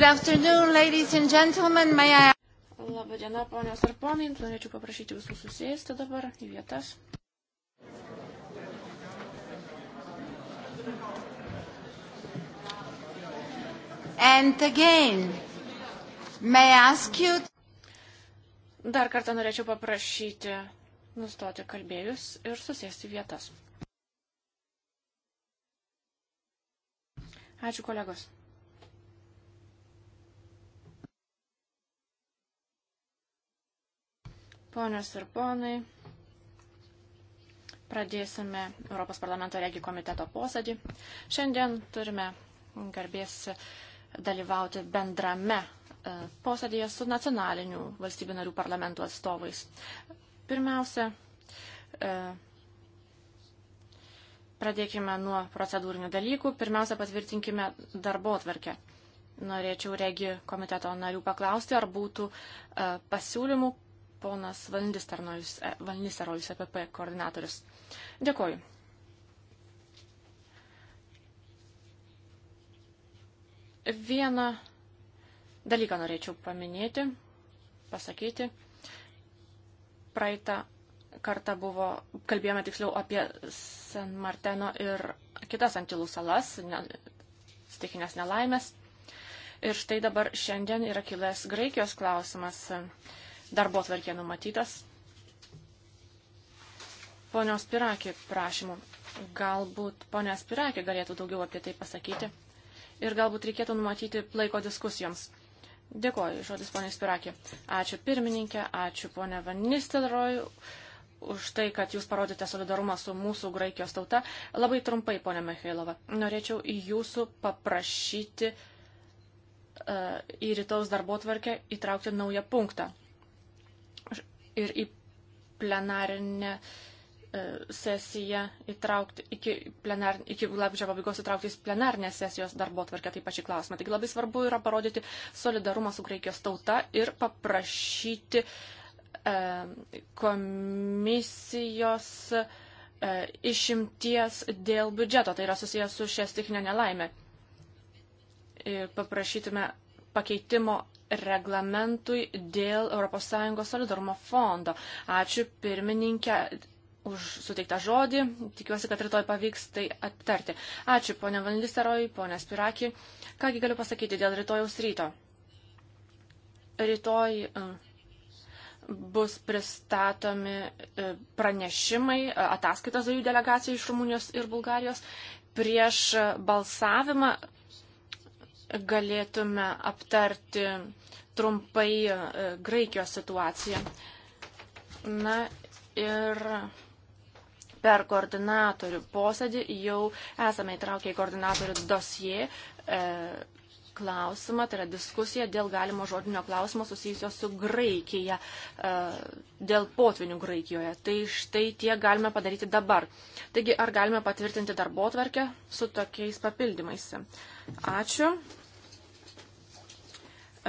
Good afternoon, ladies and gentlemen. May I... Labą dieną, ponios ir ponai. Norėčiau paprašyti visų susėsti dabar į vietas. And again, may I ask you... Dar kartą norėčiau paprašyti nustoti kalbėjus ir susėsti vietas. Ačiū kolegos. Ponios ir ponai, pradėsime Europos parlamento regijų komiteto posėdį. Šiandien turime garbės dalyvauti bendrame e, posėdėje su nacionalinių valstybių narių parlamentų atstovais. Pirmiausia, e, pradėkime nuo procedūrinių dalykų. Pirmiausia, patvirtinkime darbo atvarkę. Norėčiau regi komiteto narių paklausti, ar būtų e, pasiūlymų, ponas Valnis Tarnojus, EPP e koordinatorius. Dėkoju. Vieną dalyką norėčiau paminėti, pasakyti. Praeitą kartą buvo, kalbėjome tiksliau apie San Marteno ir kitas Antilų salas, ne, stikinės nelaimės. Ir štai dabar šiandien yra kilęs Graikijos klausimas darbo tvarkė numatytas. Ponios Pirakė prašymu. Galbūt ponios Pirakė galėtų daugiau apie tai pasakyti. Ir galbūt reikėtų numatyti laiko diskusijoms. Dėkoju, žodis ponios Pirakė. Ačiū pirmininkė, ačiū ponia Vanistelroj už tai, kad jūs parodėte solidarumą su mūsų Graikijos tauta. Labai trumpai, ponia Michailova, norėčiau į jūsų paprašyti uh, į rytaus darbo tvarkę įtraukti naują punktą ir į plenarinę e, sesiją įtraukti, iki, plenar, iki lapkričio pabaigos įtraukti į plenarinės sesijos darbo tvarkę taip pačiai klausimą. Taigi labai svarbu yra parodyti solidarumą su Graikijos tauta ir paprašyti e, komisijos e, išimties dėl biudžeto, tai yra susijęs su šia stichinė nelaimė. Ir paprašytume pakeitimo reglamentui dėl ES solidarumo fondo. Ačiū pirmininkė už suteiktą žodį. Tikiuosi, kad rytoj pavyks tai aptarti. Ačiū ponia Vandisteroj, ponia Spiraki. Kągi galiu pasakyti dėl rytojaus ryto. Rytoj uh, bus pristatomi uh, pranešimai, uh, ataskaitos dviejų delegacijų iš Rumunijos ir Bulgarijos. Prieš balsavimą galėtume aptarti trumpai e, Graikijos situaciją. Na ir per koordinatorių posėdį jau esame įtraukę į koordinatorių dosie e, klausimą, tai yra diskusija dėl galimo žodinio klausimo susijusio su Graikija, e, dėl potvinių Graikijoje. Tai štai tie galime padaryti dabar. Taigi, ar galime patvirtinti darbo tvarkę su tokiais papildymais? Ačiū.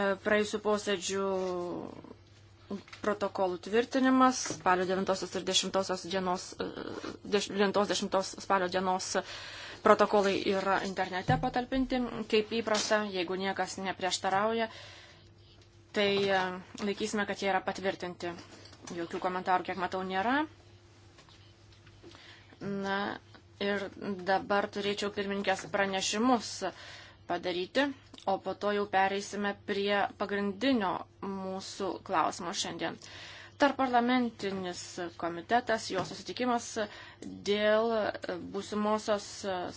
E, praėjusių posėdžių protokolų tvirtinimas spalio 9 ir 10 dienos, 9 e, 10 spalio dienos protokolai yra internete patalpinti, kaip įprasta, jeigu niekas neprieštarauja, tai e, laikysime, kad jie yra patvirtinti. Jokių komentarų, kiek matau, nėra. Na ir dabar turėčiau pirmininkės pranešimus padaryti o po to jau pereisime prie pagrindinio mūsų klausimo šiandien. Tarp parlamentinis komitetas, jo susitikimas dėl būsimosios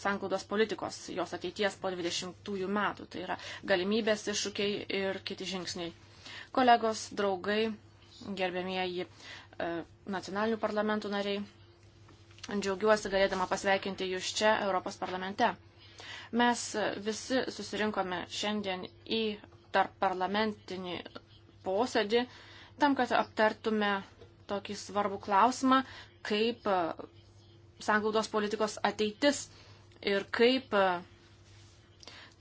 sanklaudos politikos, jos ateities po 20 metų, tai yra galimybės, iššūkiai ir kiti žingsniai. Kolegos, draugai, gerbėmieji e, nacionalinių parlamentų nariai, džiaugiuosi galėdama pasveikinti jūs čia Europos parlamente. Mes visi susirinkome šiandien į tarp parlamentinį posėdį tam, kad aptartume tokį svarbų klausimą, kaip e, sanglaudos politikos ateitis ir kaip e,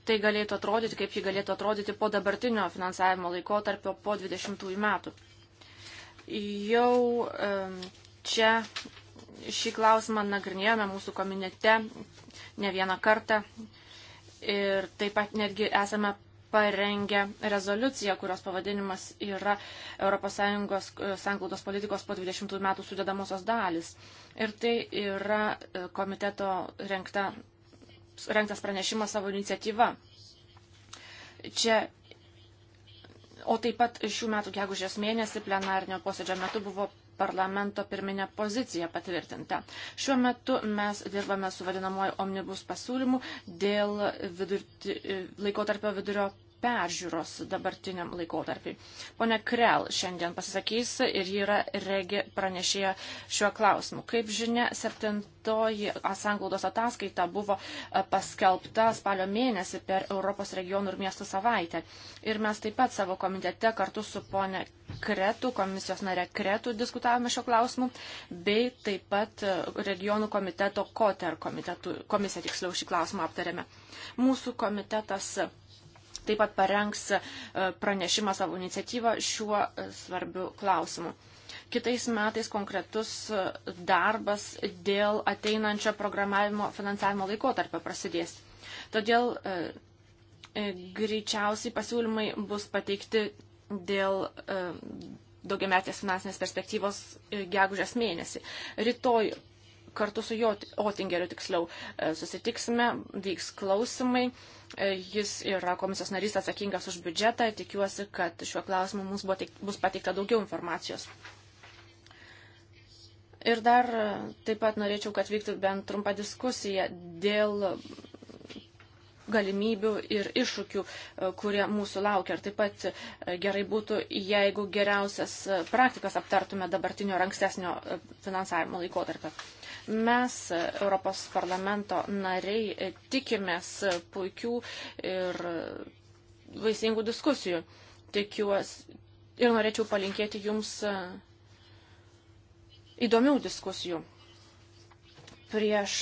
tai galėtų atrodyti, kaip ji galėtų atrodyti po dabartinio finansavimo laikotarpio po 20 metų. Jau e, čia šį klausimą nagrinėjome mūsų komitete ne vieną kartą. Ir taip pat netgi esame parengę rezoliuciją, kurios pavadinimas yra ES e, sanklaudos politikos po 20 metų sudėdamosios dalis. Ir tai yra e, komiteto renkta, renktas pranešimas savo iniciatyva. Čia O taip pat šių metų gegužės mėnesį plenarnio posėdžio metu buvo parlamento pirminė pozicija patvirtinta. Šiuo metu mes dirbame su vadinamoju omnibus pasiūlymu dėl vidurti, laikotarpio vidurio peržiūros dabartiniam laikotarpiu. Pone Krell šiandien pasisakys ir ji yra regi pranešėja šiuo klausimu. Kaip žinia, septintoji asanglaudos ataskaita buvo e, paskelbta spalio mėnesį per Europos regionų ir miestų savaitę. Ir mes taip pat savo komitete kartu su pone Kretų, komisijos nare Kretų diskutavome šio klausimu, bei taip pat e, regionų komiteto Koter komitetu, komisija tiksliau šį klausimą aptarėme. Mūsų komitetas taip pat parengs e, pranešimą savo iniciatyvą šiuo e, svarbiu klausimu. Kitais metais konkretus e, darbas dėl ateinančio programavimo finansavimo laikotarpio prasidės. Todėl e, greičiausiai pasiūlymai bus pateikti dėl e, daugiametės finansinės perspektyvos gegužės mėnesį. Rytoj kartu su jo Otingeriu tiksliau e, susitiksime, vyks klausimai. E, jis yra komisijos narys atsakingas už biudžetą. Tikiuosi, kad šiuo klausimu mums teik, bus pateikta daugiau informacijos. Ir dar e, taip pat norėčiau, kad vyktų bent trumpa diskusija dėl galimybių ir iššūkių, e, kurie mūsų laukia. Ir taip pat e, gerai būtų, jeigu geriausias e, praktikas aptartume dabartinio ir ankstesnio finansavimo laikotarpio. Mes, Europos parlamento nariai, tikimės puikių ir vaisingų diskusijų. Tikiuosi ir norėčiau palinkėti jums įdomių diskusijų. Prieš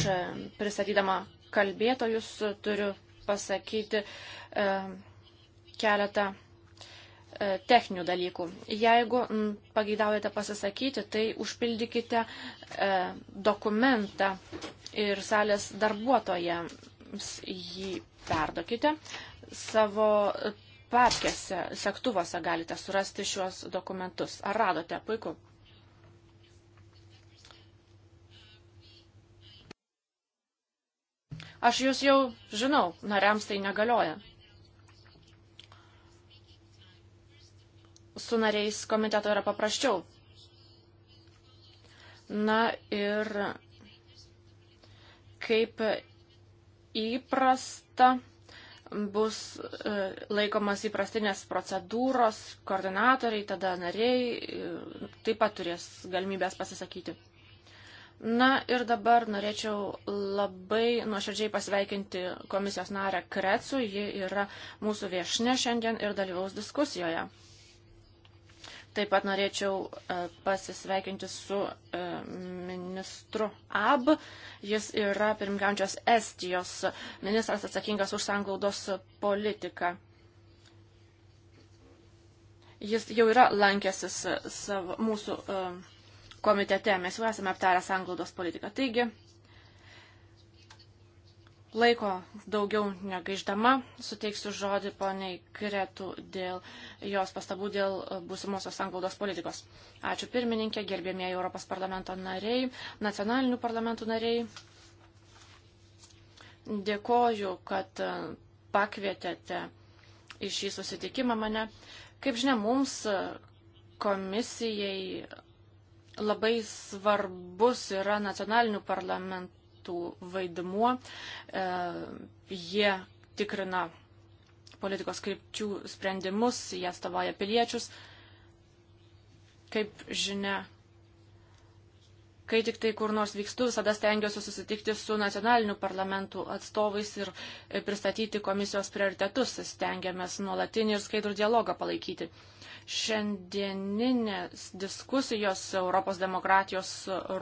pristatydama kalbėtojus turiu pasakyti e, keletą e, techninių dalykų. Jeigu m, pageidaujate pasisakyti, tai užpildykite e, dokumentą ir salės darbuotojams jį perdokite. Savo papkėse, sektuvose galite surasti šiuos dokumentus. Ar radote? Puiku. Aš jūs jau žinau, nariams tai negalioja. Su nariais komiteto yra paprasčiau. Na ir kaip įprasta bus e, laikomas įprastinės procedūros, koordinatoriai, tada nariai e, taip pat turės galimybės pasisakyti. Na ir dabar norėčiau labai nuoširdžiai pasveikinti komisijos narę Krecu. Ji yra mūsų viešne šiandien ir dalyvaus diskusijoje. Taip pat norėčiau e, pasisveikinti su e, ministru AB. Jis yra pirmkiančios Estijos ministras atsakingas už sanglaudos politiką jis jau yra lankęsis savo, mūsų uh, komitete mes jau esame aptarę sanglaudos politiką. Taigi, laiko daugiau negaiždama, suteiksiu žodį poniai Kretų dėl jos pastabų dėl būsimosios sanglaudos politikos. Ačiū pirmininkė, gerbėmieji Europos parlamento nariai, nacionalinių parlamentų nariai. Dėkoju, kad pakvietėte į šį susitikimą mane. Kaip žinia, mums komisijai labai svarbus yra nacionalinių parlamentų vaidmuo. E, jie tikrina politikos krypčių sprendimus, jie atstovauja piliečius. Kaip žinia, kai tik tai kur nors vykstu, visada stengiuosi susitikti su nacionaliniu parlamentu atstovais ir e, pristatyti komisijos prioritetus. Stengiamės nuolatinį ir skaidrų dialogą palaikyti. Šiandieninės diskusijos Europos demokratijos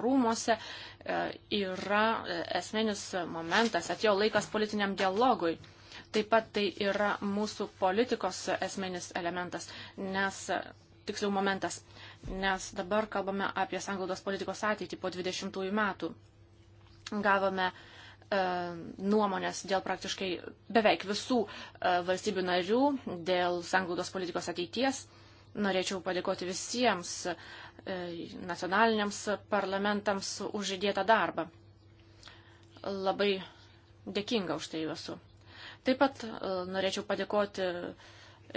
rūmose e, yra e, esminis momentas, atėjo laikas politiniam dialogui. Taip pat tai yra mūsų politikos esminis elementas, nes, tiksliau momentas, nes dabar kalbame apie sanglaudos politikos ateitį po 20 metų. Gavome e, nuomonės dėl praktiškai beveik visų valstybių narių, dėl sanglaudos politikos ateities. Norėčiau padėkoti visiems e, nacionaliniams parlamentams už įdėtą darbą. Labai dėkinga už tai esu. Taip pat e, norėčiau padėkoti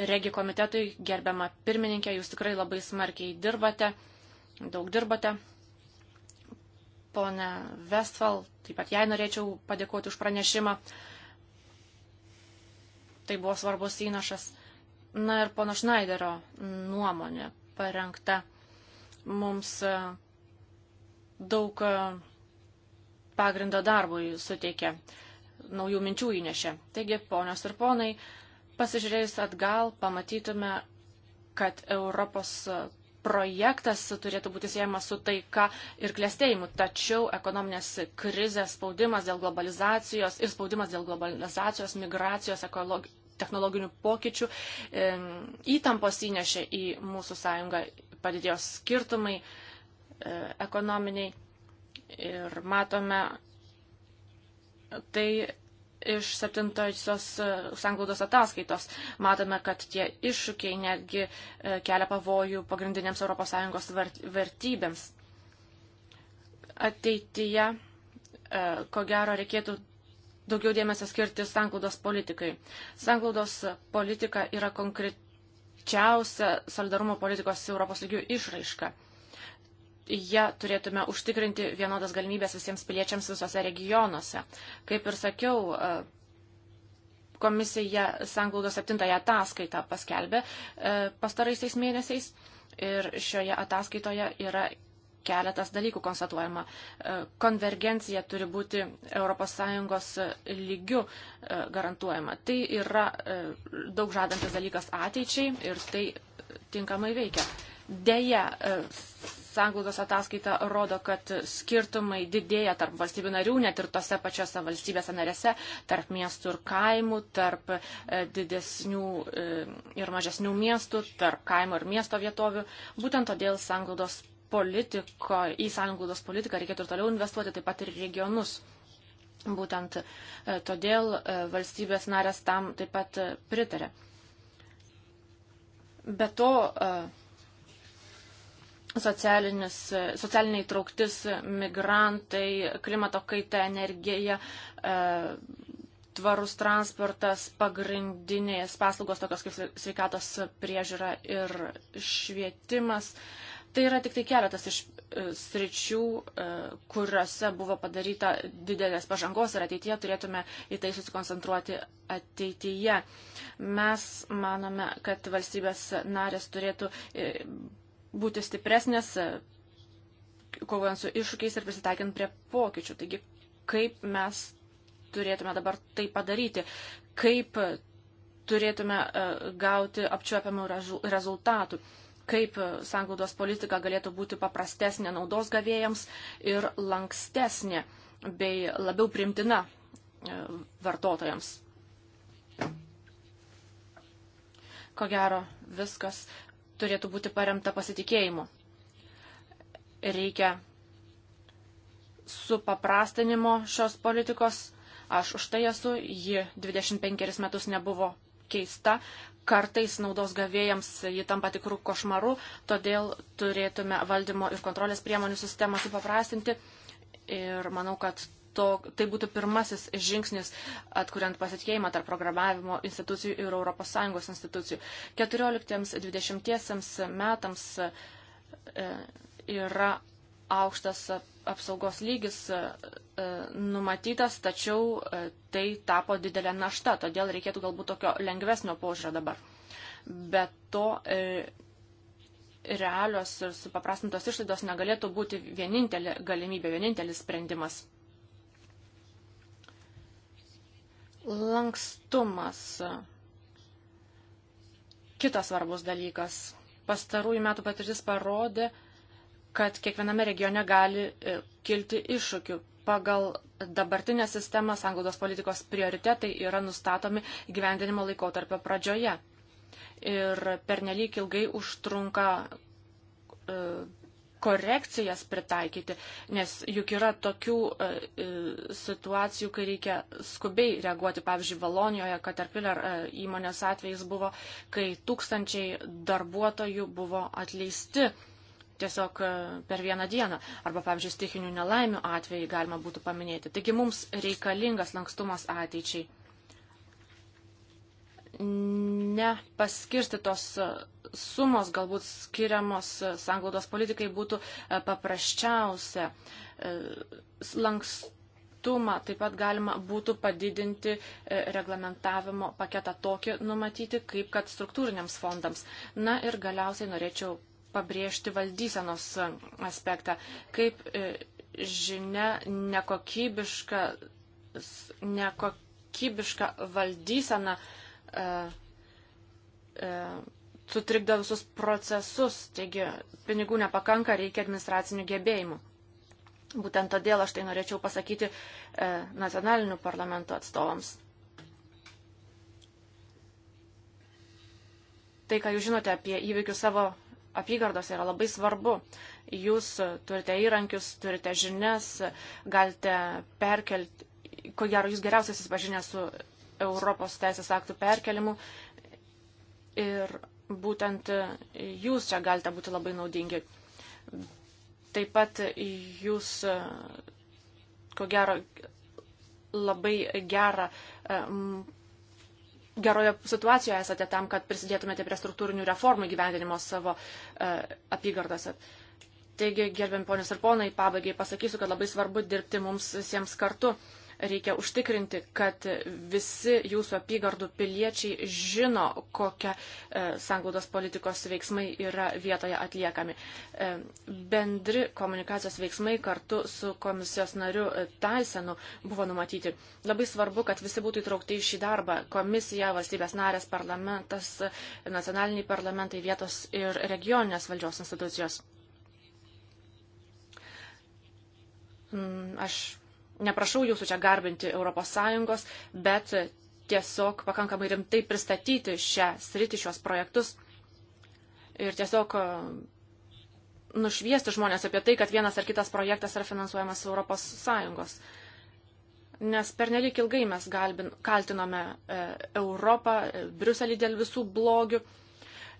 Regi komitetui, gerbiama pirmininkė, jūs tikrai labai smarkiai dirbate, daug dirbate. Pone Westfall, taip pat jai norėčiau padėkoti už pranešimą. Tai buvo svarbus įnašas. Na ir pono Šnaiderio nuomonė parengta mums e, daug e, pagrindo darbui suteikė, naujų minčių įnešė. Taigi, ponios ir ponai, pasižiūrėjus atgal, pamatytume, kad Europos projektas turėtų būti siejamas su taika ir klėstėjimu, tačiau ekonominės krizės spaudimas dėl globalizacijos ir spaudimas dėl globalizacijos, migracijos, ekologi technologinių pokyčių įtampos įnešė į mūsų sąjungą, padidėjo skirtumai e, ekonominiai ir matome tai iš septintosios e, sanglaudos ataskaitos. Matome, kad tie iššūkiai netgi e, kelia pavojų pagrindinėms ES vertybėms. Ateityje, ko gero, reikėtų daugiau dėmesio skirti sanglaudos politikai. Sanglaudos politika yra konkrečiausia solidarumo politikos Europos lygių išraiška. Ja turėtume užtikrinti vienodas galimybės visiems piliečiams visose regionuose. Kaip ir sakiau, e, komisija sanglaudos septintąją ataskaitą paskelbė e, pastaraisiais mėnesiais ir šioje ataskaitoje yra keletas dalykų konstatuojama. E, konvergencija turi būti ES e, lygių e, garantuojama. Tai yra daug žadantis dalykas ateičiai ir tai tinkamai veikia. Deja, sanglaudos ataskaita rodo, kad skirtumai didėja tarp valstybių narių, net ir tose pačiose valstybėse narėse, tarp miestų ir kaimų, tarp didesnių ir mažesnių miestų, tarp kaimo ir miesto vietovių. Būtent todėl sanglaudos politiko, į sąjungos politiką reikėtų ir toliau investuoti, taip pat ir regionus. Būtent e, todėl e, valstybės narės tam taip pat e, pritarė. Be to, socialinė įtrauktis, migrantai, klimato kaita, energija, tvarus transportas, pagrindinės paslaugos tokios kaip sveikatos priežiūra ir švietimas. E, Tai yra tik tai keletas iš e, sričių, e, kuriuose buvo padaryta didelės pažangos ir ateityje turėtume į tai susikoncentruoti ateityje. Mes manome, kad valstybės narės turėtų e, būti stipresnės, kovojant su iššūkiais ir prisitaikant prie pokyčių. Taigi, kaip mes turėtume dabar tai padaryti, kaip turėtume gauti apčiuopiamų rezultatų kaip e, sanglaudos politika galėtų būti paprastesnė naudos gavėjams ir lankstesnė bei labiau primtina e, vartotojams. Ko gero, viskas turėtų būti paremta pasitikėjimu. Reikia supaprastinimo šios politikos. Aš už tai esu, ji 25 metus nebuvo keista, kartais naudos gavėjams ji tampa tikrų košmarų, todėl turėtume valdymo ir kontrolės priemonių sistemą supaprastinti. Ir manau, kad to, tai būtų pirmasis žingsnis atkuriant pasitikėjimą tarp programavimo institucijų ir ES institucijų. 14-20 metams e, yra aukštas apsaugos lygis e, e, numatytas, tačiau e, tai tapo didelė našta, todėl reikėtų galbūt tokio lengvesnio požiūrio dabar. Bet to realios ir supaprastintos išlaidos negalėtų būti vienintelė galimybė, vienintelis sprendimas. Lankstumas. Kitas svarbus dalykas. Pastarųjų metų patirtis parodė, kad kiekviename regione gali e, kilti iššūkių. Pagal dabartinę sistemą sanglaudos politikos prioritetai yra nustatomi gyvendinimo laikotarpio pradžioje. Ir pernelyg ilgai užtrunka e, korekcijas pritaikyti, nes juk yra tokių e, situacijų, kai reikia skubiai reaguoti. Pavyzdžiui, Valonijoje Caterpillar įmonės atvejais buvo, kai tūkstančiai darbuotojų buvo atleisti tiesiog e, per vieną dieną. Arba, pavyzdžiui, stichinių nelaimių atvejai galima būtų paminėti. Taigi mums reikalingas lankstumas ateičiai. Nepaskirstytos e, sumos galbūt skiriamos e, sanglaudos politikai būtų paprasčiausia. Lankstumą taip pat galima būtų padidinti reglamentavimo paketą tokį numatyti, kaip kad struktūriniams fondams. Na ir galiausiai norėčiau pabrėžti valdysenos aspektą. Kaip e, žinia, nekokybiška, nekokybiška valdysena e, e, sutrikdo visus procesus, taigi pinigų nepakanka, reikia administracinių gebėjimų. Būtent todėl aš tai norėčiau pasakyti e, nacionalinių parlamento atstovams. Tai, ką jūs žinote apie įvykius savo apygardose yra labai svarbu. Jūs turite įrankius, turite žinias, galite perkelti, ko gero jūs geriausiai susipažinę su Europos teisės aktų perkelimu ir būtent jūs čia galite būti labai naudingi. Taip pat jūs, ko gero, labai gerą geroje situacijoje esate tam, kad prisidėtumėte prie struktūrinių reformų gyvendinimo savo e, apygardose. Taigi, gerbiam ponės ir ponai, pabaigai pasakysiu, kad labai svarbu dirbti mums visiems kartu. E, reikia užtikrinti, kad visi jūsų apygardų piliečiai žino, kokie sanglaudos politikos veiksmai yra vietoje atliekami. E, bendri komunikacijos veiksmai kartu su komisijos nariu e, Taisenu buvo numatyti. Labai svarbu, kad visi būtų įtraukti į šį darbą - komisija, valstybės narės, parlamentas, nacionaliniai parlamentai, vietos ir regioninės valdžios institucijos. Mm, aš neprašau jūsų čia garbinti ES, bet tiesiog pakankamai rimtai pristatyti šią sritį, šios projektus ir tiesiog e, nušviesti žmonės apie tai, kad vienas ar kitas projektas yra finansuojamas ES. Nes pernelik ilgai mes galbin, kaltinome e, Europą, e, Briuselį dėl visų blogių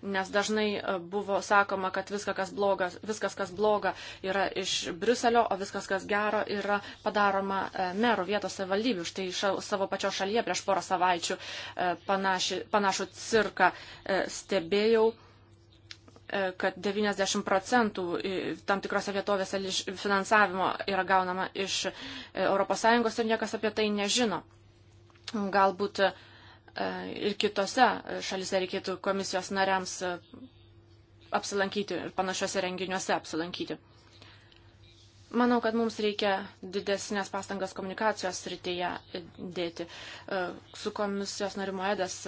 nes dažnai e, buvo sakoma, kad viskas, kas bloga, viskas, kas bloga yra iš Briuselio, o viskas, kas gero, yra padaroma e, merų vietos savivaldybių. Štai savo pačio šalyje prieš porą savaičių e, panaši, panašų cirką stebėjau kad 90 procentų tam tikrose vietovėse finansavimo yra gaunama iš ES ir niekas apie tai nežino. Galbūt uh, E, ir kitose šalise reikėtų komisijos nariams e, apsilankyti ir panašiuose renginiuose apsilankyti. Manau, kad mums reikia didesnės pastangas komunikacijos srityje dėti. E, su komisijos narimu Edas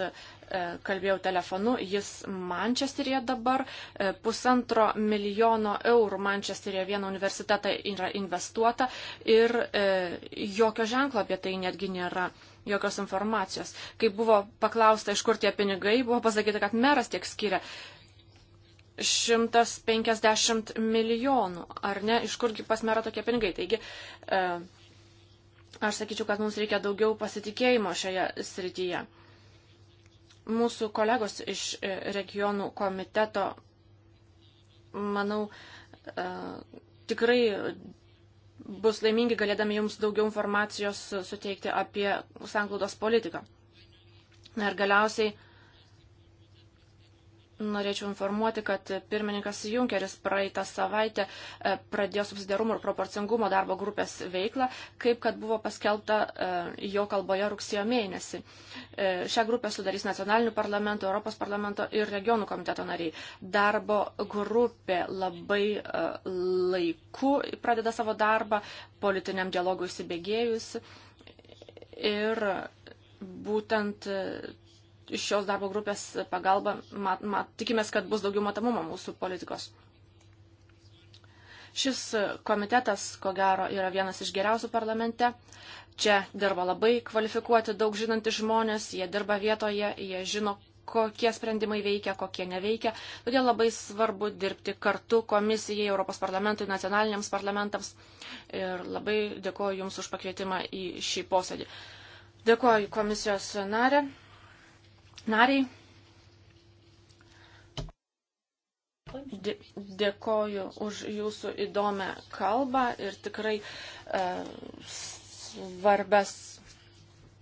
kalbėjau telefonu, jis Mančesterėje dabar pusantro milijono eurų Mančesterėje vieną universitetą yra investuota ir jokio ženklo apie tai netgi nėra jokios informacijos. Kai buvo paklausta, iš kur tie pinigai, buvo pasakyta, kad meras tiek skiria. 150 milijonų, ar ne, iš kurgi pas merą tokie pinigai. Taigi, e, aš sakyčiau, kad mums reikia daugiau pasitikėjimo šioje srityje. Mūsų kolegos iš e, regionų komiteto, manau, e, tikrai bus laimingi galėdami jums daugiau informacijos suteikti apie sanglaudos politiką. Na ir galiausiai Norėčiau informuoti, kad pirmininkas Junkeris praeitą savaitę e, pradėjo subsidiarumo ir proporcingumo darbo grupės veiklą, kaip kad buvo paskelbta e, jo kalboje rugsėjo mėnesį. E, šią grupę sudarys nacionalinių parlamentų, Europos parlamento ir regionų komiteto nariai. Darbo grupė labai laiku pradeda savo darbą, politiniam dialogui įsibėgėjus ir būtent šios darbo grupės pagalba mat, mat, tikimės, kad bus daugiau matomumo mūsų politikos. Šis komitetas, ko gero, yra vienas iš geriausių parlamente. Čia dirba labai kvalifikuoti, daug žinantys žmonės, jie dirba vietoje, jie žino, kokie sprendimai veikia, kokie neveikia. Todėl labai svarbu dirbti kartu komisijai, Europos parlamentui, nacionaliniams parlamentams. Ir labai dėkoju Jums už pakvietimą į šį posėdį. Dėkoju komisijos narė nariai. Dėkoju už jūsų įdomią kalbą ir tikrai e, svarbes,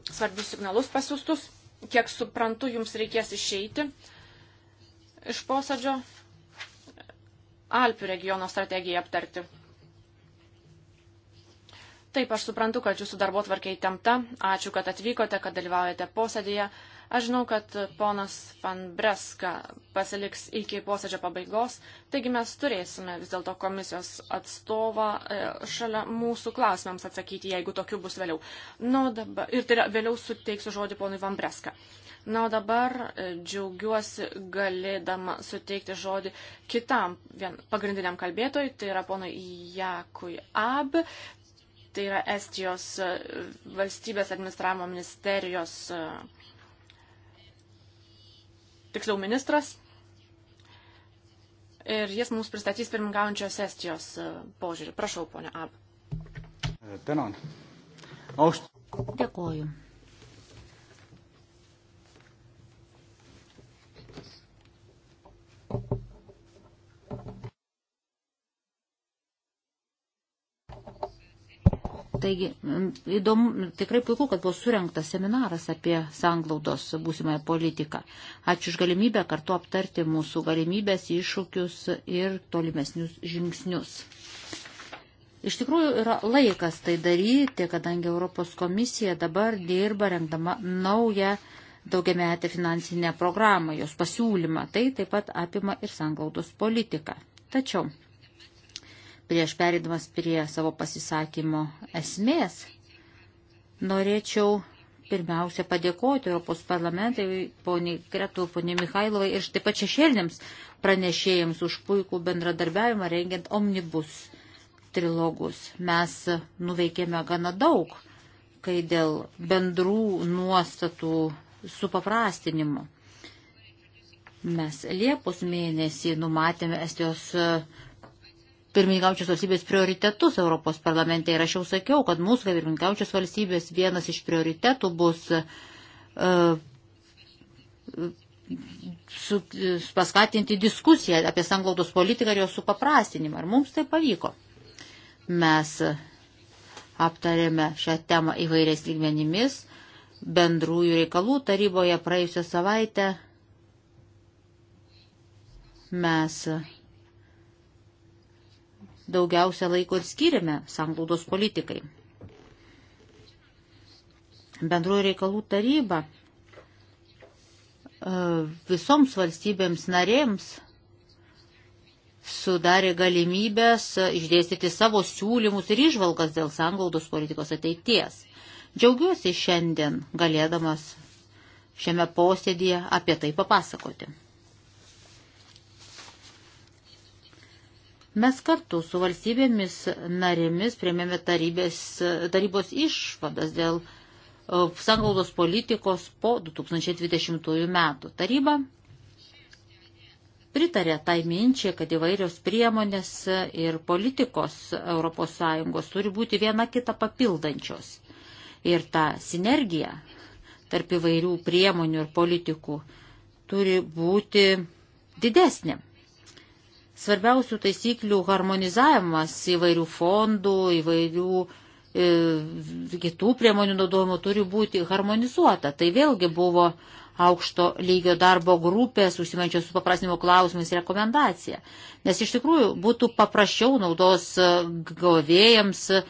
svarbius signalus pasiūstus. Kiek suprantu, jums reikės išeiti iš posėdžio Alpių regiono strategiją aptarti. Taip, aš suprantu, kad jūsų darbo tvarkiai temta. Ačiū, kad atvykote, kad dalyvaujate posėdėje. Aš žinau, kad ponas Van Breska pasiliks iki posėdžio pabaigos, taigi mes turėsime vis dėlto komisijos atstovą e, šalia mūsų klausimams atsakyti, jeigu tokių bus vėliau. Na, dabar, ir tai yra, vėliau suteiksiu žodį ponui Van Breska. Na, o dabar e, džiaugiuosi galėdama suteikti žodį kitam vien, pagrindiniam kalbėtojui, tai yra ponui Jakui Ab, tai yra Estijos e, valstybės administravimo ministerijos uh, tiksliau ministras. Ir jis mums pristatys pirmingaujančios Estijos e, požiūrį. Prašau, ponia Ab. Tenon. Aš. Dėkoju. Thank you. Taigi, įdomu, tikrai puiku, kad buvo surinktas seminaras apie sanglaudos būsimąją politiką. Ačiū už galimybę kartu aptarti mūsų galimybės, iššūkius ir tolimesnius žingsnius. Iš tikrųjų yra laikas tai daryti, kadangi Europos komisija dabar dirba rengdama naują daugiametę finansinę programą, jos pasiūlymą. Tai taip pat apima ir sanglaudos politiką. Tačiau prieš perėdamas prie savo pasisakymo esmės, norėčiau pirmiausia padėkoti Europos parlamentai, poniai Kretų, poniai Mikhailovai ir taip pat šešėlėms pranešėjams už puikų bendradarbiavimą rengiant omnibus trilogus. Mes nuveikėme gana daug, kai dėl bendrų nuostatų supaprastinimo. Mes Liepos mėnesį numatėme Estijos pirmininkaučios valstybės prioritetus Europos parlamente. Ir aš jau sakiau, kad mūsų kaip pirmininkaučios valstybės vienas iš prioritetų bus uh, su, paskatinti diskusiją apie sanglaudos politiką ir jos supaprastinimą. Ar mums tai pavyko? Mes aptarėme šią temą įvairiais lygmenimis. Bendrųjų reikalų taryboje praėjusią savaitę mes daugiausia laiko ir skiriame sanglaudos politikai. Bendroji reikalų taryba e, visoms valstybėms narėms sudarė galimybės išdėstyti savo siūlymus ir išvalgas dėl sanglaudos politikos ateities. Džiaugiuosi šiandien galėdamas šiame posėdėje apie tai papasakoti. Mes kartu su valstybėmis narėmis priemėme tarybės, tarybos išvadas dėl e, sanglaudos politikos po 2020 metų. Taryba pritarė tai minčiai, kad įvairios priemonės ir politikos ES turi būti viena kita papildančios. Ir ta sinergija tarp įvairių priemonių ir politikų turi būti didesnė. Svarbiausių taisyklių harmonizavimas įvairių fondų, įvairių e, kitų priemonių naudojimo turi būti harmonizuota. Tai vėlgi buvo aukšto lygio darbo grupės užsimančios su paprasnimo klausimais rekomendacija. Nes iš tikrųjų būtų paprasčiau naudos gavėjams e,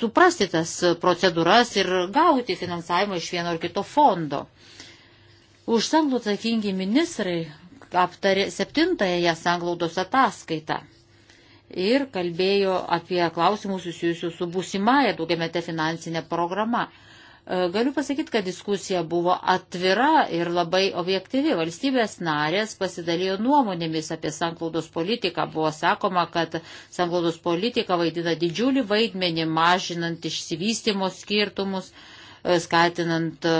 suprasti tas procedūras ir gauti finansavimą iš vieno ar kito fondo. Už sanglų atsakingi ministrai aptarė septintąją sanglaudos ataskaitą ir kalbėjo apie klausimus susijusius su būsimąją daugiamete finansinė programa. E, galiu pasakyti, kad diskusija buvo atvira ir labai objektyvi. Valstybės narės pasidalijo nuomonėmis apie sanklaudos politiką. Buvo sakoma, kad sanklaudos politika vaidina didžiulį vaidmenį, mažinant išsivystimo skirtumus, e, skatinant e,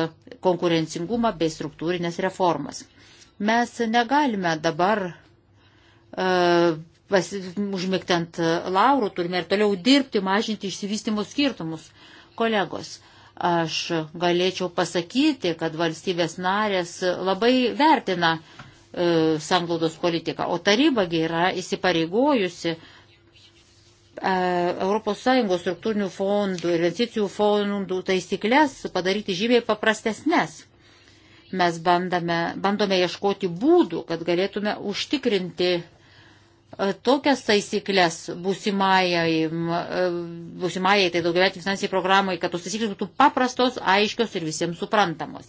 konkurencingumą bei struktūrinės reformas. Mes negalime dabar uh, e, pasi, užmėgti ant laurų, turime ir toliau dirbti, mažinti išsivystimo skirtumus. Kolegos, aš galėčiau pasakyti, kad valstybės narės labai vertina e, sanglaudos politiką, o tarybagi yra įsipareigojusi e, ES struktūrinių fondų ir investicijų fondų taisyklės padaryti žymiai paprastesnės. Mes bandame, bandome ieškoti būdų, kad galėtume užtikrinti e, tokias taisyklės būsimajai, e, būsimajai tai daugiametį finansinį programai, kad tos taisyklės būtų paprastos, aiškios ir visiems suprantamos.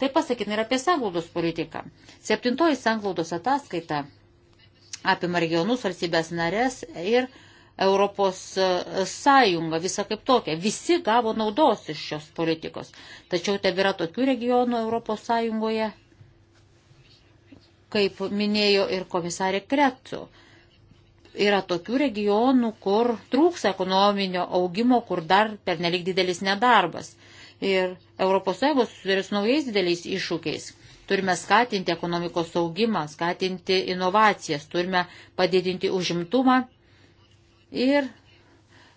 Tai pasakytina ir apie sanglaudos politiką. Septintoji sanglaudos ataskaita apima regionus, valstybės narės ir Europos e, sąjungą, visą kaip tokią. Visi gavo naudos iš šios politikos. Tačiau tebėra tokių regionų Europos sąjungoje, kaip minėjo ir komisarė Kretu. Yra tokių regionų, kur trūks ekonominio augimo, kur dar per nelik didelis nedarbas. Ir ES susiduria su naujais dideliais iššūkiais. Turime skatinti ekonomikos augimą, skatinti inovacijas, turime padidinti užimtumą ir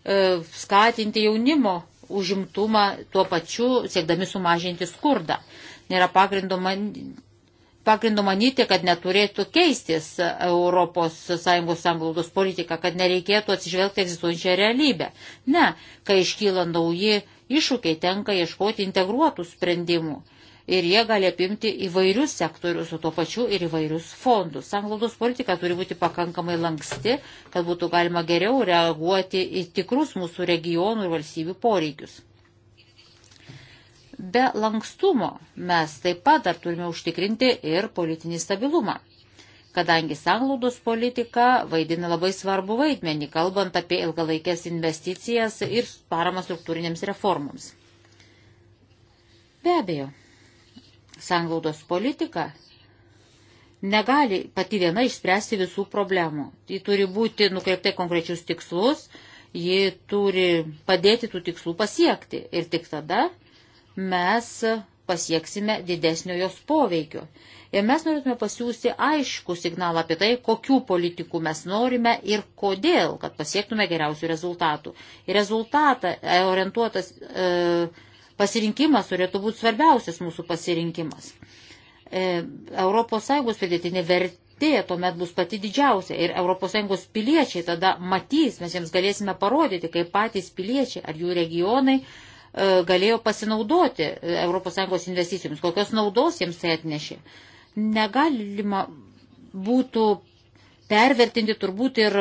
e, skatinti jaunimo užimtumą tuo pačiu, siekdami sumažinti skurdą. Nėra pagrindo, man, pagrindo manyti, kad neturėtų keistis ES sanglaudos politika, kad nereikėtų atsižvelgti egzistuojančią realybę. Ne, kai iškyla nauji iššūkiai, tenka ieškoti integruotų sprendimų ir jie gali apimti įvairius sektorius, o tuo pačiu ir įvairius fondus. Sanglaudos politika turi būti pakankamai lanksti, kad būtų galima geriau reaguoti į tikrus mūsų regionų ir valstybių poreikius. Be lankstumo mes taip pat dar turime užtikrinti ir politinį stabilumą, kadangi sanglaudos politika vaidina labai svarbu vaidmenį, kalbant apie ilgalaikės investicijas ir paramą struktūrinėms reformoms. Be abejo, sanglaudos politika negali pati viena išspręsti visų problemų. Ji turi būti nukreipta konkrečius tikslus, ji turi padėti tų tikslų pasiekti. Ir tik tada mes pasieksime didesnio jos poveikio. Ir mes norėtume pasiūsti aišku signalą apie tai, kokių politikų mes norime ir kodėl, kad pasiektume geriausių rezultatų. Ir rezultatą orientuotas. E, pasirinkimas turėtų būti svarbiausias mūsų pasirinkimas. ES pridėtinė vertė tuomet bus pati didžiausia ir ES piliečiai tada matys, mes jiems galėsime parodyti, kaip patys piliečiai ar jų regionai e, galėjo pasinaudoti ES investicijoms, kokios naudos jiems tai atnešė. Negalima būtų pervertinti turbūt ir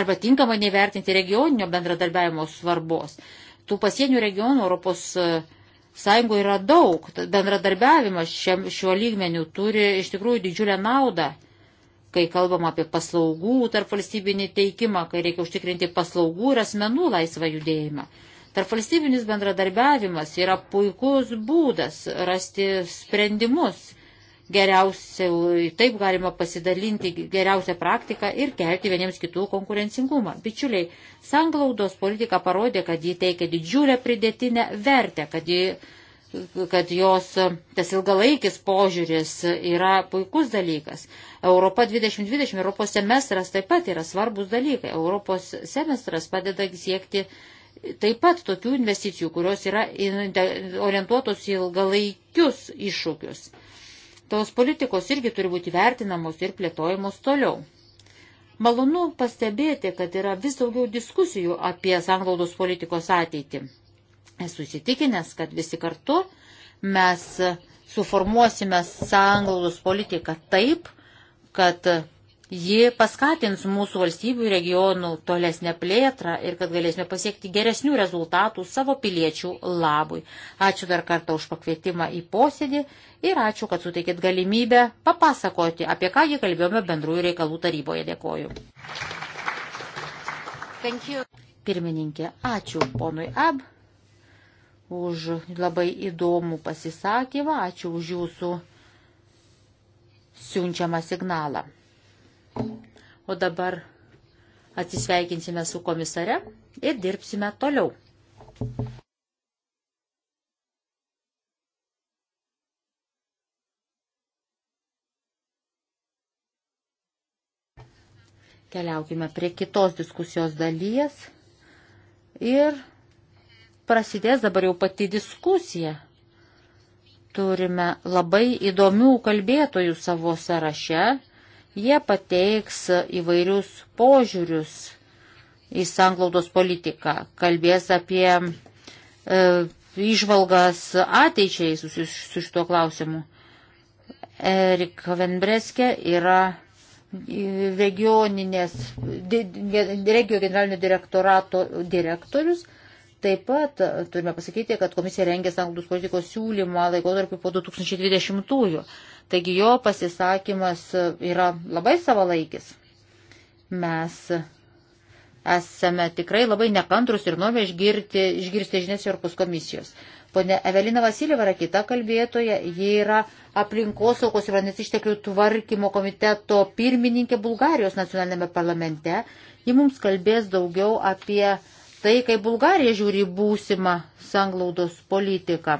arba tinkamai nevertinti regioninio bendradarbiavimo svarbos tų pasienių regionų Europos e, Sąjungoje yra daug. Bendradarbiavimas šiam, šiuo lygmeniu turi iš tikrųjų didžiulę naudą, kai kalbam apie paslaugų tarp valstybinį teikimą, kai reikia užtikrinti paslaugų ir asmenų laisvą judėjimą. Tarp valstybinis bendradarbiavimas yra puikus būdas rasti sprendimus geriausiai, taip galima pasidalinti geriausią praktiką ir kelti vieniems kitų konkurencingumą. Bičiuliai, sanglaudos politika parodė, kad ji teikia didžiulę pridėtinę vertę, kad, ji, kad jos tas ilgalaikis požiūris yra puikus dalykas. Europa 2020, Europos semestras taip pat yra svarbus dalykai. Europos semestras padeda siekti taip pat tokių investicijų, kurios yra orientuotos į ilgalaikius iššūkius. Tos politikos irgi turi būti vertinamos ir plėtojamos toliau. Malonu pastebėti, kad yra vis daugiau diskusijų apie sanglaudos politikos ateitį. Esu įsitikinęs, kad visi kartu mes suformuosime sanglaudos politiką taip, kad ji paskatins mūsų valstybių regionų tolesnę plėtrą ir kad galėsime pasiekti geresnių rezultatų savo piliečių labui. Ačiū dar kartą už pakvietimą į posėdį ir ačiū, kad suteikėt galimybę papasakoti, apie ką jį kalbėjome bendrųjų reikalų taryboje. Dėkoju. Pirmininkė, ačiū ponui Ab už labai įdomų pasisakymą, ačiū už jūsų siunčiamą signalą. O dabar atsisveikinsime su komisare ir dirbsime toliau. Keliaukime prie kitos diskusijos dalies ir prasidės dabar jau pati diskusija. Turime labai įdomių kalbėtojų savo sąraše, Jie pateiks įvairius požiūrius į sanglaudos politiką, kalbės apie e, išvalgas ateičiai susijusius su šituo klausimu. Erik Venbreske yra regioninės, regio generalinio direktorato direktorius. Taip pat turime pasakyti, kad komisija rengė sanglaudos politikos siūlymą laikotarpį po 2020-ųjų. Taigi jo pasisakymas yra labai savalaikis. Mes esame tikrai labai nekantrus ir norime išgirti, išgirsti žinias Europos komisijos. Pone Evelina Vasilyva yra kita kalbėtoja, ji yra aplinkosaugos ir vandens išteklių tvarkymo komiteto pirmininkė Bulgarijos nacionalinėme parlamente. Ji mums kalbės daugiau apie tai, kaip Bulgarija žiūri būsimą sanglaudos politiką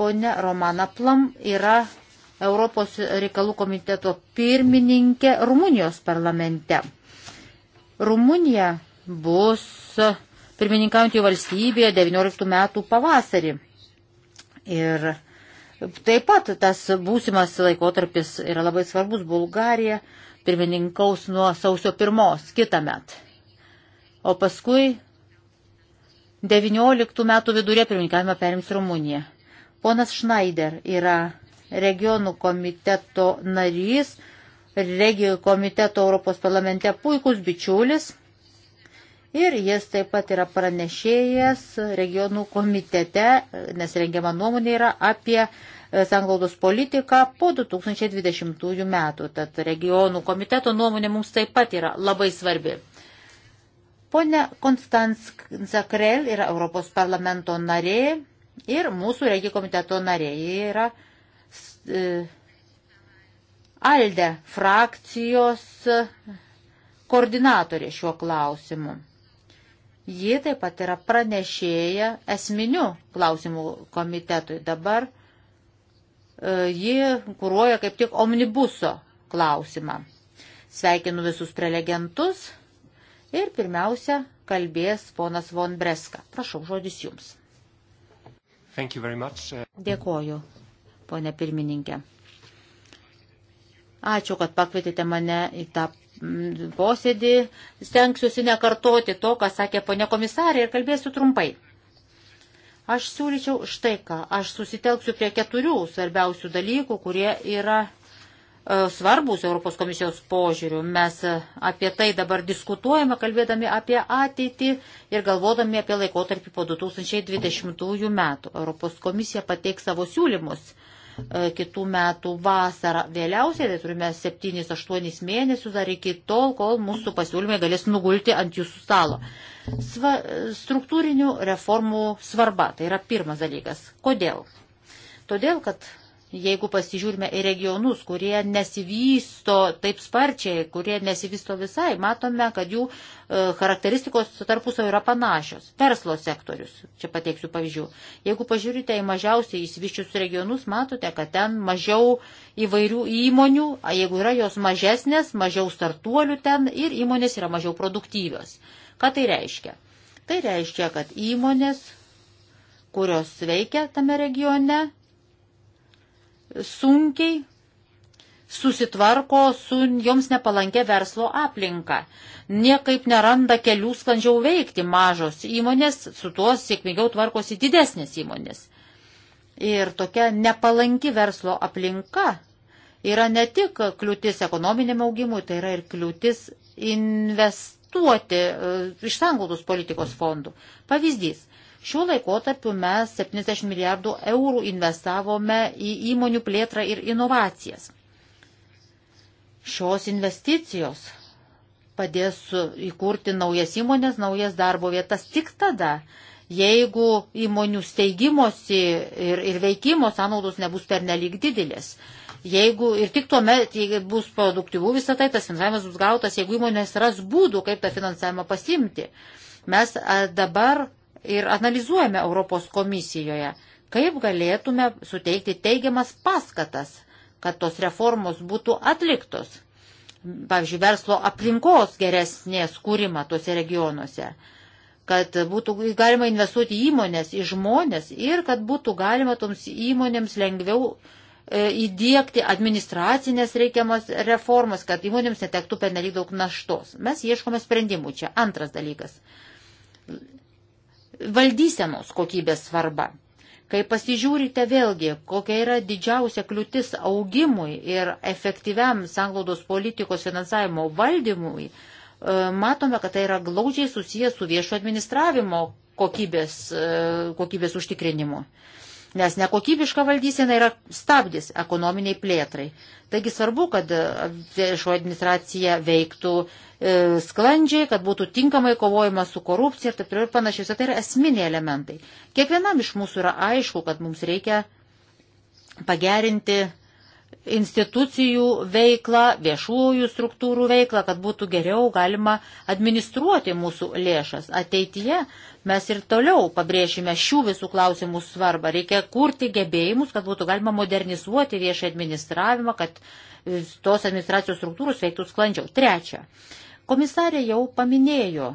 ponia Romana Plam yra Europos reikalų komiteto pirmininkė Rumunijos parlamente. Rumunija bus pirmininkaujantį valstybėje 19 metų pavasarį. Ir taip pat tas būsimas laikotarpis yra labai svarbus. Bulgarija pirmininkaus nuo sausio pirmos kitą metą. O paskui 19 metų vidurė pirmininkavimą perims Rumunija. Ponas Schneider yra regionų komiteto narys, regijų komiteto Europos parlamente puikus bičiulis. Ir jis taip pat yra pranešėjas regionų komitete, nes rengiama nuomonė yra apie e, sanglaudos politiką po 2020 metų. Tad regionų komiteto nuomonė mums taip pat yra labai svarbi. Pone Konstans Zakrel yra Europos parlamento narė ir mūsų regijų komiteto narė. Ji yra uh, E, Alde frakcijos koordinatorė šiuo klausimu. Ji taip pat yra pranešėja esminių klausimų komitetui. Dabar e, ji kūruoja kaip tik omnibuso klausimą. Sveikinu visus prelegentus ir pirmiausia kalbės ponas Von Breska. Prašau, žodis jums. Dėkoju, ponė pirmininkė. Ačiū, kad pakvietėte mane į tą mm, posėdį. Stengsiuosi nekartoti to, ką sakė ponė komisarė ir kalbėsiu trumpai. Aš siūlyčiau štai ką. Aš susitelksiu prie keturių svarbiausių dalykų, kurie yra e, svarbus Europos komisijos požiūrių. Mes e, apie tai dabar diskutuojame, kalbėdami apie ateitį ir galvodami apie laikotarpį po 2020 metų. Europos komisija pateiks savo siūlymus E, kitų metų vasarą. Vėliausiai tai turime 7-8 mėnesius dar iki tol, kol mūsų pasiūlymai galės nugulti ant jūsų stalo. Sva, struktūrinių reformų svarba, tai yra pirmas dalykas. Kodėl? Todėl, kad jeigu pasižiūrime į regionus, kurie nesivysto taip sparčiai, kurie nesivysto visai, matome, kad jų e, charakteristikos tarpusavio yra panašios. Verslo sektorius, čia pateiksiu pavyzdžių. Jeigu pažiūrite į mažiausiai įsivyščius regionus, matote, kad ten mažiau įvairių įmonių, jeigu yra jos mažesnės, mažiau startuolių ten ir įmonės yra mažiau produktyvios. Ką tai reiškia? Tai reiškia, kad įmonės, kurios veikia tame regione, sunkiai susitvarko su joms nepalankė verslo aplinka. Niekaip neranda kelių sklandžiau veikti mažos įmonės, su tuo sėkmingiau tvarkosi didesnės įmonės. Ir tokia nepalanki verslo aplinka yra ne tik kliūtis ekonominiam augimui, tai yra ir kliūtis investuoti e, iš sanglaudos politikos fondų. Pavyzdys. Šiuo laikotarpiu mes 70 milijardų eurų investavome į įmonių plėtrą ir inovacijas. Šios investicijos padės įkurti naujas įmonės, naujas darbo vietas tik tada, jeigu įmonių steigimosi ir, ir veikimo sąnaudos nebus pernelyg didelės. Jeigu ir tik tuo metu, jeigu bus produktyvų visą tai, tas finansavimas bus gautas, jeigu įmonės ras būdų, kaip tą finansavimą pasimti. Mes dabar ir analizuojame Europos komisijoje, kaip galėtume suteikti teigiamas paskatas, kad tos reformos būtų atliktos. Pavyzdžiui, verslo aplinkos geresnės kūrimą tuose regionuose, kad būtų galima investuoti įmonės, į žmonės ir kad būtų galima toms įmonėms lengviau e, įdėkti administracinės reikiamas reformas, kad įmonėms netektų pernelyg daug naštos. Mes ieškome sprendimų čia. Antras dalykas valdysenos kokybės svarba. Kai pasižiūrite vėlgi, kokia yra didžiausia kliūtis augimui ir efektyviam sanglaudos politikos finansavimo valdymui, e, matome, kad tai yra glaudžiai susijęs su viešo administravimo kokybės, e, kokybės užtikrinimu nes nekokybiška valdysena yra stabdis ekonominiai plėtrai. Taigi svarbu, kad e, viešo administracija veiktų e, sklandžiai, kad būtų tinkamai kovojama su korupcija ir taip toliau ir panašiai. Tai yra esminiai elementai. Kiekvienam iš mūsų yra aišku, kad mums reikia pagerinti institucijų veiklą, viešųjų struktūrų veiklą, kad būtų geriau galima administruoti mūsų lėšas. Ateityje mes ir toliau pabrėšime šių visų klausimų svarbą. Reikia kurti gebėjimus, kad būtų galima modernizuoti viešą administravimą, kad tos administracijos struktūros veiktų sklandžiau. Trečia, komisarė jau paminėjo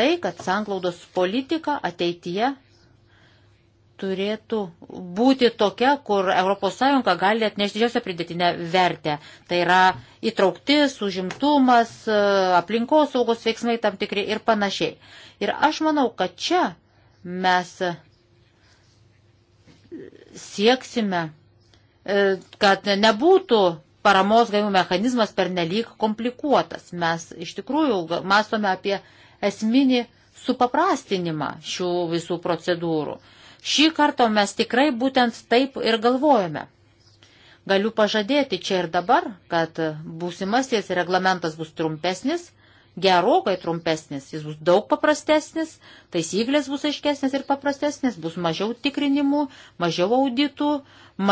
tai, kad sanklaudos politika ateityje turėtų būti tokia, kur ES gali atnešti didžiausią pridėtinę vertę. Tai yra įtrauktis, užimtumas, e, aplinkos saugos veiksmai tam tikri ir panašiai. Ir aš manau, kad čia mes sieksime, e, kad nebūtų paramos gavimo mechanizmas pernelyg komplikuotas. Mes iš tikrųjų mąstome apie esminį supaprastinimą šių visų procedūrų. Šį kartą mes tikrai būtent taip ir galvojame. Galiu pažadėti čia ir dabar, kad būsimasis reglamentas bus trumpesnis, gerokai trumpesnis, jis bus daug paprastesnis, taisyklės bus aiškesnės ir paprastesnės, bus mažiau tikrinimų, mažiau auditų,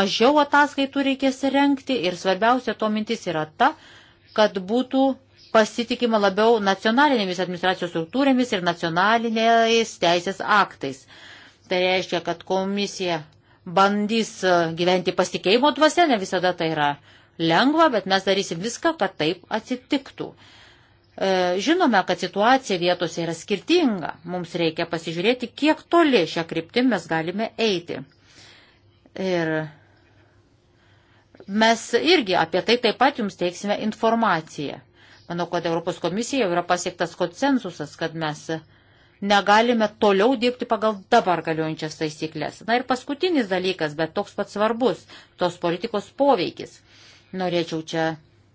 mažiau ataskaitų reikės renkti ir svarbiausia to mintis yra ta, kad būtų pasitikima labiau nacionalinėmis administracijos struktūrėmis ir nacionaliniais teisės aktais. Tai reiškia, kad komisija bandys e, gyventi pasitikėjimo dvasia, ne visada tai yra lengva, bet mes darysim viską, kad taip atsitiktų. E, žinome, kad situacija vietose yra skirtinga. Mums reikia pasižiūrėti, kiek toli šią kryptim mes galime eiti. Ir mes irgi apie tai taip pat jums teiksime informaciją. Manau, kad Europos komisija jau yra pasiektas konsensusas, kad mes negalime toliau dirbti pagal dabar galiojančias taisyklės. Na ir paskutinis dalykas, bet toks pat svarbus, tos politikos poveikis. Norėčiau čia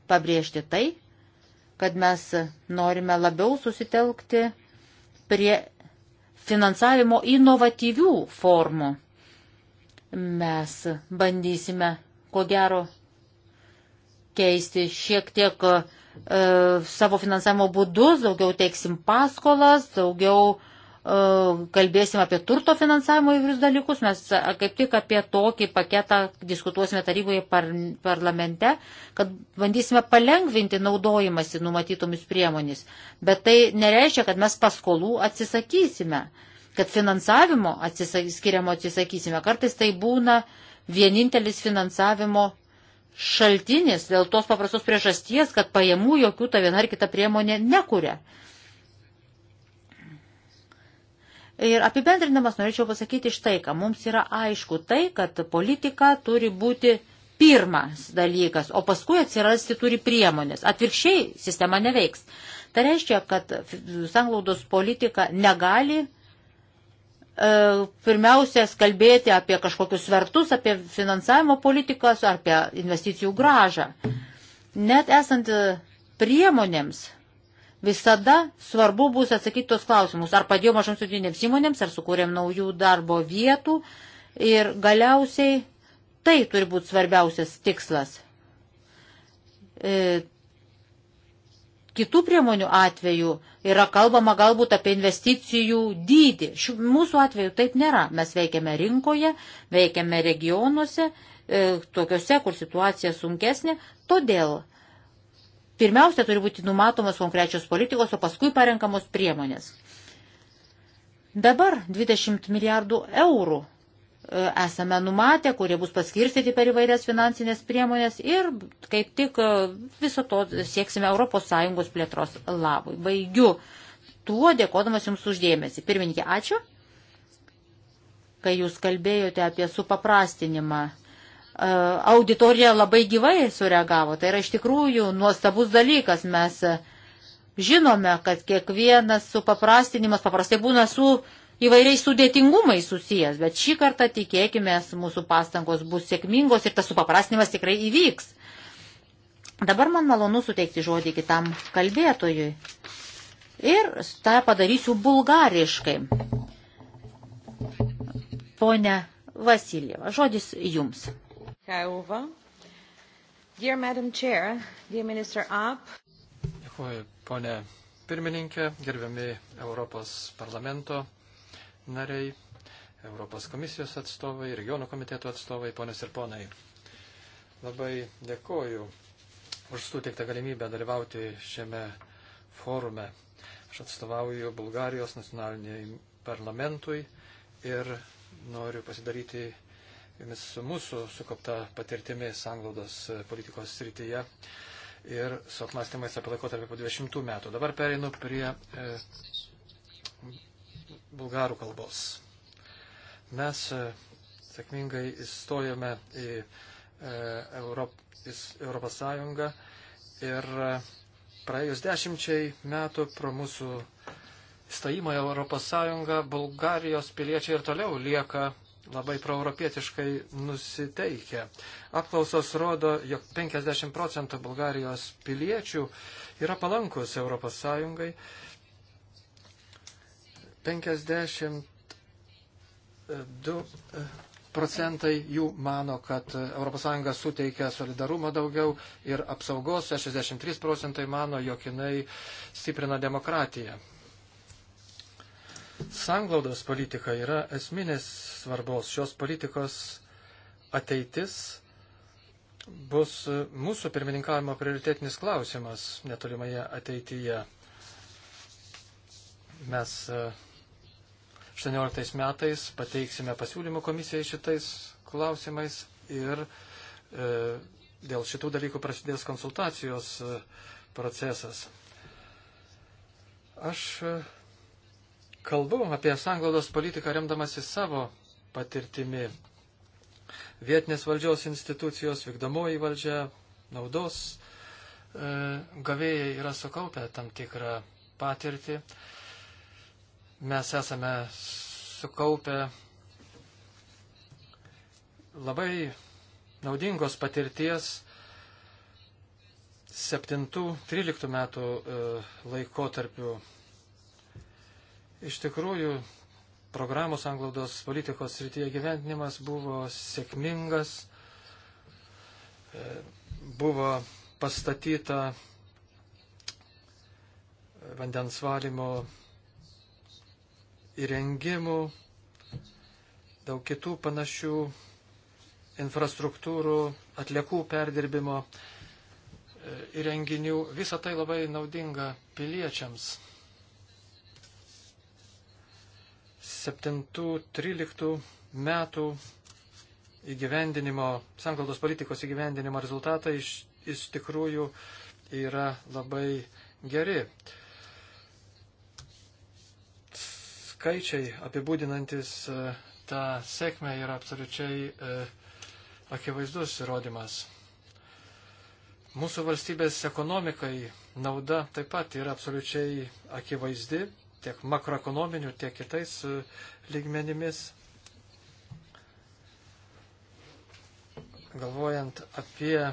pabrėžti tai, kad mes norime labiau susitelkti prie finansavimo inovatyvių formų. Mes bandysime, ko gero, keisti šiek tiek uh, E, savo finansavimo būdus, daugiau teiksim paskolas, daugiau e, kalbėsim apie turto finansavimo įvairius dalykus. Mes e, kaip tik apie tokį paketą diskutuosime taryboje par, parlamente, kad bandysime palengvinti naudojimasi numatytomis priemonės. Bet tai nereiškia, kad mes paskolų atsisakysime, kad finansavimo atsisak, skiriamo atsisakysime. Kartais tai būna vienintelis finansavimo šaltinis dėl tos paprastos priežasties, kad pajamų jokių ta viena ar kita priemonė nekuria. Ir apibendrinamas norėčiau pasakyti štai, ką mums yra aišku tai, kad politika turi būti pirmas dalykas, o paskui atsirasti turi priemonės. Atvirkščiai sistema neveiks. Tai reiškia, kad sanglaudos politika negali E, pirmiausia kalbėti apie kažkokius svertus, apie finansavimo politikas, apie investicijų gražą. Net esant e, priemonėms, visada svarbu bus atsakyti tos klausimus, ar padėjo mažoms sutinėms įmonėms, ar sukūrėm naujų darbo vietų ir galiausiai tai turi būti svarbiausias tikslas. E, kitų priemonių atveju yra kalbama galbūt apie investicijų dydį. Šių, mūsų atveju taip nėra. Mes veikiame rinkoje, veikiame regionuose, e, tokiuose, kur situacija sunkesnė. Todėl pirmiausia turi būti numatomos konkrečios politikos, o paskui parenkamos priemonės. Dabar 20 milijardų eurų esame numatę, kurie bus paskirstyti per įvairias finansinės priemonės ir kaip tik e, viso to sieksime ES plėtros labui. Baigiu tuo dėkodamas Jums uždėmesi. Pirmininkė, ačiū, kai Jūs kalbėjote apie supaprastinimą. E, auditorija labai gyvai sureagavo. Tai yra iš tikrųjų nuostabus dalykas. Mes e, žinome, kad kiekvienas supaprastinimas paprastai būna su įvairiais sudėtingumais susijęs, bet šį kartą tikėkime, mūsų pastangos bus sėkmingos ir tas supaprastinimas tikrai įvyks. Dabar man malonu suteikti žodį kitam kalbėtojui. Ir tą padarysiu bulgariškai. Pone Vasiljeva, žodis jums. Kaiuva. Dear Madam Chair, dear Minister App. Dėkuoju, ponė pirmininkė, gerbiami Europos parlamento nariai, Europos komisijos atstovai, regionų komiteto atstovai, ponės ir ponai. Labai dėkoju už suteiktą galimybę dalyvauti šiame forume. Aš atstovauju Bulgarijos nacionaliniai parlamentui ir noriu pasidaryti jumis mūsų sukaupta patirtimi sanglaudos politikos srityje ir su apmastymais apie laikotarpį po 20 metų. Dabar pereinu prie e, bulgarų kalbos. Mes e, sėkmingai įstojome į e, Europ, Europos Sąjungą ir e, praėjus dešimčiai metų pro mūsų įstojimą į Europos Sąjungą Bulgarijos piliečiai ir toliau lieka labai proeuropietiškai nusiteikę. Apklausos rodo, jog 50 procentų Bulgarijos piliečių yra palankus Europos Sąjungai 52 e, procentai jų mano, kad ES suteikia solidarumo daugiau ir apsaugos, 63 procentai mano, jog jinai stiprina demokratiją. Sanglaudos politika yra esminės svarbos. Šios politikos ateitis bus e, mūsų pirmininkavimo prioritetinis klausimas netolimoje ateityje. Mes uh, 18 metais pateiksime pasiūlymų komisijai šitais klausimais ir e, dėl šitų dalykų prasidės konsultacijos e, procesas. Aš e, kalbu apie sanglaudos politiką remdamasi savo patirtimi. Vietinės valdžios institucijos, vykdomoji valdžia, naudos e, gavėjai yra sukaupę tam tikrą patirtį. E, mes esame sukaupę labai naudingos patirties 7-13 metų e, laikotarpių. Iš tikrųjų, programos anglaudos politikos srityje gyventinimas buvo sėkmingas, e, buvo pastatyta vandens valymo įrengimų, daug kitų panašių infrastruktūrų, atliekų perdirbimo e, įrenginių. Visa tai labai naudinga piliečiams. 7-13 metų įgyvendinimo, sankaldos politikos įgyvendinimo rezultatai iš, iš tikrųjų yra labai geri. skaičiai apibūdinantis e, tą sėkmę yra absoliučiai e, akivaizdus įrodymas. Mūsų valstybės ekonomikai nauda taip pat yra absoliučiai akivaizdi tiek makroekonominių, tiek kitais e, lygmenimis. Galvojant apie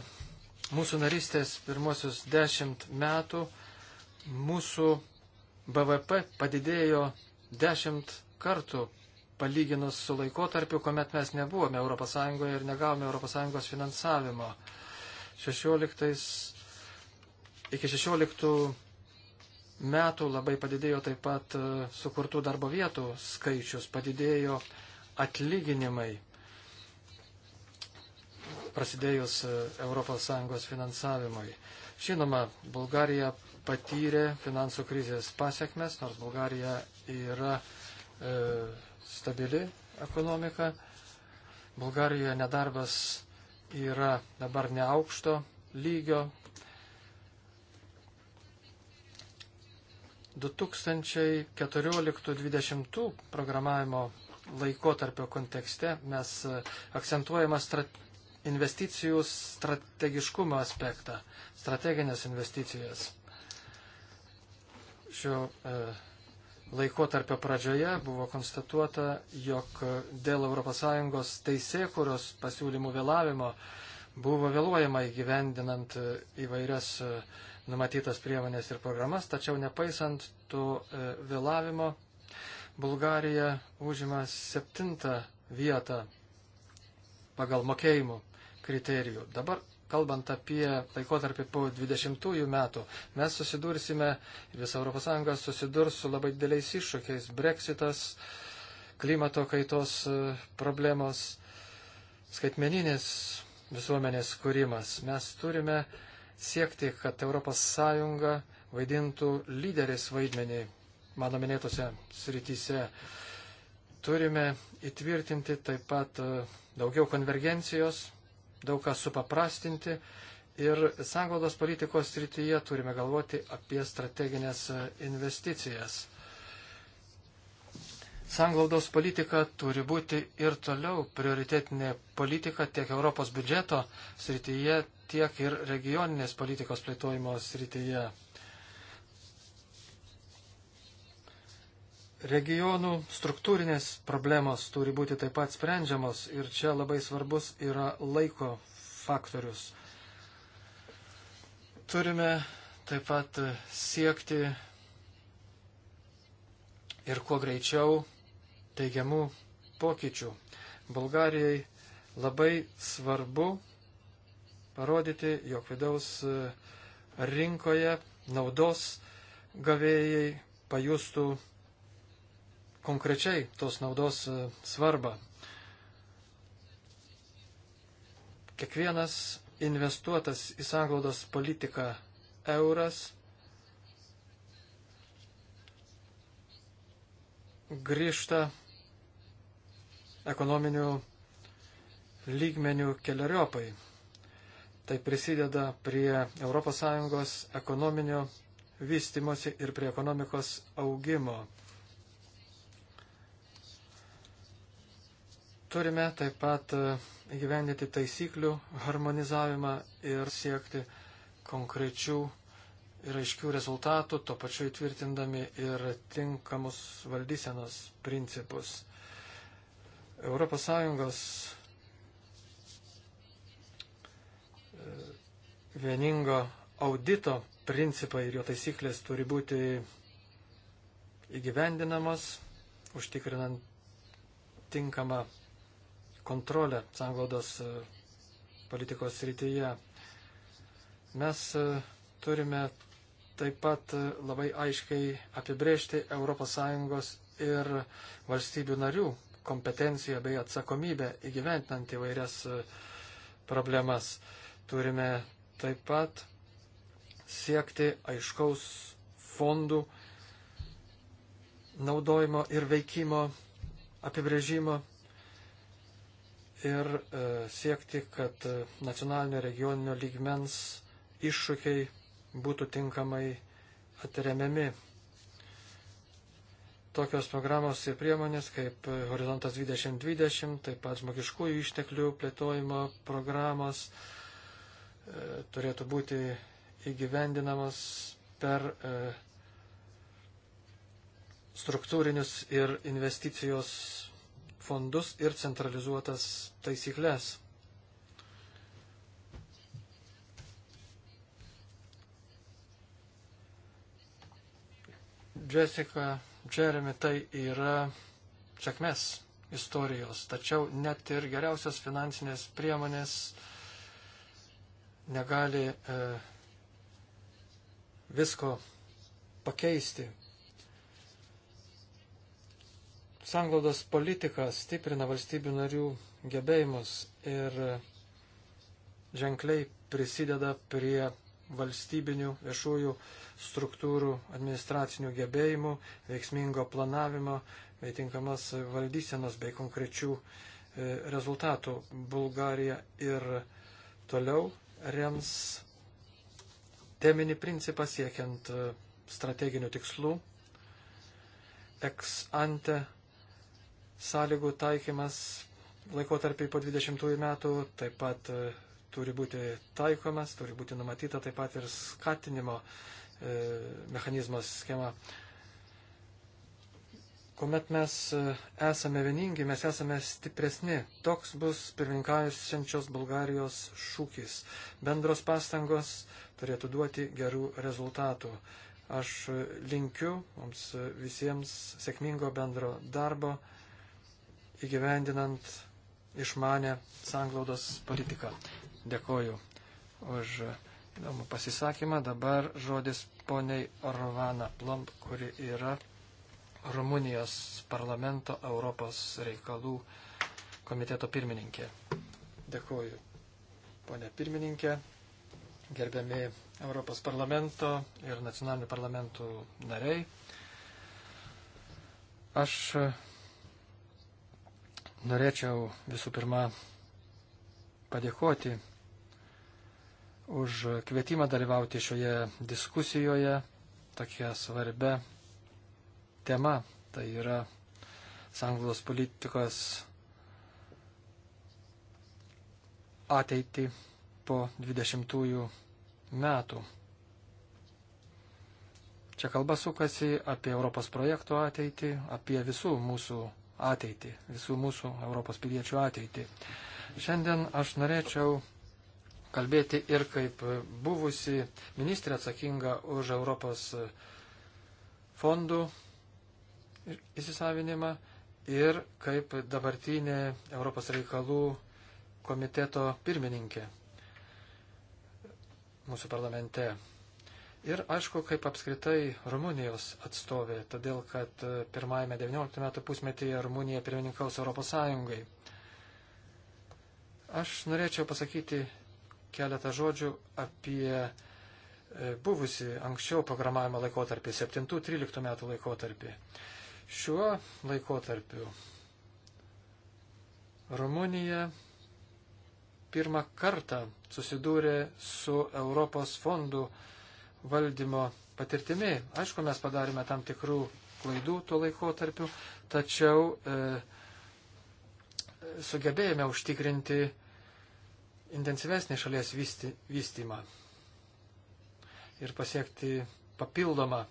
mūsų narystės pirmosius dešimt metų, mūsų BVP padidėjo dešimt kartų palyginus su laikotarpiu, kuomet mes nebuvome ES ir negavome ES finansavimo. 16, iki 16 metų labai padidėjo taip pat e, sukurtų darbo vietų skaičius, padidėjo atlyginimai prasidėjus ES finansavimui. Žinoma, Bulgarija patyrė finansų krizės pasiekmes, nors Bulgarija yra e, stabili ekonomika. Bulgarijoje nedarbas yra dabar neaukšto lygio. 2014-2020 programavimo laikotarpio kontekste mes e, akcentuojame strategiją investicijų strategiškumo aspektą, strateginės investicijas. Šio e, laikotarpio pradžioje buvo konstatuota, jog dėl ES teisėkuros pasiūlymų vėlavimo buvo vėluojama įgyvendinant įvairias e, numatytas priemonės ir programas, tačiau nepaisant to e, vėlavimo, Bulgarija užima septintą vietą pagal mokėjimų kriterijų. Dabar kalbant apie laikotarpį po 20 metų, mes susidursime, visa ES susidurs su labai dideliais iššūkiais - breksitas, klimato kaitos e, problemos, skaitmeninės visuomenės kūrimas. Mes turime siekti, kad ES vaidintų lyderės vaidmenį mano minėtose srityse. Turime įtvirtinti taip pat e, daugiau konvergencijos daug ką supaprastinti ir sąnaudos politikos srityje turime galvoti apie strateginės e, investicijas. Sanglaudos politika turi būti ir toliau prioritetinė politika tiek Europos biudžeto srityje, tiek ir regioninės politikos plėtojimo srityje. Regionų struktūrinės problemos turi būti taip pat sprendžiamos ir čia labai svarbus yra laiko faktorius. Turime taip pat siekti ir kuo greičiau teigiamų pokyčių. Bulgarijai labai svarbu parodyti, jog vidaus rinkoje naudos gavėjai pajustų konkrečiai tos naudos e, svarbą. Kiekvienas investuotas į sanglaudos politiką euras grįžta ekonominių lygmenių keliariopai. Tai prisideda prie ES ekonominio vystimosi ir prie ekonomikos augimo. Turime taip pat e, įgyvendinti taisyklių harmonizavimą ir siekti konkrečių ir aiškių rezultatų, to pačiu įtvirtindami ir tinkamus valdysenos principus. ES e, vieningo audito principai ir jo taisyklės turi būti įgyvendinamos, užtikrinant tinkamą kontrolę sanglaudos e, politikos srityje. Mes e, turime taip pat e, labai aiškiai apibrėžti ES ir valstybių narių kompetenciją bei atsakomybę įgyventinant įvairias problemas. Turime taip pat siekti aiškaus fondų naudojimo ir veikimo apibrėžimo ir e, siekti, kad nacionalinio regioninio lygmens iššūkiai būtų tinkamai atremiami. Tokios programos ir priemonės kaip Horizontas 2020, taip pat žmogiškųjų išteklių plėtojimo programos e, turėtų būti įgyvendinamos per e, struktūrinius ir investicijos fondus ir centralizuotas taisyklės. Jessica Jeremy tai yra sėkmės istorijos, tačiau net ir geriausios finansinės priemonės negali e, visko pakeisti. sanglaudos politika stiprina valstybių narių gebėjimus ir ženkliai prisideda prie valstybinių viešųjų struktūrų administracinių gebėjimų, veiksmingo planavimo, bei tinkamas valdysenos bei konkrečių e, rezultatų. Bulgarija ir toliau rems teminį principą siekiant e, strateginių tikslų, ex ante sąlygų taikymas laikotarpiai po 20 metų taip pat e, turi būti taikomas, turi būti numatyta taip pat ir skatinimo e, mechanizmas schema. Komet mes e, esame vieningi, mes esame stipresni. Toks bus pirmininkavusiančios Bulgarijos šūkis. Bendros pastangos turėtų duoti gerų rezultatų. Aš linkiu mums visiems sėkmingo bendro darbo įgyvendinant išmanę sanglaudos politiką. Dėkoju už įdomų pasisakymą. Dabar žodis poniai Orvana Plomb, kuri yra Rumunijos parlamento Europos reikalų komiteto pirmininkė. Dėkuoju, ponė pirmininkė, gerbiami Europos parlamento ir nacionalinių parlamentų nariai. Aš Norėčiau visų pirma padėkoti už kvietimą dalyvauti šioje diskusijoje, tokia svarbia tema, tai yra sanglos politikos ateitį po 20 metų. Čia kalba sukasi apie Europos projektų ateitį, apie visų mūsų ateitį, visų mūsų Europos piliečių ateitį. Šiandien aš norėčiau kalbėti ir kaip buvusi ministrė atsakinga už Europos fondų įsisavinimą ir kaip dabartinė Europos reikalų komiteto pirmininkė mūsų parlamente. Ir aišku, kaip apskritai Rumunijos atstovė, todėl kad e, pirmajame 19 metų pusmetyje Rumunija pirmininkaus Europos Sąjungai. Aš norėčiau pasakyti keletą žodžių apie e, buvusi anksčiau programavimo laikotarpį, 7-13 metų laikotarpį. Šiuo laikotarpiu Rumunija pirmą kartą susidūrė su Europos fondų valdymo patirtimi. Aišku, mes padarėme tam tikrų klaidų tuo laikotarpiu, tačiau e, sugebėjome užtikrinti intensyvesnį šalies vysty, vystymą ir pasiekti papildomą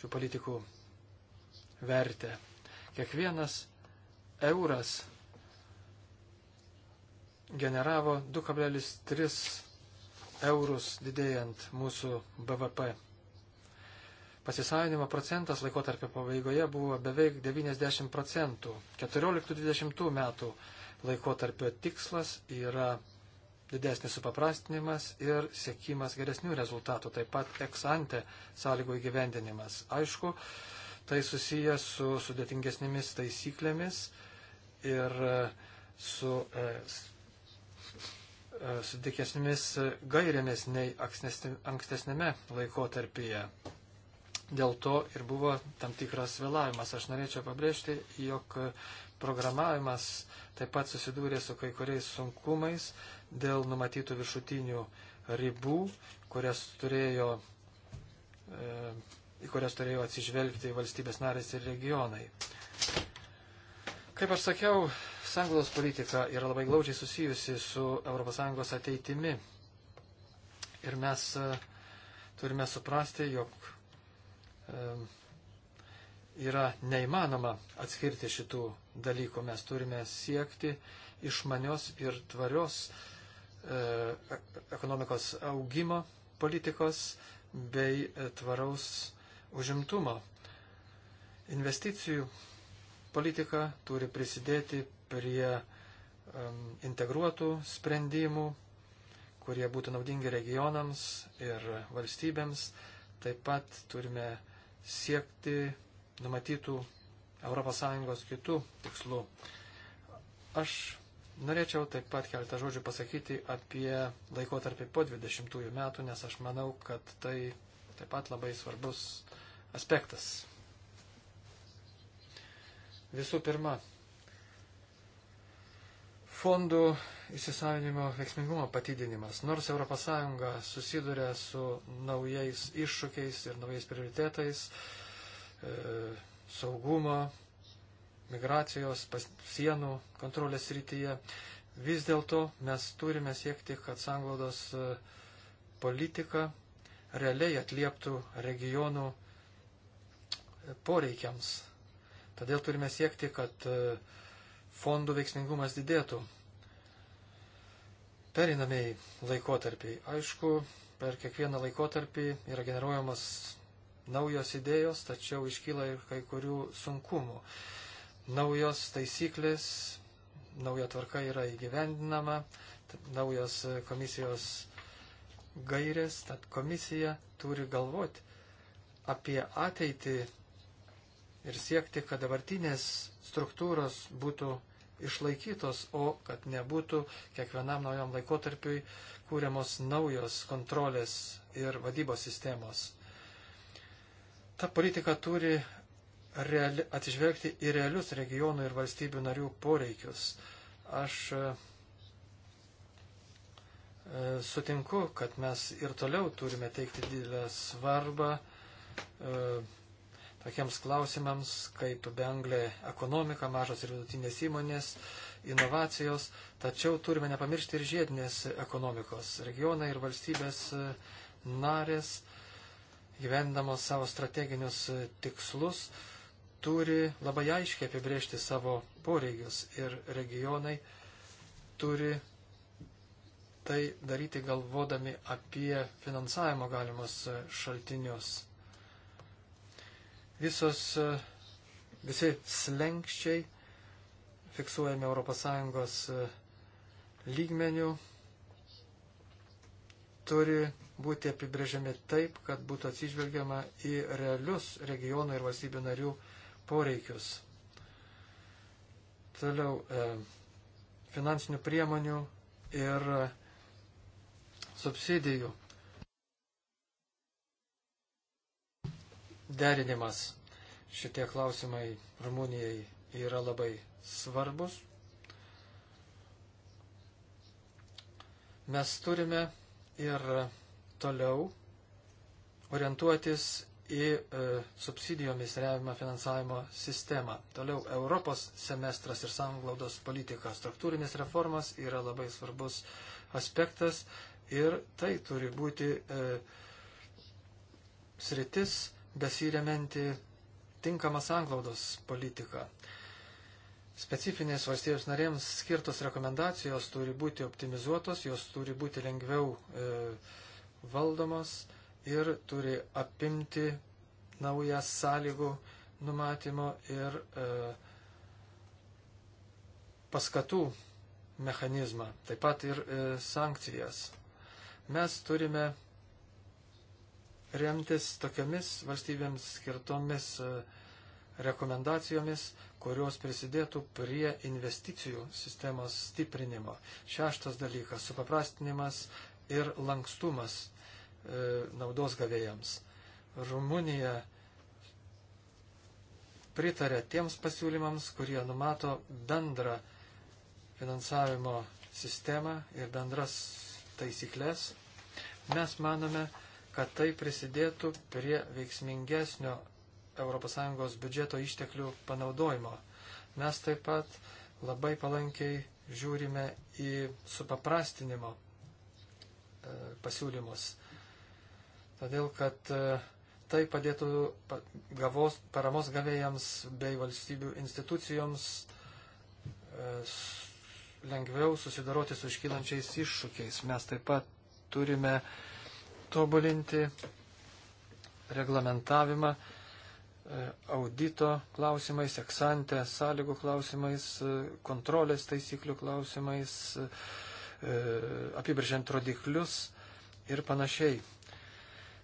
šių politikų vertę. Kiekvienas euras generavo 2,3 eurus didėjant mūsų BVP. Pasisavinimo procentas laikotarpio pabaigoje buvo beveik 90 procentų. 14-20 metų laikotarpio tikslas yra didesnis supaprastinimas ir siekimas geresnių rezultatų, taip pat eksante sąlygų įgyvendinimas. Aišku, tai susijęs su sudėtingesnėmis taisyklėmis ir su e, E, sudikesnėmis e, gairėmis nei ankstesnėme laikotarpyje. Dėl to ir buvo tam tikras vėlavimas. Aš norėčiau pabrėžti, jog programavimas taip pat susidūrė su kai kuriais sunkumais dėl numatytų viršutinių ribų, kurias turėjo, e, į kurias turėjo atsižvelgti valstybės narės ir regionai. Kaip aš sakiau, sąjungos politika yra labai glaudžiai susijusi su ES ateitimi. Ir mes e, turime suprasti, jog e, yra neįmanoma atskirti šitų dalykų. Mes turime siekti išmanios ir tvarios e, ekonomikos augimo politikos bei tvaraus užimtumo. Investicijų politika turi prisidėti prie um, integruotų sprendimų, kurie būtų naudingi regionams ir valstybėms. Taip pat turime siekti numatytų ES kitų tikslų. Aš norėčiau taip pat keletą žodžių pasakyti apie laikotarpį po 20 metų, nes aš manau, kad tai taip pat labai svarbus aspektas Visų pirma, fondų įsisavinimo veiksmingumo patydinimas. Nors ES susiduria su naujais iššūkiais ir naujais prioritetais, e, saugumo, migracijos, pas, sienų kontrolės rytyje, vis dėlto mes turime siekti, kad sanglaudos e, politika realiai atlieptų regionų e, poreikiams Todėl turime siekti, kad e, fondų veiksmingumas didėtų. Perinamiai laikotarpiai. Aišku, per kiekvieną laikotarpį yra generuojamas naujos idėjos, tačiau iškyla ir kai kurių sunkumų. Naujos taisyklės, nauja tvarka yra įgyvendinama, naujos e, komisijos gairės, tad komisija turi galvoti apie ateitį ir siekti, kad dabartinės struktūros būtų išlaikytos, o kad nebūtų kiekvienam naujam laikotarpiui kūriamos naujos kontrolės ir vadybos sistemos. Ta politika turi reali, atsižvelgti į realius regionų ir valstybių narių poreikius. Aš e, e, sutinku, kad mes ir toliau turime teikti didelę svarbą e, tokiems klausimams kaip benglė ekonomika, mažos ir vidutinės įmonės, inovacijos, tačiau turime nepamiršti ir žiedinės ekonomikos. Regionai ir valstybės e, narės, gyvendamos savo strateginius e, tikslus, turi labai aiškiai apibriežti savo poreigius ir regionai turi tai daryti galvodami apie finansavimo galimus e, šaltinius. Visos, e, visi slengščiai fiksuojami ES e, lygmenių turi būti apibrėžiami taip, kad būtų atsižvelgiama į realius regionų ir valstybių narių poreikius. Toliau e, finansinių priemonių ir subsidijų derinimas. Šitie klausimai Rumunijai yra labai svarbus. Mes turime ir toliau orientuotis į e, subsidijomis remiamą finansavimo sistemą. Toliau Europos semestras ir sanglaudos politika. Struktūrinės reformas yra labai svarbus aspektas ir tai turi būti e, sritis, besiremianti tinkamą sanglaudos politiką. Specifinės valstybės narėms skirtos rekomendacijos turi būti optimizuotos, jos turi būti lengviau e, valdomos ir turi apimti naują sąlygų numatymo ir e, paskatų mechanizmą, taip pat ir e, sankcijas. Mes turime remtis tokiamis valstybėms skirtomis e, rekomendacijomis, kurios prisidėtų prie investicijų sistemos stiprinimo. Šeštas dalykas - supaprastinimas ir lankstumas e, naudos gavėjams. Rumunija pritarė tiems pasiūlymams, kurie numato bendrą finansavimo sistemą ir bendras taisyklės. Mes manome, kad tai prisidėtų prie veiksmingesnio ES biudžeto išteklių panaudojimo. Mes taip pat labai palankiai žiūrime į supaprastinimo e, pasiūlymus. Todėl, kad e, tai padėtų gavos, paramos gavėjams bei valstybių institucijoms e, lengviau susidoroti su iškylančiais iššūkiais. Mes taip pat turime uh, tobulinti reglamentavimą e, audito klausimais, eksantė sąlygų klausimais, e, kontrolės taisyklių klausimais, e, apibrėžiant rodiklius ir panašiai.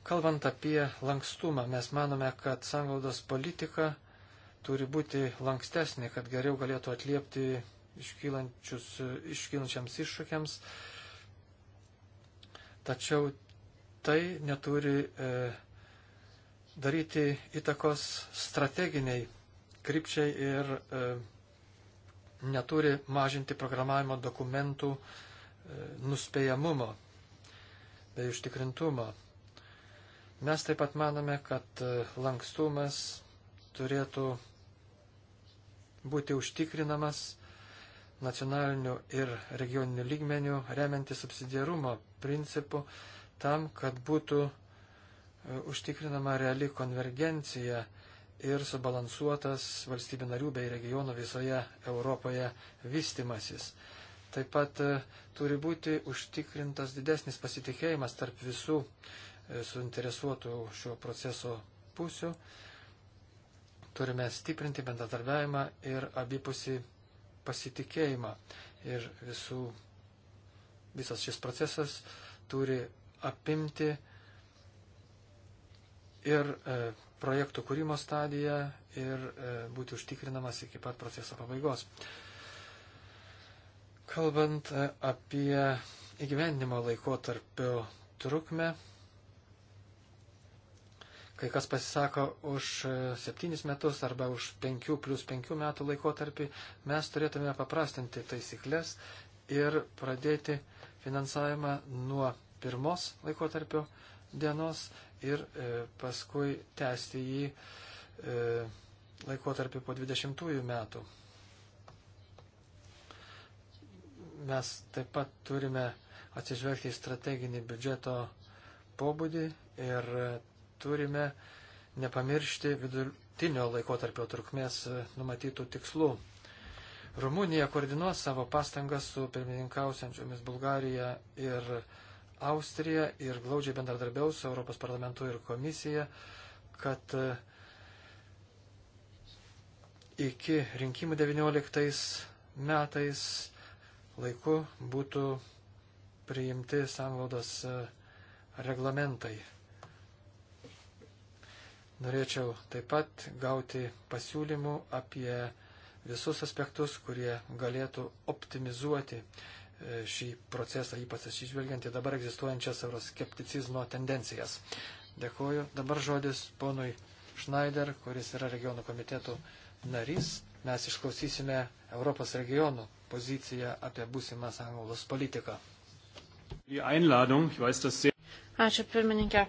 Kalbant apie lankstumą, mes manome, kad sanglaudos politika turi būti lankstesnė, kad geriau galėtų atliepti iškylančiams iššūkiams. Tačiau tai neturi e, daryti įtakos strateginiai krypčiai ir e, neturi mažinti programavimo dokumentų e, nuspėjamumo bei užtikrintumo. Mes taip pat manome, kad e, lankstumas turėtų būti užtikrinamas nacionaliniu ir regioniniu lygmeniu remiantis subsidiarumo principu, tam, kad būtų e, užtikrinama reali konvergencija ir subalansuotas valstybių narių bei regionų visoje Europoje vystimasis. Taip pat e, turi būti užtikrintas didesnis pasitikėjimas tarp visų e, suinteresuotų šio proceso pusių. Turime stiprinti bendradarbiavimą ir abipusi pasitikėjimą. Ir visų, visas šis procesas turi apimti ir e, projektų kūrimo stadiją ir e, būti užtikrinamas iki pat proceso pabaigos. Kalbant e, apie įgyvendimo laikotarpio trukmę, kai kas pasisako už 7 e, metus arba už 5 plus 5 metų laikotarpį, mes turėtume paprastinti taisyklės ir pradėti finansavimą nuo pirmos laikotarpio dienos ir e, paskui tęsti jį e, laikotarpį po 20 metų. Mes taip pat turime atsižvelgti į strateginį biudžeto pobūdį ir e, turime nepamiršti vidutinio laikotarpio trukmės e, numatytų tikslų. Rumunija koordinuos savo pastangas su pirmininkausiančiomis Bulgarija ir Bulgarija Austriją ir glaudžiai bendradarbiaus su Europos parlamentu ir komisija, kad e, iki rinkimų 19 metais laiku būtų priimti sanglaudos e, reglamentai. Norėčiau taip pat gauti pasiūlymų apie visus aspektus, kurie galėtų optimizuoti šį procesą, ypač atsižvelgiant į dabar egzistuojančias euroskepticizmo tendencijas. Dėkuoju. Dabar žodis ponui Schneider, kuris yra regionų komitetų narys. Mes išklausysime Europos regionų poziciją apie būsimą sąjungos politiką. Ačiū pirmininkė.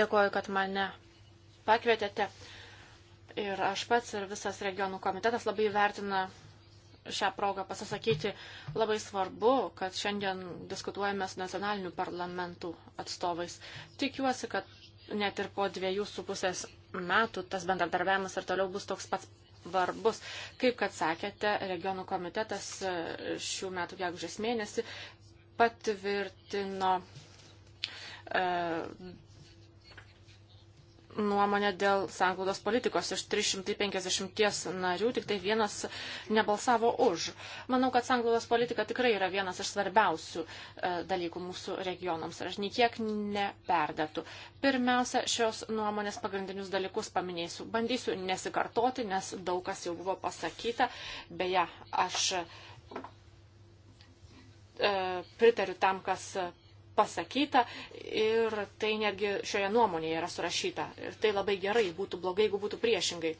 Dėkuoju, kad mane pakvietėte. Ir aš pats ir visas regionų komitetas labai vertina šią progą pasisakyti. Labai svarbu, kad šiandien diskutuojame su nacionalinių parlamentų atstovais. Tikiuosi, kad net ir po dviejų su pusės metų tas bendradarbiavimas ir toliau bus toks pats svarbus. Kaip kad sakėte, regionų komitetas e, šių metų gegužės mėnesį patvirtino e, nuomonę dėl sanglaudos politikos. Iš 350 narių tik tai vienas nebalsavo už. Manau, kad sanglaudos politika tikrai yra vienas iš svarbiausių e, dalykų mūsų regionams. Aš niekiek neperdėtų. Pirmiausia, šios nuomonės pagrindinius dalykus paminėsiu. Bandysiu nesikartoti, nes daug kas jau buvo pasakyta. Beje, aš e, pritariu tam, kas pasakyta ir tai netgi šioje nuomonėje yra surašyta. Ir tai labai gerai, būtų blogai, jeigu būtų priešingai.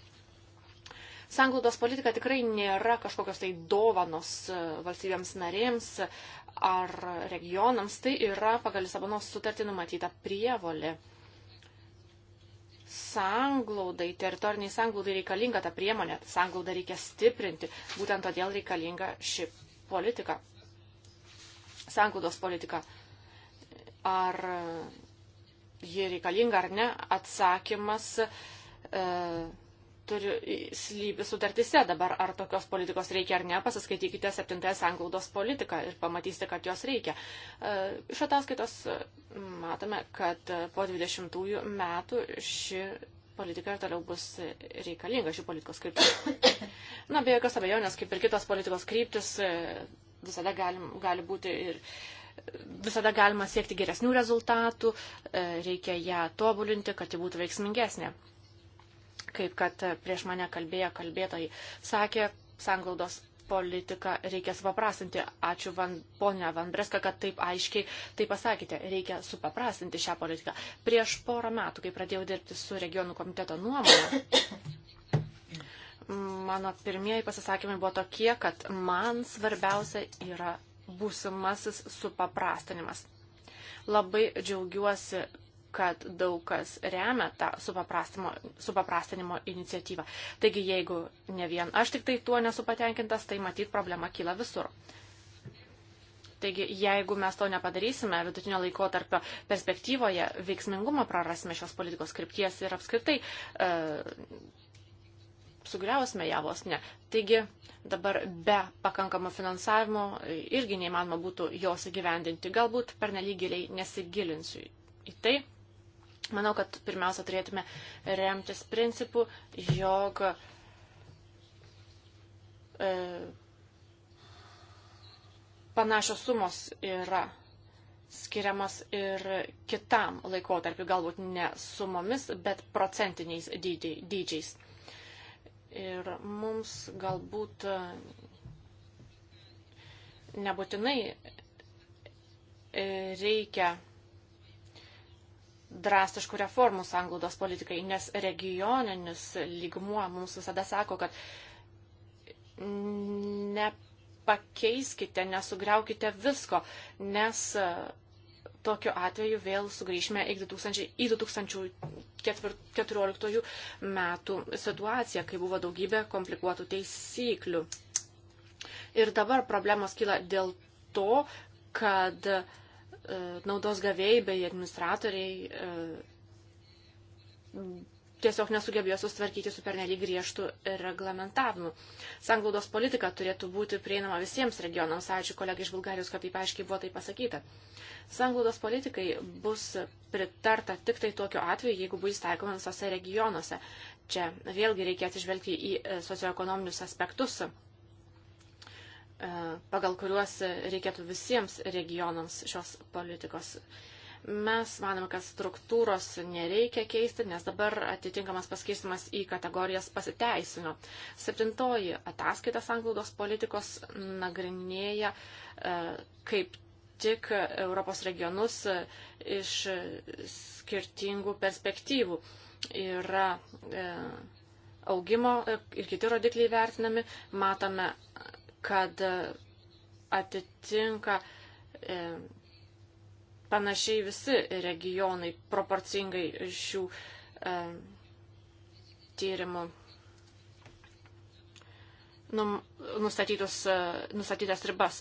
Sanglaudos politika tikrai nėra kažkokios tai dovanos e, valstybėms narėms ar regionams, tai yra pagal Lisabonos sutartį numatyta prievolė. Sanglaudai, teritoriniai sanglaudai reikalinga ta priemonė, sanglaudą reikia stiprinti, būtent todėl reikalinga ši politika. Sanglaudos politika ar jie reikalinga ar ne, atsakymas e, turi slypi sutartise dabar, ar tokios politikos reikia ar ne, pasiskaitykite septintąją sanglaudos politiką ir pamatysite, kad jos reikia. E, iš ataskaitos e, matome, kad e, po 20 metų ši politika ir toliau bus reikalinga ši politikos kryptis. Na, be jokios abejonės, kaip ir kitos politikos kryptis, e, visada galim, gali būti ir uh, visada galima siekti geresnių rezultatų, e, reikia ją tobulinti, kad ji būtų veiksmingesnė. Kaip kad prieš mane kalbėjo kalbėtojai, sakė, sanglaudos politiką reikia supaprastinti. Ačiū van, ponia Vandreska, kad taip aiškiai tai pasakėte. Reikia supaprastinti šią politiką. Prieš porą metų, kai pradėjau dirbti su regionų komiteto nuomonė, mano pirmieji pasisakymai buvo tokie, kad man svarbiausia yra būsimasis supaprastinimas. Labai džiaugiuosi, kad daug kas remia tą supaprastinimo iniciatyvą. Taigi, jeigu ne vien aš tik tai tuo nesu patenkintas, tai matyt problema kyla visur. Taigi, jeigu mes to nepadarysime, vidutinio laiko tarpio perspektyvoje veiksmingumą prarasime šios politikos skripties ir apskritai e, sugriausime ją vos ne. Taigi dabar be pakankamo finansavimo irgi neįmanoma būtų jos įgyvendinti. Galbūt per neligiliai nesigilinsiu į tai. Manau, kad pirmiausia turėtume remtis principu, jog e, panašios sumos yra skiriamas ir kitam laikotarpiu, galbūt ne sumomis, bet procentiniais dydžiais. Ir mums galbūt e, nebūtinai e, reikia drastiškų reformų sanglaudos politikai, nes regioninis lygmuo mums visada sako, kad nepakeiskite, nesugriaukite visko, nes tokiu atveju vėl sugrįžime į 2000, į 2014 metų situaciją, kai buvo daugybė komplikuotų teisyklių. Ir dabar problemos kyla dėl to, kad e, naudos gavėjai bei administratoriai e, tiesiog nesugebėjo sustvarkyti su pernelyg griežtų reglamentavimu. Sanglaudos politika turėtų būti prieinama visiems regionams. Ačiū kolegai iš Bulgarijos, kad taip aiškiai buvo tai pasakyta. Sanglaudos politikai bus pritarta tik tai tokiu atveju, jeigu bus taikoma visose regionuose. Čia vėlgi reikia atsižvelgti į e, socioekonominius aspektus e, pagal kuriuos reikėtų visiems regionams šios politikos Mes manome, kad struktūros nereikia keisti, nes dabar atitinkamas paskirstimas į kategorijas pasiteisino. Septintoji ataskaita sanglaudos politikos nagrinėja, e, kaip tik Europos regionus e, iš skirtingų perspektyvų. Yra e, augimo ir kiti rodikliai vertinami, matome, kad atitinka panašiai visi regionai proporcingai šių e, tyrimų e, nustatytas ribas.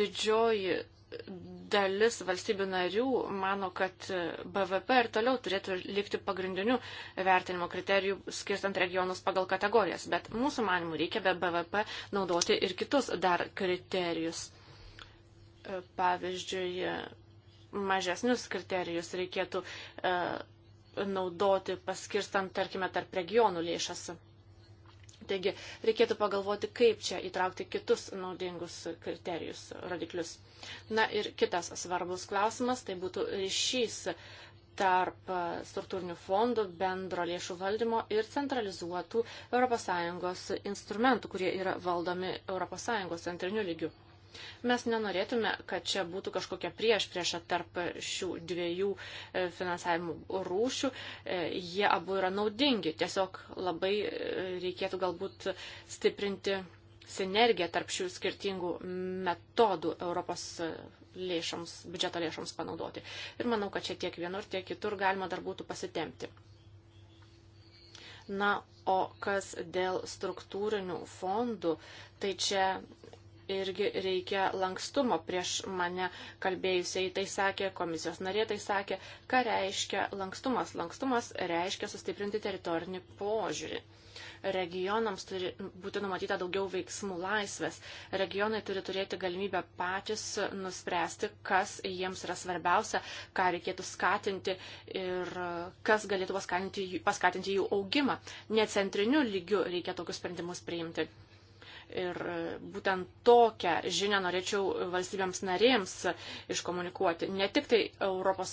Didžioji dalis valstybių narių mano, kad e, BVP ir toliau turėtų likti pagrindiniu vertinimo kriteriju, skirstant regionus pagal kategorijas. Bet mūsų manimų reikia be BVP naudoti ir kitus dar kriterijus. E, pavyzdžiui, mažesnius kriterijus reikėtų e, naudoti paskirstant, tarkime, tarp regionų lėšas. Taigi reikėtų pagalvoti, kaip čia įtraukti kitus naudingus kriterijus, rodiklius. Na ir kitas svarbus klausimas, tai būtų ryšys tarp e, struktūrinių fondų, bendro lėšų valdymo ir centralizuotų ES instrumentų, kurie yra valdomi ES centriniu lygiu. Mes nenorėtume, kad čia būtų kažkokia prieš priešą tarp šių dviejų e, finansavimų rūšių. E, jie abu yra naudingi. Tiesiog labai e, reikėtų galbūt stiprinti sinergiją tarp šių skirtingų metodų Europos lėšams, biudžeto lėšams panaudoti. Ir manau, kad čia tiek vienur, tiek kitur galima dar būtų pasitempti. Na, o kas dėl struktūrinių fondų, tai čia irgi reikia lankstumo. Prieš mane kalbėjusiai tai sakė, komisijos narė tai sakė, ką reiškia lankstumas. Lankstumas reiškia sustiprinti teritorinį požiūrį. Regionams turi būti numatyta daugiau veiksmų laisvės. Regionai turi turėti galimybę patys nuspręsti, kas jiems yra svarbiausia, ką reikėtų skatinti ir kas galėtų paskatinti, paskatinti jų augimą. Ne centriniu lygiu reikia tokius sprendimus priimti. Ir e, būtent tokią žinią norėčiau valstybėms narėms iškomunikuoti. Ne tik tai ES,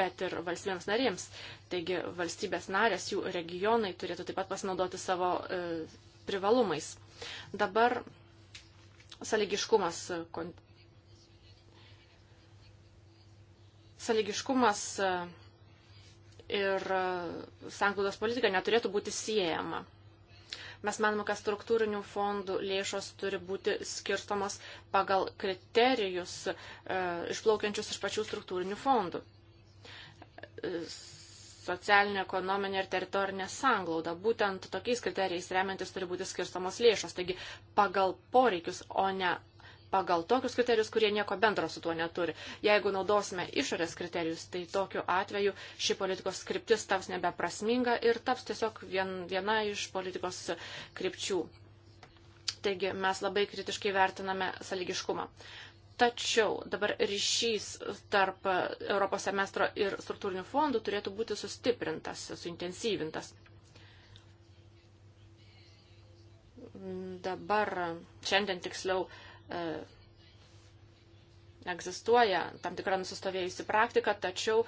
bet ir valstybėms narėms. Taigi valstybės narės, jų regionai turėtų taip pat pasinaudoti savo e, privalumais. Dabar sąlygiškumas. Kon... Sąlygiškumas e, ir e, sanglaudos politika neturėtų būti siejama. Mes manome, kad struktūrinių fondų lėšos turi būti skirstomos pagal kriterijus e, išplaukiančius iš pačių struktūrinių fondų. E, socialinė, ekonominė ir teritorinė sanglauda. Būtent tokiais kriterijais remiantis turi būti skirstomos lėšos. Taigi pagal poreikius, o ne pagal tokius kriterijus, kurie nieko bendro su tuo neturi. Jeigu naudosime išorės kriterijus, tai tokiu atveju ši politikos skriptis taps nebeprasminga ir taps tiesiog vien, viena iš politikos krypčių. Taigi mes labai kritiškai vertiname sąlygiškumą. Tačiau dabar ryšys tarp Europos semestro ir struktūrinių fondų turėtų būti sustiprintas, suintensyvintas. Dabar, šiandien tiksliau, e, egzistuoja tam tikra nusistovėjusi praktika, tačiau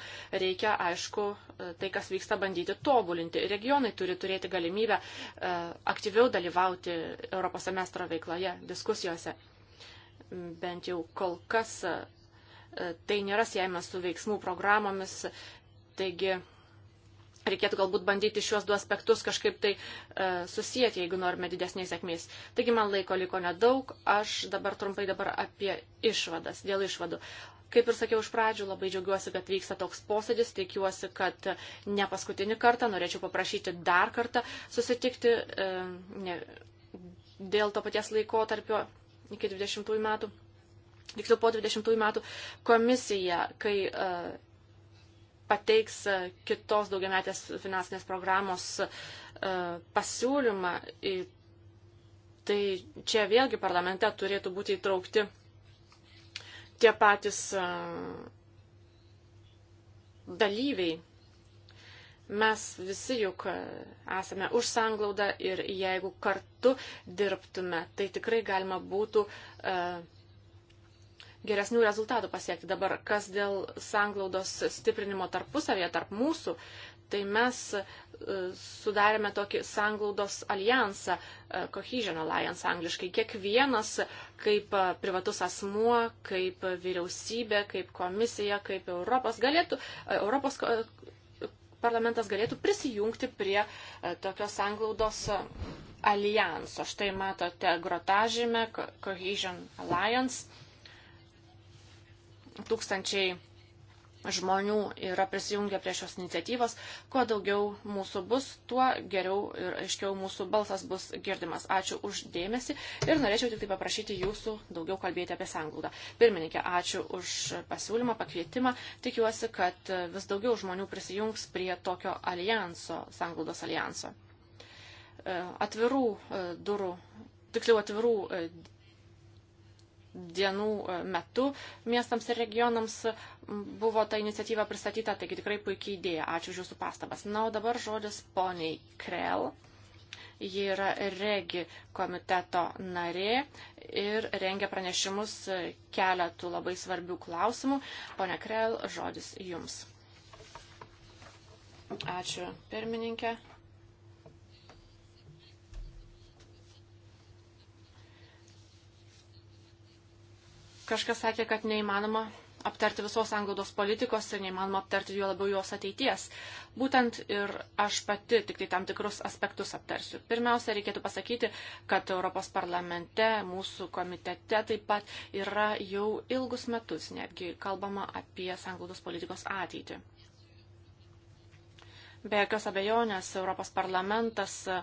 reikia, aišku, e, tai, kas vyksta, bandyti tobulinti. Regionai turi turėti galimybę e, aktyviau dalyvauti Europos semestro veikloje, diskusijose. Bent jau kol kas e, tai nėra siejama su veiksmų programomis, taigi reikėtų galbūt bandyti šiuos du aspektus kažkaip tai e, susijęti, jeigu norime didesnės sėkmės. Taigi man laiko liko nedaug, aš dabar trumpai dabar apie išvadas, dėl išvadų. Kaip ir sakiau iš pradžių, labai džiaugiuosi, kad vyksta toks posėdis, tikiuosi, kad ne paskutinį kartą, norėčiau paprašyti dar kartą susitikti e, ne, dėl to paties laiko tarpio iki 20 metų. Tiksliau po 20 metų komisija, kai e, pateiks e, kitos daugiametės finansinės programos e, pasiūlymą, tai čia vėlgi parlamente turėtų būti įtraukti tie patys e, dalyviai. Mes visi juk esame už sanglaudą ir jeigu kartu dirbtume, tai tikrai galima būtų uh, geresnių rezultatų pasiekti. Dabar, kas dėl sanglaudos stiprinimo tarpusavėje, tarp mūsų, tai mes e, sudarėme tokį sanglaudos alijansą, e, Cohesion Alliance angliškai. Kiekvienas kaip e, privatus asmuo, kaip vyriausybė, kaip komisija, kaip Europos galėtų, Europos parlamentas galėtų prisijungti prie tokios sanglaudos alijanso. Štai matote grotažymę Cohesion Alliance tūkstančiai žmonių yra prisijungę prie šios iniciatyvos. Kuo daugiau mūsų bus, tuo geriau ir aiškiau mūsų balsas bus girdimas. Ačiū už dėmesį ir norėčiau tik tai paprašyti jūsų daugiau kalbėti apie sanglaudą. Pirmininkė, ačiū už pasiūlymą, pakvietimą. Tikiuosi, kad vis daugiau žmonių prisijungs prie tokio alijanso, sanglaudos alijanso. E, atvirų e, durų, tiksliau atvirų e, dienų e, metu miestams ir regionams buvo ta iniciatyva pristatyta, taigi tikrai puikiai idėja. Ačiū už Jūsų pastabas. Na, o dabar žodis poniai Krell. Ji yra regi komiteto narė ir rengia pranešimus keletų labai svarbių klausimų. Pone Krell, žodis Jums. Ačiū, pirmininkė. Kažkas sakė, kad neįmanoma aptarti visos anglodos politikos ir neįmanoma aptarti juo labiau jos ateities. Būtent ir aš pati tik tai tam tikrus aspektus aptarsiu. Pirmiausia, reikėtų pasakyti, kad Europos parlamente, mūsų komitete taip pat yra jau ilgus metus netgi kalbama apie anglodos politikos ateitį. Be jokios abejonės, Europos parlamentas e,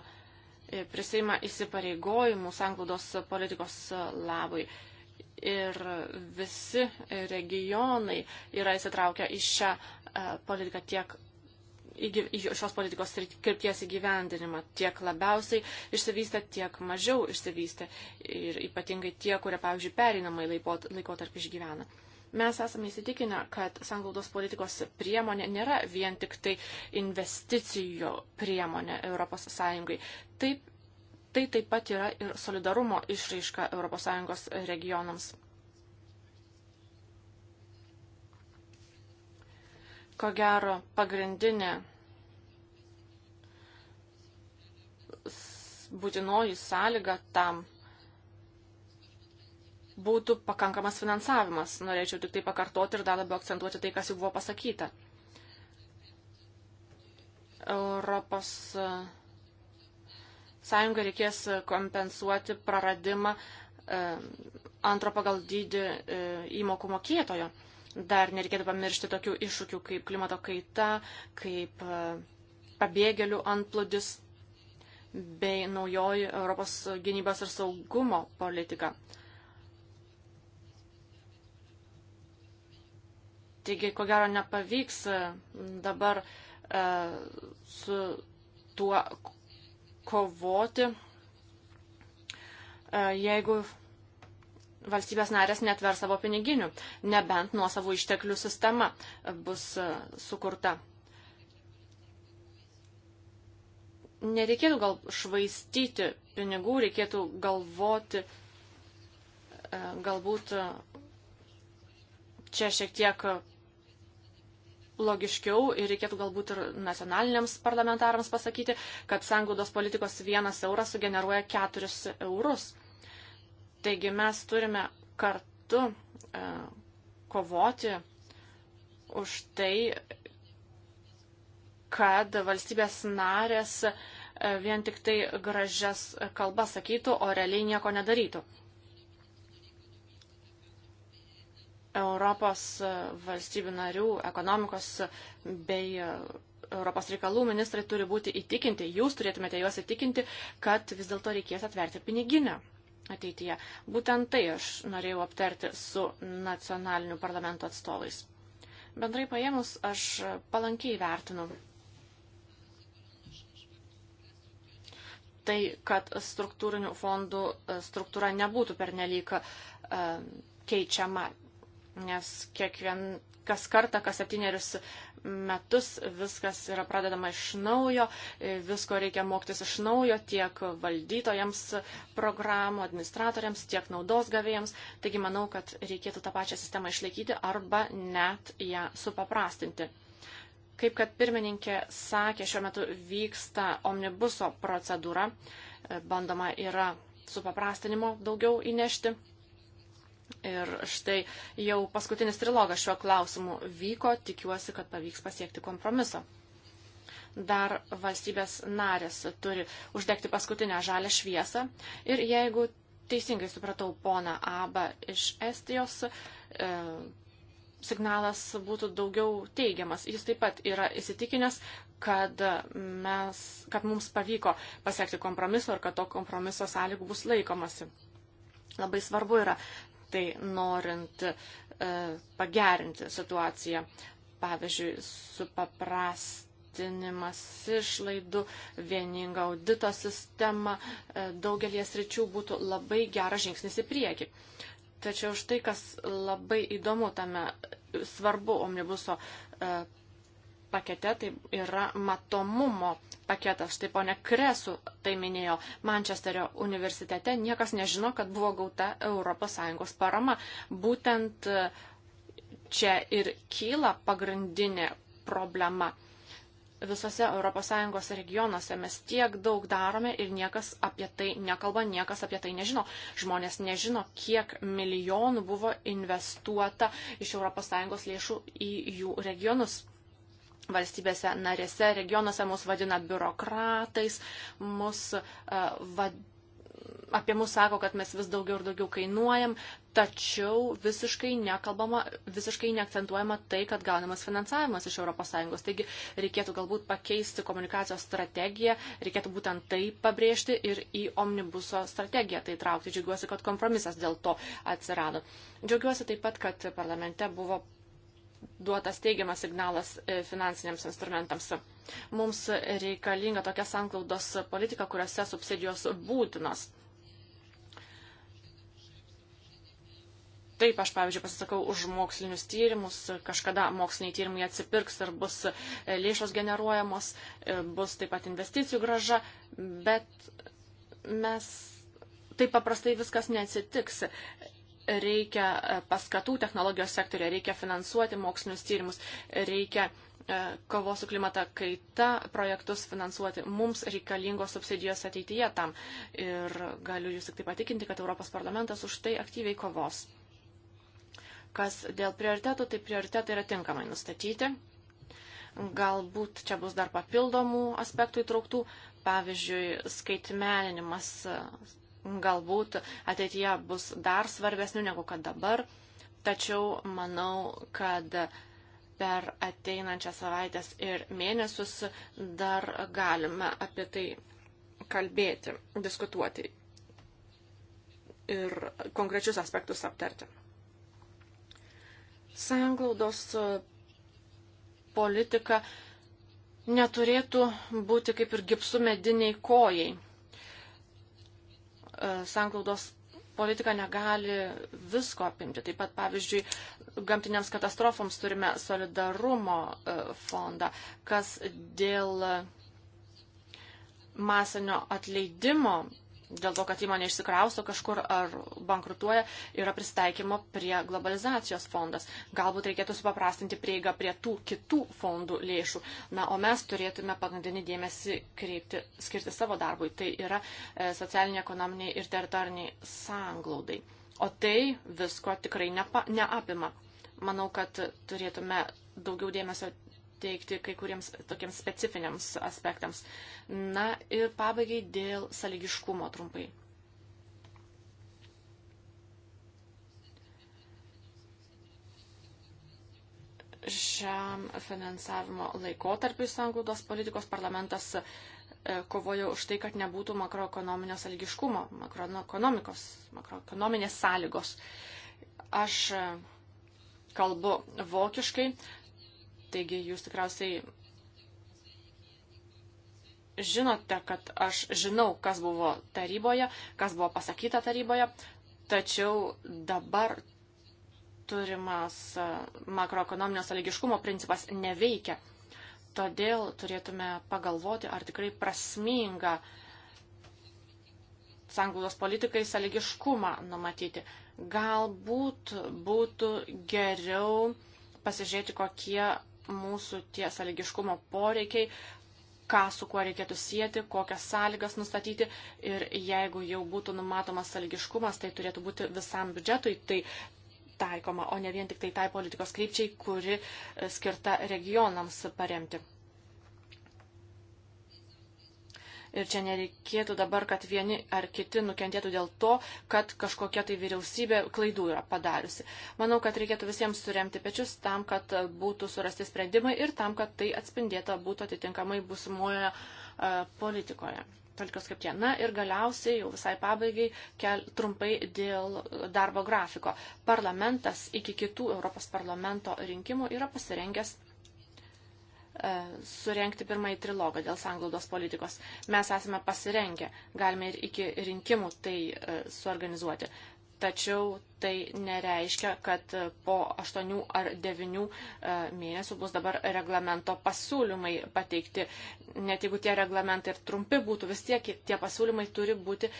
prisima įsipareigojimus anglodos politikos labui ir visi regionai yra įsitraukę į šią e, politiką tiek į šios politikos krypties įgyvendinimą tiek labiausiai išsivystę, tiek mažiau išsivystę ir ypatingai tie, kurie, pavyzdžiui, pereinamai laikotarpį išgyvena. Mes esame įsitikinę, kad sanglaudos politikos priemonė nėra vien tik tai investicijų priemonė ES. Taip Tai taip pat yra ir solidarumo išraiška ES regionams. Ko gero, pagrindinė būtinoji sąlyga tam būtų pakankamas finansavimas. Norėčiau tik tai pakartoti ir dar labiau akcentuoti tai, kas jau buvo pasakyta. Europos sąjunga reikės e, kompensuoti praradimą e, antro pagal dydį e, įmokų mokėtojo. Dar nereikėtų pamiršti tokių iššūkių kaip klimato kaita, kaip pabėgėlių antplūdis bei naujoji Europos gynybos ir saugumo politika. Taigi, ko gero, nepavyks dabar e, su tuo kovoti, e, jeigu valstybės narės netver savo piniginių, nebent nuo savo išteklių sistema bus e, sukurta. Nereikėtų gal švaistyti pinigų, reikėtų galvoti, e, galbūt čia šiek tiek logiškiau ir reikėtų galbūt ir nacionaliniams parlamentarams pasakyti, kad sanglaudos politikos vienas euras sugeneruoja keturis eurus. Taigi mes turime kartu e, kovoti už tai, kad valstybės narės e, vien tik tai gražias kalbas sakytų, o realiai nieko nedarytų. Europos e, valstybių narių ekonomikos bei e, Europos reikalų ministrai turi būti įtikinti, jūs turėtumėte juos įtikinti, kad vis dėlto reikės atverti piniginę ateityje. Būtent tai aš norėjau aptarti su nacionaliniu parlamento atstovais. Bendrai paėmus, aš palankiai vertinu tai, kad struktūrinių fondų e, struktūra nebūtų pernelyg keičiama nes kiekvien, kas kartą, kas septynerius metus viskas yra pradedama iš naujo, visko reikia mokytis iš naujo tiek valdytojams programų, administratoriams, tiek naudos gavėjams. Taigi manau, kad reikėtų tą pačią sistemą išlaikyti arba net ją supaprastinti. Kaip kad pirmininkė sakė, šiuo metu vyksta omnibuso procedūra, bandoma yra supaprastinimo daugiau įnešti Ir štai jau paskutinis trilogas šiuo klausimu vyko, tikiuosi, kad pavyks pasiekti kompromiso. Dar valstybės narės turi uždegti paskutinę žalę šviesą ir jeigu teisingai supratau poną Abą iš Estijos, e, signalas būtų daugiau teigiamas. Jis taip pat yra įsitikinęs, kad, mes, kad mums pavyko pasiekti kompromiso ir kad to kompromiso sąlygų bus laikomasi. Labai svarbu yra tai norint e, pagerinti situaciją. Pavyzdžiui, supaprastinimas išlaidų, vieninga audito sistema e, daugelies ryčių būtų labai geras žingsnis į priekį. Tačiau štai kas labai įdomu tame svarbu omnibuso e, pakete tai yra matomumo paketas. Štai ponė Kresu tai minėjo, Mančesterio universitete niekas nežino, kad buvo gauta ES parama. Būtent e, čia ir kyla pagrindinė problema. Visose ES regionuose mes tiek daug darome ir niekas apie tai nekalba, niekas apie tai nežino. Žmonės nežino, kiek milijonų buvo investuota iš ES lėšų į jų regionus valstybėse narėse, regionuose mus vadina biurokratais, mus, uh, vad, apie mus sako, kad mes vis daugiau ir daugiau kainuojam, tačiau visiškai nekalbama, visiškai neakcentuojama tai, kad gaunamas finansavimas iš ES. Taigi reikėtų galbūt pakeisti komunikacijos strategiją, reikėtų būtent tai pabrėžti ir į omnibuso strategiją tai traukti. Džiaugiuosi, kad kompromisas dėl to atsirado. Džiaugiuosi taip pat, kad parlamente buvo duotas teigiamas signalas e, finansiniams instrumentams. Mums reikalinga tokia sanklaudos politika, kuriuose subsidijos būtinos. Taip, aš, pavyzdžiui, pasisakau už mokslinius tyrimus, kažkada moksliniai tyrimai atsipirks ir bus e, lėšos generuojamos, e, bus taip pat investicijų graža, bet mes taip paprastai viskas neatsitiks reikia e, paskatų technologijos sektorė, reikia finansuoti mokslinius tyrimus, reikia e, kovos su klimata kaita projektus finansuoti. Mums reikalingos subsidijos ateityje tam. Ir galiu jūs tik tai patikinti, kad Europos parlamentas už tai aktyviai kovos. Kas dėl prioritetų, tai prioritetai yra tinkamai nustatyti. Galbūt čia bus dar papildomų aspektų įtrauktų. Pavyzdžiui, skaitmeninimas galbūt ateityje bus dar svarbesnių negu kad dabar, tačiau manau, kad per ateinančią savaitęs ir mėnesius dar galime apie tai kalbėti, diskutuoti ir konkrečius aspektus aptarti. Sanglaudos politika neturėtų būti kaip ir gipsų mediniai kojai. E, sanglaudos politika negali visko apimti. Taip pat, pavyzdžiui, gamtinėms katastrofoms turime solidarumo e, fondą, kas dėl masinio atleidimo dėl to, kad įmonė išsikrausto kažkur ar bankrutuoja, yra pristaikymo prie globalizacijos fondas. Galbūt reikėtų supaprastinti prieigą prie tų kitų fondų lėšų. Na, o mes turėtume pagrindinį dėmesį kreipti, skirti savo darbui. Tai yra e, socialiniai, ekonominiai ir teritoriniai sanglaudai. O tai visko tikrai nepa, neapima. Manau, kad turėtume daugiau dėmesio teikti kai kuriems tokiems specifiniams aspektams. Na ir pabaigai dėl saligiškumo trumpai. Šiam finansavimo laikotarpiu sanglaudos politikos parlamentas e, kovojo už tai, kad nebūtų makroekonominio saligiškumo, makroekonomikos, makroekonominės sąlygos. Aš e, kalbu vokiškai, Taigi jūs tikriausiai žinote, kad aš žinau, kas buvo taryboje, kas buvo pasakyta taryboje, tačiau dabar turimas e, makroekonominio sąlygiškumo principas neveikia. Todėl turėtume pagalvoti, ar tikrai prasminga sanglaudos politikai sąlygiškumą numatyti. Galbūt būtų geriau pasižiūrėti, kokie mūsų tie sąlygiškumo poreikiai, ką su kuo reikėtų sieti, kokias sąlygas nustatyti ir jeigu jau būtų numatomas sąlygiškumas, tai turėtų būti visam biudžetui, tai taikoma, o ne vien tik tai tai politikos krypčiai, kuri e, skirta regionams paremti. Ir čia nereikėtų dabar, kad vieni ar kiti nukentėtų dėl to, kad kažkokia tai vyriausybė klaidų yra padariusi. Manau, kad reikėtų visiems suremti pečius tam, kad būtų surasti sprendimai ir tam, kad tai atspindėta būtų atitinkamai busimoje uh, e, politikoje. Tolikos kaip tie. Na ir galiausiai, jau visai pabaigai, kel, trumpai dėl darbo grafiko. Parlamentas iki kitų Europos parlamento rinkimų yra pasirengęs E, surenkti pirmąjį trilogą dėl sanglaudos politikos. Mes esame pasirengę, galime ir iki rinkimų tai e, suorganizuoti. Tačiau tai nereiškia, kad e, po 8 ar 9 mėnesių bus dabar reglamento pasiūlymai pateikti. Net jeigu tie reglamentai ir trumpi būtų, vis tiek tie pasiūlymai turi būti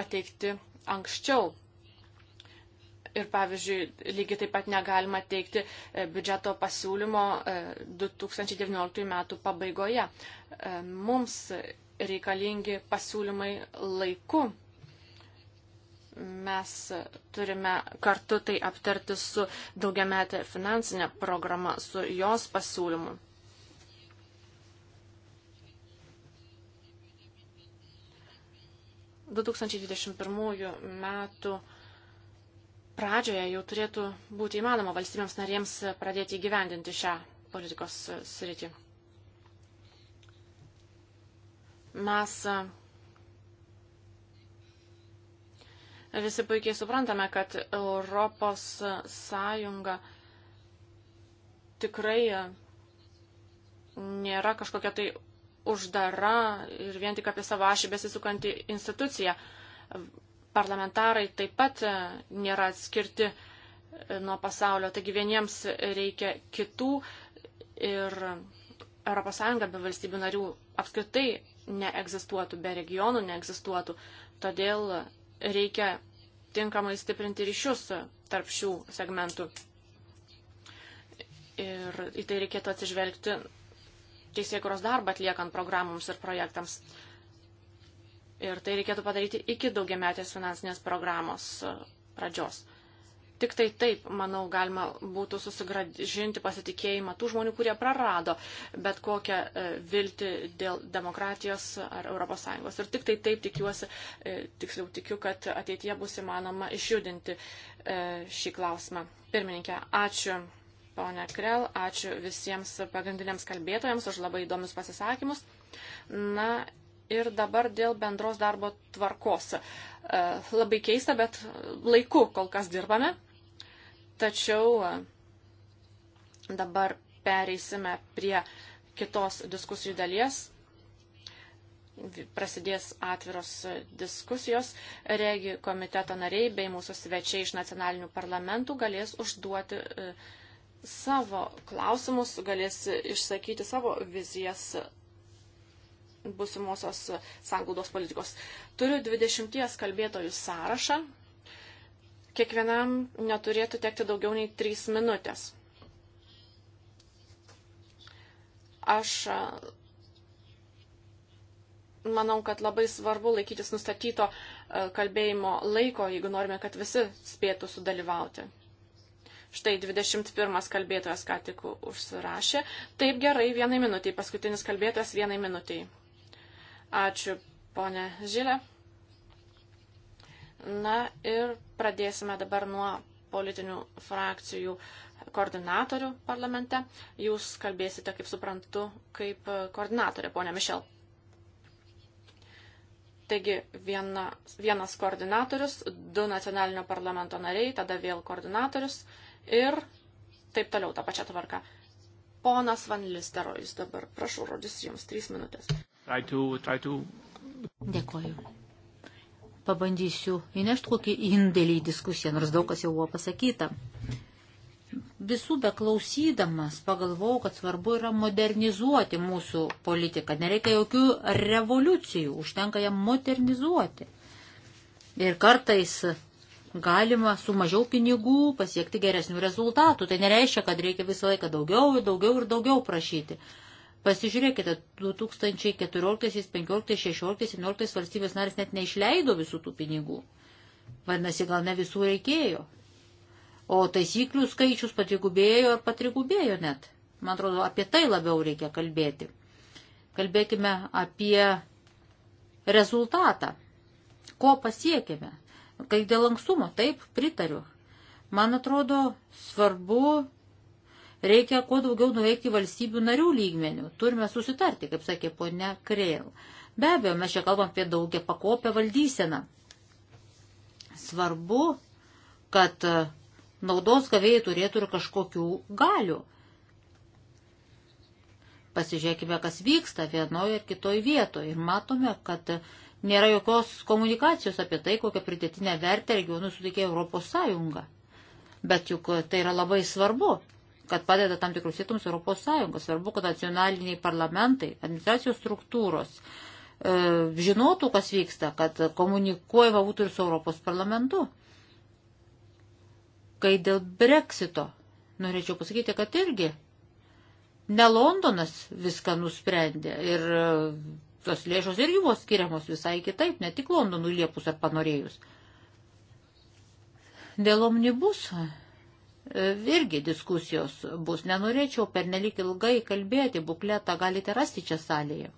pateikti anksčiau Ir pavyzdžiui, lygiai taip pat negalima teikti e, biudžeto pasiūlymo 2019 e, metų pabaigoje. E, mums reikalingi pasiūlymai laiku. Mes turime kartu tai aptarti su daugiametė finansinė programa, su jos pasiūlymu. metų pradžioje jau turėtų būti įmanoma valstybėms narėms pradėti įgyvendinti šią politikos sritį. Mes e, visi puikiai suprantame, kad Europos Sąjunga tikrai e, nėra kažkokia tai uždara ir vien tik apie savo ašį besisukanti institucija parlamentarai taip pat e, nėra atskirti e, nuo pasaulio, taigi vieniems reikia kitų ir ES be valstybių narių apskritai neegzistuotų, be regionų neegzistuotų. Todėl reikia tinkamai stiprinti ryšius tarp šių segmentų. Ir į tai reikėtų atsižvelgti teisėkuros darbą atliekant programoms ir projektams. Ir tai reikėtų padaryti iki daugiametės finansinės programos e, pradžios. Tik tai taip, manau, galima būtų susigražinti pasitikėjimą tų žmonių, kurie prarado bet kokią e, viltį dėl demokratijos ar ES. Ir tik tai taip tikiuosi, e, tiksliau tikiu, kad ateityje bus įmanoma išjudinti šį klausimą. Pirmininkė, ačiū. Pone Krell, ačiū visiems pagrindiniams kalbėtojams už labai įdomius pasisakymus. Na Ir dabar dėl bendros darbo tvarkos. E, labai keista, bet laiku kol kas dirbame. Tačiau e, dabar pereisime prie kitos diskusijų dalies. Prasidės atviros diskusijos. Regi komiteto nariai bei mūsų svečiai iš nacionalinių parlamentų galės užduoti e, savo klausimus, galės išsakyti savo vizijas busimosios sanglaudos politikos. Turiu 20 kalbėtojų sąrašą. Kiekvienam neturėtų tekti daugiau nei 3 minutės. Aš manau, kad labai svarbu laikytis nustatyto kalbėjimo laiko, jeigu norime, kad visi spėtų sudalyvauti. Štai 21 kalbėtojas ką tik užsirašė. Taip gerai, vienai minutiai. Paskutinis kalbėtojas vienai minutiai. Ačiū, ponė Žilė. Na ir pradėsime dabar nuo politinių frakcijų koordinatorių parlamente. Jūs kalbėsite, kaip suprantu, kaip koordinatorė, ponė Mišel. Taigi viena, vienas koordinatorius, du nacionalinio parlamento nariai, tada vėl koordinatorius ir taip toliau tą pačią tvarką. Ponas Van Listerojus dabar, prašau, rodys jums trys minutės. Try to, try to... Dėkoju. Pabandysiu įnešti kokį indėlį į diskusiją, nors daug kas jau buvo pasakyta. Visų beklausydamas pagalvau, kad svarbu yra modernizuoti mūsų politiką. Nereikia jokių revoliucijų, užtenka ją modernizuoti. Ir kartais galima su mažiau pinigų pasiekti geresnių rezultatų. Tai nereiškia, kad reikia visą laiką daugiau ir daugiau ir daugiau prašyti. Pasižiūrėkite, 2014, 15, 16, 17 valstybės narės net neišleido visų tų pinigų. Vadinasi, gal ne visų reikėjo. O taisyklių skaičius patrigubėjo ar patrigubėjo net. Man atrodo, apie tai labiau reikia kalbėti. Kalbėkime apie rezultatą. Ko pasiekėme? Kai dėl lankstumo, taip, pritariu. Man atrodo, svarbu Reikia kuo daugiau nuveikti valstybių narių lygmenių. Turime susitarti, kaip sakė ponia Kreil. Be abejo, mes čia kalbam apie daugia pakopę valdyseną. Svarbu, kad e, naudos gavėjai turėtų ir kažkokių galių. Pasižiūrėkime, kas vyksta vienoje ar kitoje vietoje ir matome, kad e, nėra jokios komunikacijos apie tai, kokią pridėtinę vertę regionui suteikė Europos Sąjunga. Bet juk e, tai yra labai svarbu kad padeda tam tikrus įtums Europos Sąjungos. Svarbu, kad nacionaliniai parlamentai, administracijos struktūros e, žinotų, kas vyksta, kad komunikuojama būtų ir su Europos parlamentu. Kai dėl Brexito, norėčiau pasakyti, kad irgi ne Londonas viską nusprendė ir e, tos lėšos irgi buvo skiriamos visai kitaip, ne tik Londonų liepus ar panorėjus. Dėl omnibus irgi diskusijos bus. Nenorėčiau per nelik ilgai kalbėti, bukletą galite rasti čia salėje.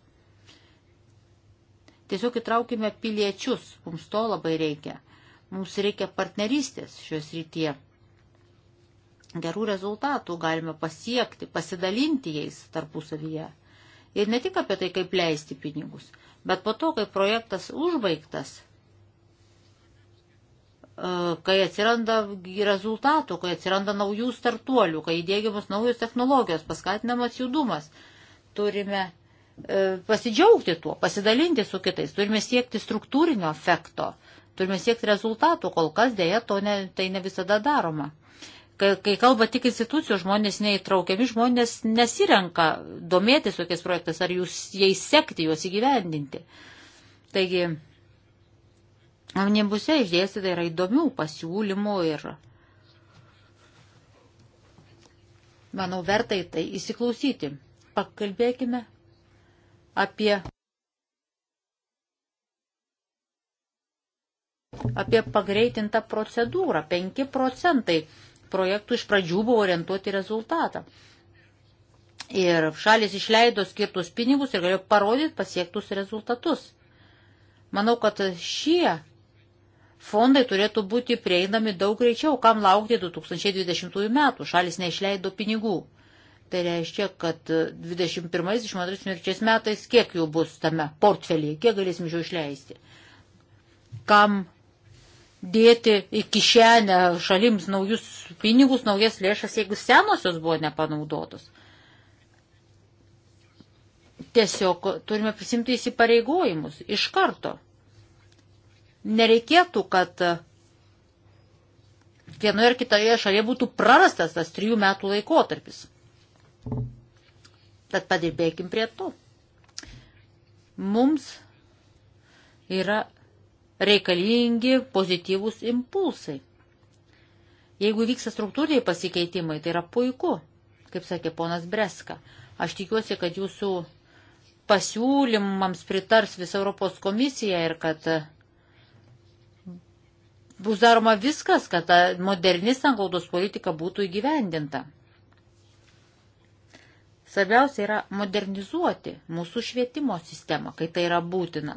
Tiesiog įtraukime piliečius, mums to labai reikia. Mums reikia partnerystės šios rytie. Gerų rezultatų galime pasiekti, pasidalinti jais tarpusavyje. Ir ne tik apie tai, kaip leisti pinigus, bet po to, kai projektas užbaigtas, kai atsiranda rezultatų, kai atsiranda naujų startuolių, kai įdėgiamas naujos technologijos, paskatinamas judumas. Turime e, pasidžiaugti tuo, pasidalinti su kitais, turime siekti struktūrinio efekto, turime siekti rezultatų, kol kas dėja to ne, tai ne visada daroma. Kai, kai kalba tik institucijų, žmonės neįtraukiami, žmonės nesirenka domėtis tokiais projektais ar jūs jais sekti, juos įgyvendinti. Taigi, Omnibuse išdėstyta yra įdomių pasiūlymų ir manau verta į tai įsiklausyti. Pakalbėkime apie, apie pagreitintą procedūrą. 5 procentai projektų iš pradžių buvo orientuoti rezultatą. Ir šalis išleido skirtus pinigus ir galėjo parodyti pasiektus rezultatus. Manau, kad šie fondai turėtų būti prieinami daug greičiau, kam laukti 2020 metų. Šalis neišleido pinigų. Tai reiškia, kad 21-23 metais kiek jų bus tame portfelyje, kiek galėsim jų išleisti. Kam dėti į kišenę šalims naujus pinigus, naujas lėšas, jeigu senosios buvo nepanaudotos. Tiesiog turime prisimti įsipareigojimus iš karto nereikėtų, kad vienoje ar kitoje šalyje būtų prarastas tas trijų metų laikotarpis. Tad padirbėkim prie to. Mums yra reikalingi pozityvūs impulsai. Jeigu vyksta struktūriai pasikeitimai, tai yra puiku, kaip sakė ponas Breska. Aš tikiuosi, kad jūsų pasiūlymams pritars visa Europos komisija ir kad uh, bus daroma viskas, kad ta moderni sanglaudos politika būtų įgyvendinta. Svarbiausia yra modernizuoti mūsų švietimo sistemą, kai tai yra būtina.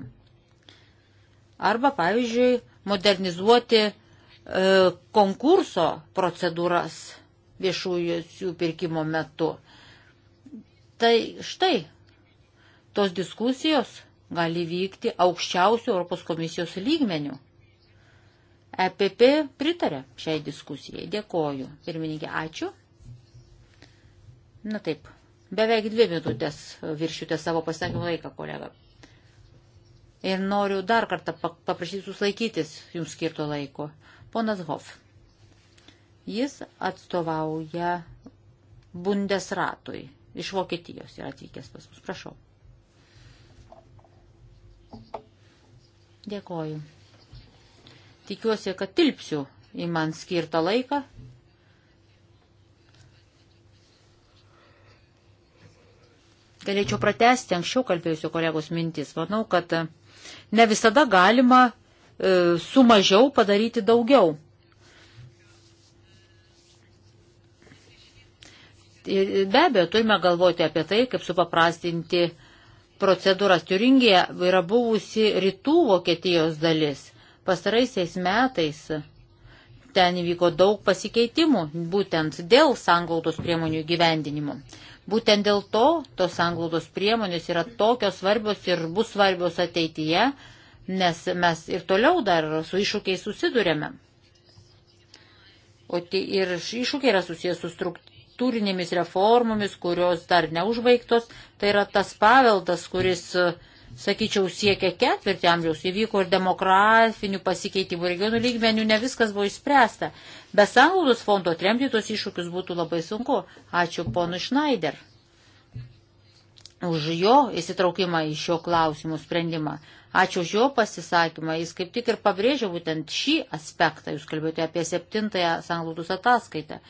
Arba, pavyzdžiui, modernizuoti e, konkurso procedūras viešųjų pirkimo metu. Tai štai, tos diskusijos gali vykti aukščiausių Europos komisijos lygmenių. EPP pritarė šiai diskusijai. Dėkoju. Pirmininkė, ačiū. Na taip, beveik dvi minutės viršiutė savo pasakymų laiką, kolega. Ir noriu dar kartą paprašyti jūs laikytis jums skirto laiko. Ponas Hof. Jis atstovauja Bundesratui. Iš Vokietijos yra atvykęs pas mus. Prašau. Dėkoju. Tikiuosi, kad tilpsiu į man skirtą laiką. Galėčiau pratesti anksčiau kalbėjusio kolegos mintis. Manau, kad ne visada galima e, su mažiau padaryti daugiau. E, be abejo, turime galvoti apie tai, kaip supaprastinti procedūras. Turingija yra buvusi rytų Vokietijos dalis. Pastaraisiais metais ten įvyko daug pasikeitimų, būtent dėl sanglaudos priemonių gyvendinimo. Būtent dėl to tos sanglaudos priemonės yra tokios svarbios ir bus svarbios ateityje, nes mes ir toliau dar su iššūkiais susidurėme. O tai ir iššūkiai yra susijęs su struktūrinėmis reformomis, kurios dar neužbaigtos. Tai yra tas paveldas, kuris uh, sakyčiau, siekia ketvirtį amžiaus, įvyko ir demografinių pasikeitimų regionų lygmenių, ne viskas buvo išspręsta. Be sąnaudos fondo atremti tos iššūkius būtų labai sunku. Ačiū ponu Schneider už jo įsitraukimą į šio klausimų sprendimą. Ačiū už jo pasisakymą. Jis kaip tik ir pabrėžė būtent šį aspektą. Jūs kalbėjote apie septintąją sanglautus ataskaitą.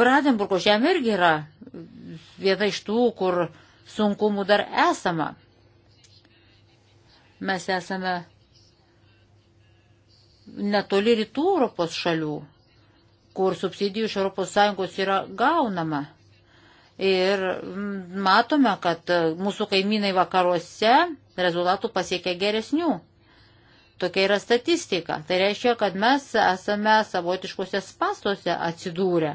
Bradenburgo žemė irgi yra viena iš tų, kur uh, sunkumų dar esama. Mes esame netoli rytų Europos šalių, kur subsidijų iš ES yra gaunama. Ir mm, matome, kad e, mūsų kaimynai vakaruose rezultatų pasiekia geresnių. Tokia yra statistika. Tai reiškia, kad mes esame savotiškose spastuose atsidūrę.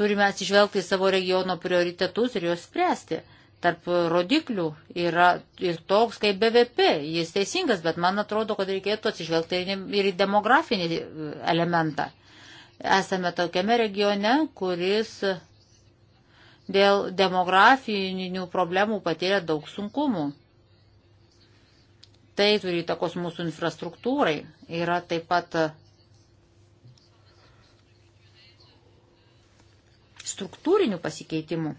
Turime atsižvelgti į savo regiono prioritetus ir juos spręsti tarp rodiklių yra ir toks kaip BVP. Jis teisingas, bet man atrodo, kad reikėtų atsižvelgti ir į demografinį e, elementą. Esame tokiame regione, kuris dėl demografinių problemų patyrė daug sunkumų. Tai turi įtakos mūsų infrastruktūrai. Yra taip pat e, struktūrinių pasikeitimų.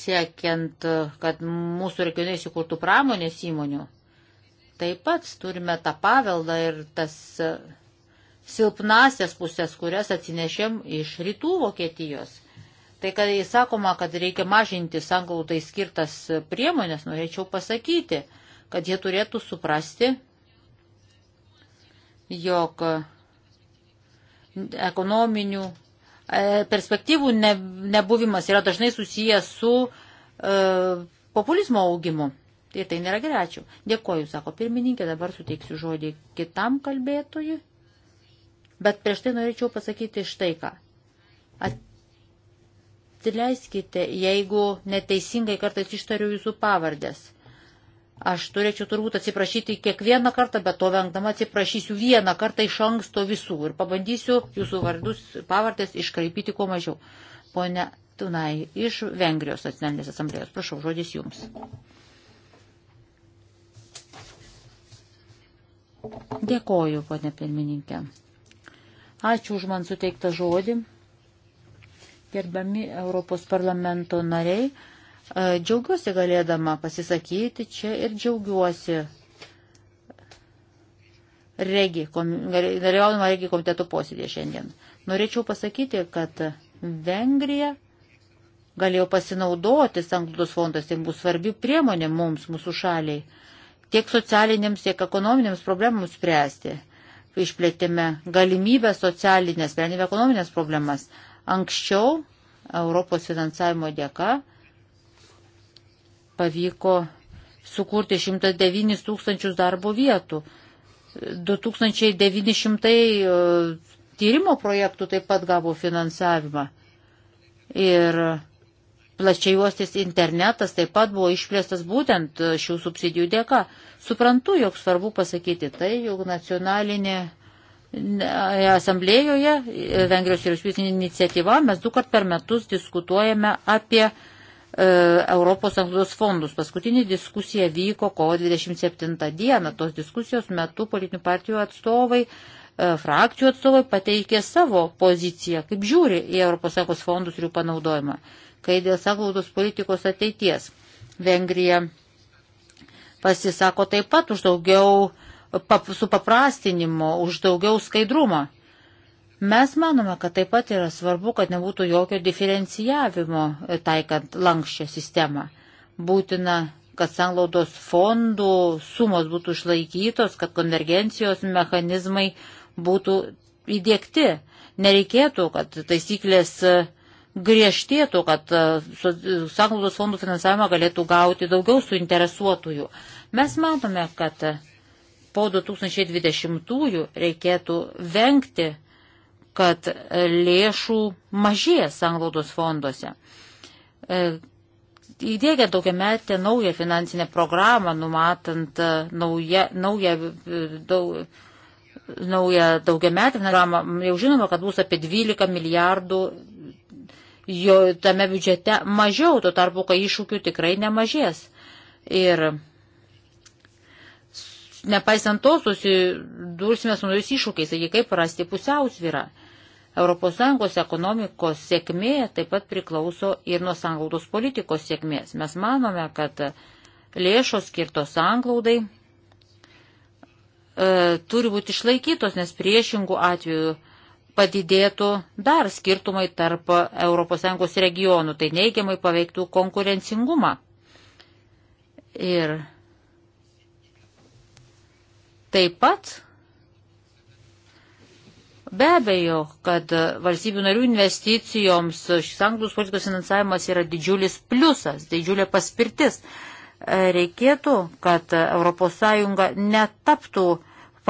siekiant, kad mūsų regionai įsikurtų pramonės įmonių. Taip pat turime tą paveldą ir tas e, silpnasias pusės, kurias atsinešėm iš rytų Vokietijos. Tai, kad įsakoma, kad reikia mažinti sanglautai skirtas priemonės, norėčiau pasakyti, kad jie turėtų suprasti, jog ekonominių E, perspektyvų ne, nebuvimas yra dažnai susijęs su e, populizmo augimu. Ir tai nėra gerai, ačiū. Dėkoju, sako pirmininkė, dabar suteiksiu žodį kitam kalbėtojui. Bet prieš tai norėčiau pasakyti štai ką. Atleiskite, jeigu neteisingai kartais ištariu jūsų pavardės. Aš turėčiau turbūt atsiprašyti kiekvieną kartą, bet to vengdama atsiprašysiu vieną kartą iš anksto visų ir pabandysiu jūsų vardus, pavardės iškraipyti kuo mažiau. Pone Tunai, iš Vengrijos nacionalinės asamblėjos, prašau, žodis jums. Dėkoju, ponė pirmininkė. Ačiū už man suteiktą žodį. Gerbiami Europos parlamento nariai, E, džiaugiuosi galėdama pasisakyti čia ir džiaugiuosi regi, dalyvaujama regi komiteto posėdė šiandien. Norėčiau pasakyti, kad Vengrija galėjo pasinaudoti Sanklūdos fondas, tai bus svarbi priemonė mums, mūsų šaliai, tiek socialinėms, tiek ekonominėms problemams spręsti. Išplėtėme galimybę socialinės, sprendėme ekonominės problemas. Anksčiau Europos finansavimo dėka pavyko sukurti 109 tūkstančius darbo vietų. 2900 e, tyrimo projektų taip pat gavo finansavimą. Ir plačiai juostis internetas taip pat buvo išplėstas būtent šių subsidijų dėka. Suprantu, jog svarbu pasakyti tai, jog nacionalinė asamblėjoje Vengrijos vyriausybės iniciatyva mes du kart per metus diskutuojame apie uh, E, Europos Sąjungos fondus. Paskutinė diskusija vyko kovo 27 dieną. Tos diskusijos metu politinių partijų atstovai, e, frakcijų atstovai pateikė savo poziciją, kaip žiūri į Europos Sąjungos fondus ir jų panaudojimą. Kai dėl sąglaudos politikos ateities Vengrija pasisako taip pat už daugiau supaprastinimo, už daugiau skaidrumo. Mes manome, kad taip pat yra svarbu, kad nebūtų jokio diferencijavimo e, taikant lankščią sistemą. Būtina, kad sanglaudos fondų sumos būtų išlaikytos, kad konvergencijos mechanizmai būtų įdėkti. Nereikėtų, kad taisyklės e, griežtėtų, kad e, sanglaudos fondų finansavimą galėtų gauti daugiau suinteresuotųjų. Mes matome, kad po 2020 reikėtų vengti kad lėšų mažės sanglaudos fonduose. E, Įdėgia daugia metę naują finansinę programą, numatant e, e, naują, naują, daug, naują daugia metę programą, jau žinoma, kad bus apie 12 milijardų jo tame biudžete mažiau, tuo tarpu, kai iššūkių tikrai nemažės. Ir nepaisant to susidursime su naujais iššūkiais, taigi kaip rasti pusiausvyrą. E, ES ekonomikos sėkmė taip pat priklauso ir nuo sanglaudos politikos sėkmės. Mes manome, kad lėšos skirtos sanglaudai e, turi būti išlaikytos, nes priešingų atveju padidėtų dar skirtumai tarp ES regionų, tai neigiamai paveiktų konkurencingumą. Ir taip pat Be abejo, kad valstybių narių investicijoms šis anglos politikos finansavimas yra didžiulis pliusas, didžiulė paspirtis. Reikėtų, kad ES netaptų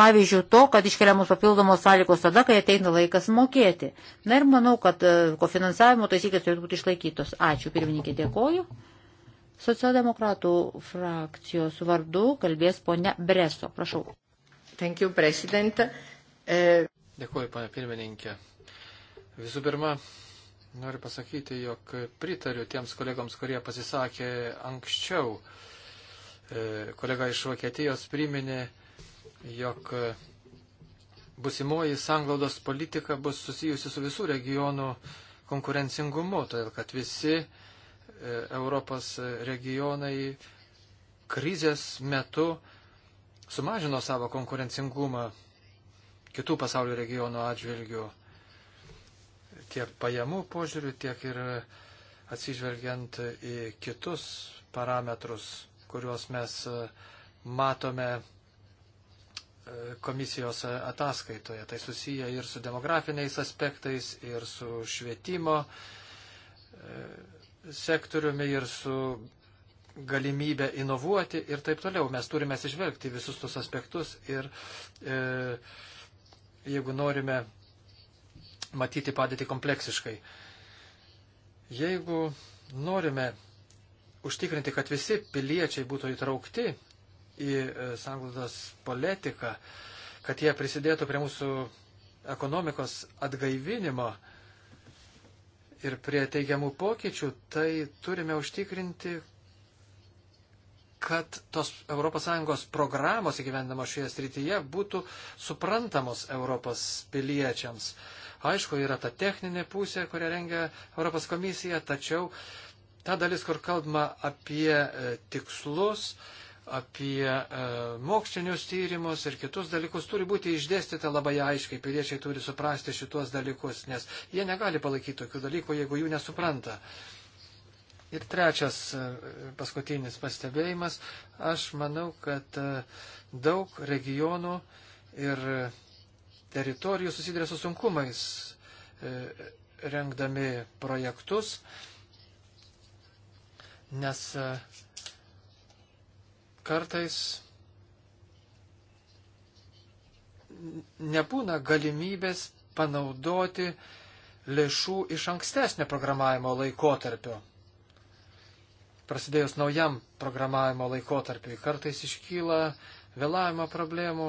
pavyzdžių to, kad iškeliamos papildomos sąlygos tada, kai ateina laikas mokėti. Na ir manau, kad e, kofinansavimo taisyklės turėtų būti išlaikytos. Ačiū, pirmininkė, dėkoju. Socialdemokratų frakcijos vardu kalbės ponia Breso. Prašau. Thank you, president. E... Dėkuoju, pane pirmininkė. Visų pirma, noriu pasakyti, jog pritariu tiems kolegoms, kurie pasisakė anksčiau. E, kolega iš Vokietijos priminė, jog busimoji sanglaudos politika bus susijusi su visų regionų konkurencingumu, todėl kad visi e, Europos regionai krizės metu sumažino savo konkurencingumą kitų pasaulio regionų atžvilgių tiek pajamų požiūrių, tiek ir atsižvelgiant į kitus parametrus, kuriuos mes e, matome e, komisijos ataskaitoje. Tai susiję ir su demografiniais aspektais, ir su švietimo e, sektoriumi, ir su galimybę inovuoti ir taip toliau. Mes turime atsižvelgti visus tos aspektus ir e, jeigu norime matyti padėtį kompleksiškai. Jeigu norime užtikrinti, kad visi piliečiai būtų įtraukti į e, sanglaudos politiką, kad jie prisidėtų prie mūsų ekonomikos atgaivinimo ir prie teigiamų pokyčių, tai turime užtikrinti, kad tos ES programos įgyvendamos šioje srityje būtų suprantamos Europos piliečiams. Aišku, yra ta techninė pusė, kurią rengia Europos komisija, tačiau ta dalis, kur kalbama apie e, tikslus, apie e, mokslinius tyrimus ir kitus dalykus, turi būti išdėstyta labai aiškiai. Piliečiai turi suprasti šituos dalykus, nes jie negali palaikyti tokių dalykų, jeigu jų nesupranta. Uh, Ir trečias, e, paskutinis pastebėjimas, aš manau, kad e, daug regionų ir teritorijų susiduria su sunkumais e, rengdami projektus, nes kartais nebūna galimybės panaudoti lėšų iš ankstesnio programavimo laikotarpio prasidėjus naujam programavimo laikotarpiui. Kartais iškyla vėlavimo problemų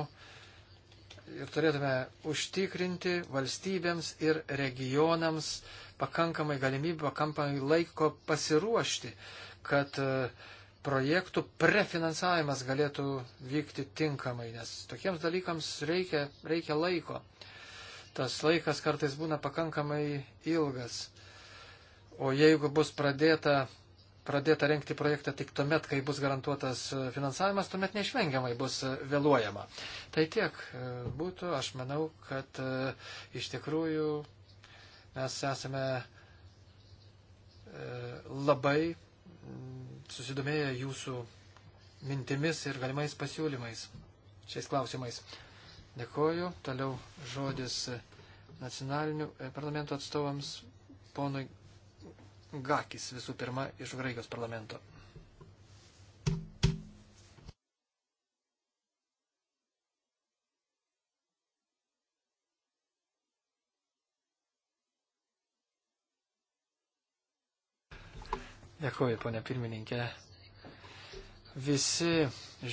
ir turėtume užtikrinti valstybėms ir regionams pakankamai galimybių, pakankamai laiko pasiruošti, kad e, projektų prefinansavimas galėtų vykti tinkamai, nes tokiems dalykams reikia, reikia laiko. Tas laikas kartais būna pakankamai ilgas. O jeigu bus pradėta pradėta renkti projektą tik tuomet, kai bus garantuotas e, finansavimas, tuomet neišvengiamai bus e, vėluojama. Tai tiek e, būtų, aš manau, kad iš tikrųjų mes esame labai mm, susidomėję jūsų mintimis ir galimais pasiūlymais šiais klausimais. Dėkoju. Toliau žodis nacionalinių parlamento atstovams ponui Gakis visų pirma iš Graikijos parlamento. Dėkuoju, ponė pirmininkė. Visi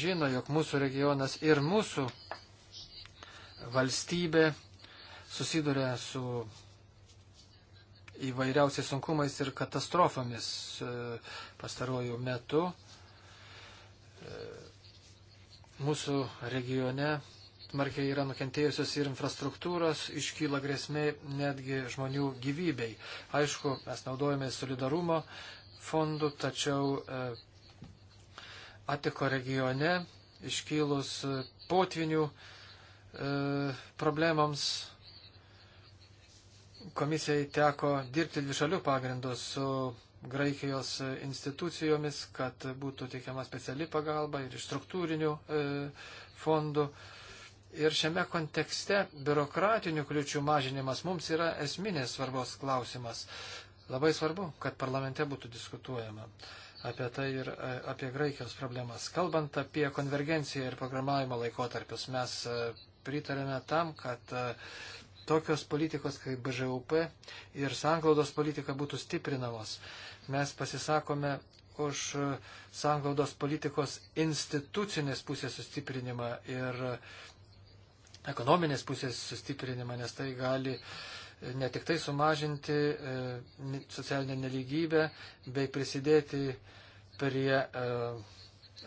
žino, jog mūsų regionas ir mūsų valstybė susiduria su įvairiausiais sunkumais ir katastrofomis e, pastaruoju metu. E, mūsų regione smarkiai yra nukentėjusios ir infrastruktūros, iškyla grėsmė netgi žmonių gyvybei. Aišku, mes naudojame solidarumo fondų, tačiau e, Atiko regione iškylus potvinių problemams komisijai teko dirbti dvišalių pagrindų su Graikijos institucijomis, kad būtų teikiama speciali pagalba ir iš struktūrinių e, fondų. Ir šiame kontekste biurokratinių kliučių mažinimas mums yra esminės svarbos klausimas. Labai svarbu, kad parlamente būtų diskutuojama apie tai ir e, apie Graikijos problemas. Kalbant apie konvergenciją ir programavimo laikotarpius, mes e, pritarėme tam, kad e, tokios politikos kaip BŽUP ir sanglaudos politika būtų stiprinamos. Mes pasisakome už sanglaudos politikos institucinės pusės sustiprinimą ir ekonominės pusės sustiprinimą, nes tai gali e, ne tik tai sumažinti e, socialinę neligybę, bei prisidėti prie e,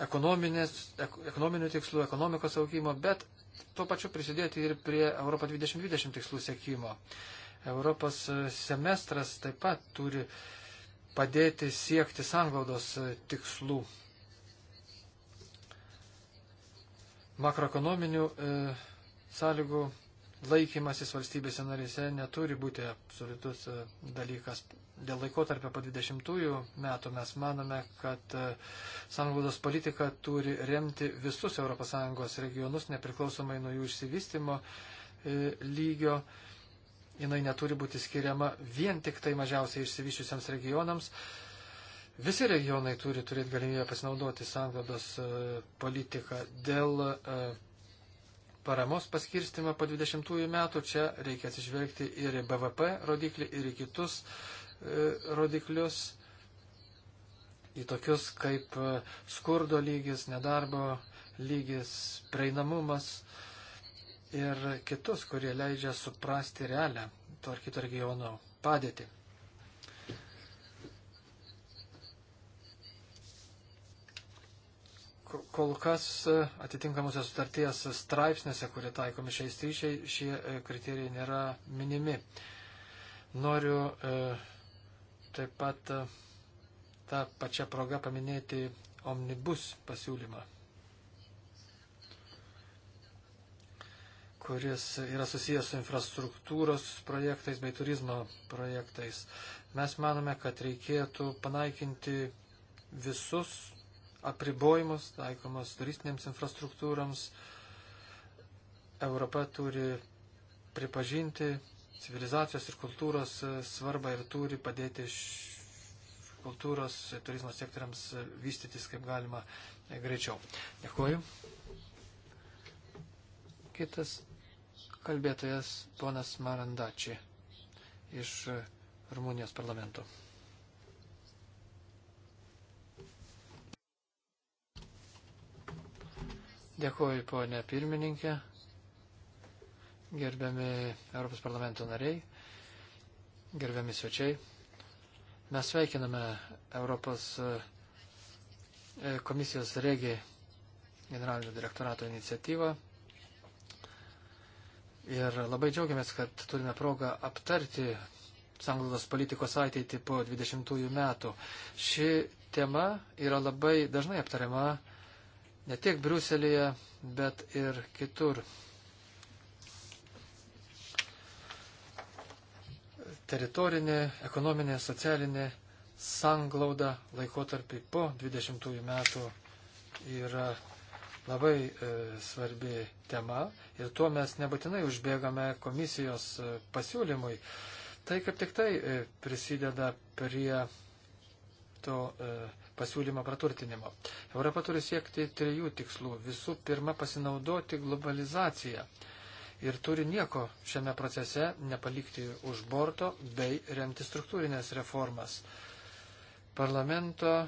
ekonominių tikslų, ekonomikos augimo, bet tuo pačiu prisidėti ir prie Europo 2020 tikslų sėkimo. Europos semestras taip pat turi padėti siekti sanglaudos tikslų. Makroekonominių e, sąlygų laikymasis valstybėse narėse neturi būti absoliutus e, dalykas. Dėl laikotarpio po 20-ųjų metų mes manome, kad e, sanglaudos politika turi remti visus ES regionus, nepriklausomai nuo jų išsivystimo e, lygio. Jinai neturi būti skiriama vien tik tai mažiausiai išsivyščiusiams regionams. Visi regionai turi turėti galimybę pasinaudoti sanglaudos politiką dėl paramos paskirstimą po 20 metų, čia reikia atsižvelgti ir į BVP rodiklį, ir į kitus e, rodiklius, į tokius kaip e, skurdo lygis, nedarbo lygis, prieinamumas ir kitus, kurie leidžia suprasti realią to ar kito regiono padėtį. kol kas e, atitinkamuose sutarties straipsniuose, kurie taikomi šiais ryšiai, šie e, kriterijai nėra minimi. Noriu e, taip pat tą pačią progą paminėti omnibus pasiūlymą, kuris yra susijęs su infrastruktūros projektais bei turizmo projektais. Mes manome, kad reikėtų panaikinti visus apribojimus taikomus turistinėms infrastruktūrams. Europa turi pripažinti civilizacijos ir kultūros e, svarbą ir turi padėti kultūros turizmo sektoriams e, vystytis kaip galima e, greičiau. Dėkuoju. Kitas kalbėtojas ponas Marandači iš Rumunijos parlamento. Dėkuoju, ponė pirmininkė, gerbiami Europos parlamento nariai, gerbiami svečiai. Mes sveikiname Europos e, komisijos regi generalinio direktorato iniciatyvą Ir labai džiaugiamės, kad turime progą aptarti sanglaudos politikos ateitį po 20 metų. Ši tema yra labai dažnai aptariama ne tiek Briuselėje, bet ir kitur. Teritorinė, ekonominė, socialinė sanglauda laikotarpį po 20 metų yra labai e, svarbi tema ir tuo mes nebūtinai užbėgame komisijos e, pasiūlymui. Tai kaip tik tai e, prisideda prie to e, pasiūlymo praturtinimo. Europa turi siekti trijų tikslų. Visų pirma, pasinaudoti globalizaciją ir turi nieko šiame procese nepalikti už borto bei remti struktūrinės reformas. Parlamento e,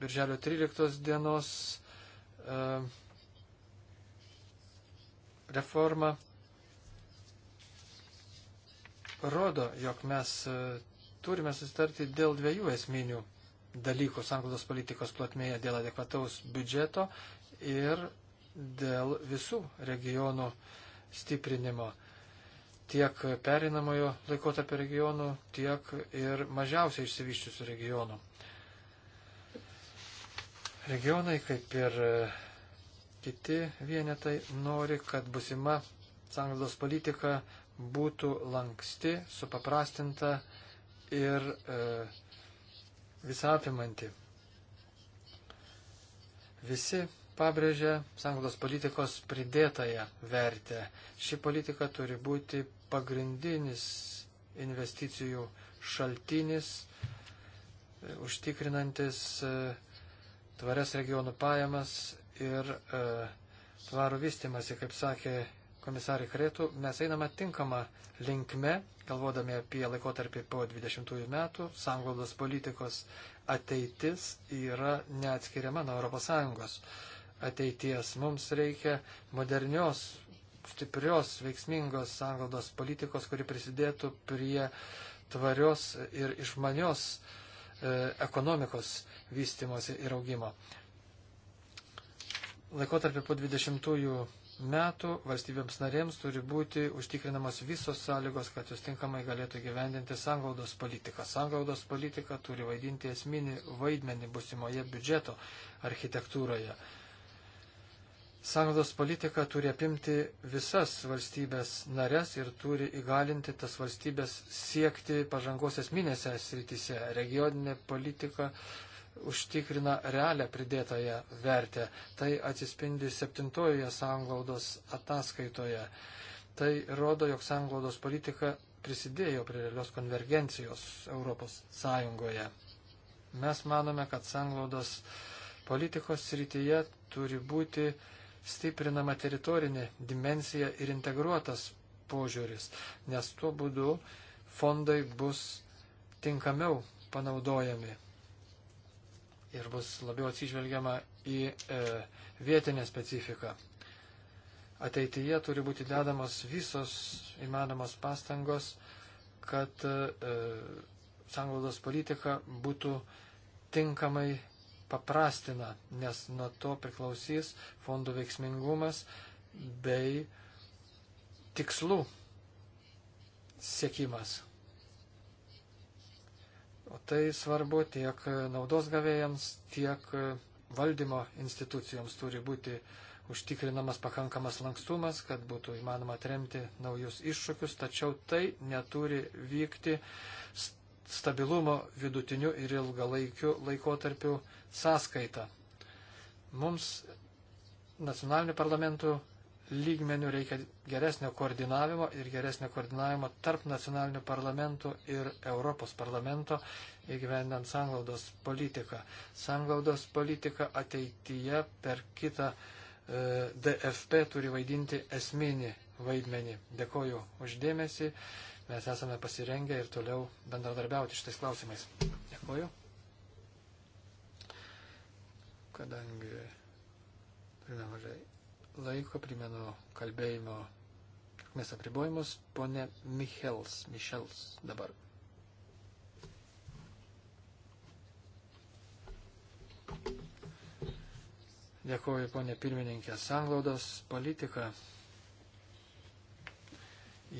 birželio 13 dienos e, reforma rodo, jog mes e, turime sustarti dėl dviejų esminių dalykų sanglaudos politikos plotmėje dėl adekvataus biudžeto ir dėl visų regionų stiprinimo tiek perinamojo laikotarpio regionų, tiek ir mažiausiai išsivyščiusių regionų. Regionai, kaip ir e, kiti vienetai, nori, kad busima sanglados politika būtų lanksti, supaprastinta ir e, visapimanti. Visi pabrėžia sanglos politikos pridėtąją vertę. Ši politika turi būti pagrindinis investicijų šaltinis, e, užtikrinantis e, tvarias regionų pajamas ir e, tvarų vystimasi, kaip sakė komisarį Kretų, mes einame tinkamą linkme, galvodami apie laikotarpį po 20 metų. Sanglaudos politikos ateitis yra neatskiriama nuo ES ateities. Mums reikia modernios, stiprios, veiksmingos sanglaudos politikos, kuri prisidėtų prie tvarios ir išmanios e, ekonomikos vystimosi ir augimo. Laikotarpį po 20 metų valstybėms narėms turi būti užtikrinamos visos sąlygos, kad jūs tinkamai galėtų gyvendinti sanglaudos politiką. Sanglaudos politika turi vaidinti esminį vaidmenį busimoje biudžeto architektūroje. Sanglaudos politika turi apimti visas valstybės narės ir turi įgalinti tas valstybės siekti pažangos esminėse srityse. Regioninė politika užtikrina realią pridėtąją vertę. Tai atsispindi septintojoje sanglaudos ataskaitoje. Tai rodo, jog sanglaudos politika prisidėjo prie realios konvergencijos Europos Sąjungoje. Mes manome, kad sanglaudos politikos srityje turi būti stiprinama teritorinė dimensija ir integruotas požiūris, nes tuo būdu fondai bus tinkamiau panaudojami ir bus labiau atsižvelgiama į e, vietinę specifiką. Ateityje turi būti dedamos visos įmanomos pastangos, kad e, e sanglaudos politika būtų tinkamai paprastina, nes nuo to priklausys fondų veiksmingumas bei tikslų siekimas. O tai svarbu tiek naudos gavėjams, tiek valdymo institucijoms turi būti užtikrinamas pakankamas lankstumas, kad būtų įmanoma atremti naujus iššūkius, tačiau tai neturi vykti stabilumo vidutiniu ir ilgalaikiu laikotarpiu sąskaita. Mums nacionalinių parlamentų lygmenių reikia geresnio koordinavimo ir geresnio koordinavimo tarp nacionalinių parlamentų ir Europos parlamento įgyvendant sanglaudos politiką. Sanglaudos politika ateityje per kitą e, DFP turi vaidinti esminį vaidmenį. Dėkoju uždėmesį. Mes esame pasirengę ir toliau bendradarbiauti šitais klausimais. Dėkoju. Kadangi turime mažai laiko, primenu kalbėjimo trukmės apribojimus, ponė Michels, Michels dabar. Dėkuoju, ponė pirmininkė, sanglaudos politika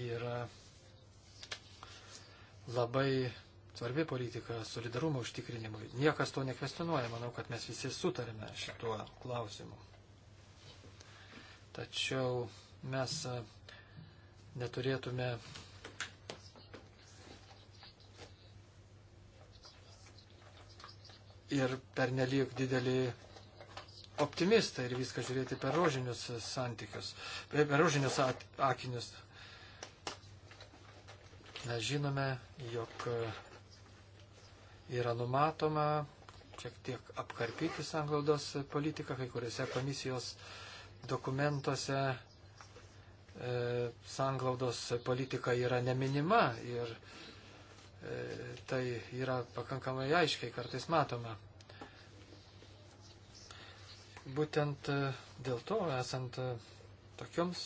yra labai svarbi politika solidarumo užtikrinimui. Niekas to nekvestionuoja, manau, kad mes visi sutarime šituo klausimu. Tačiau mes neturėtume ir pernelyg didelį optimistą ir viską žiūrėti per rožinius santykius, per rožinius akinius. Mes žinome, jog e, yra numatoma šiek tiek apkarpyti sanglaudos politiką kai kuriuose komisijos uh, dokumentuose e, sanglaudos politika yra neminima ir e, tai yra pakankamai aiškiai kartais matoma. Būtent e, dėl to, esant e, tokioms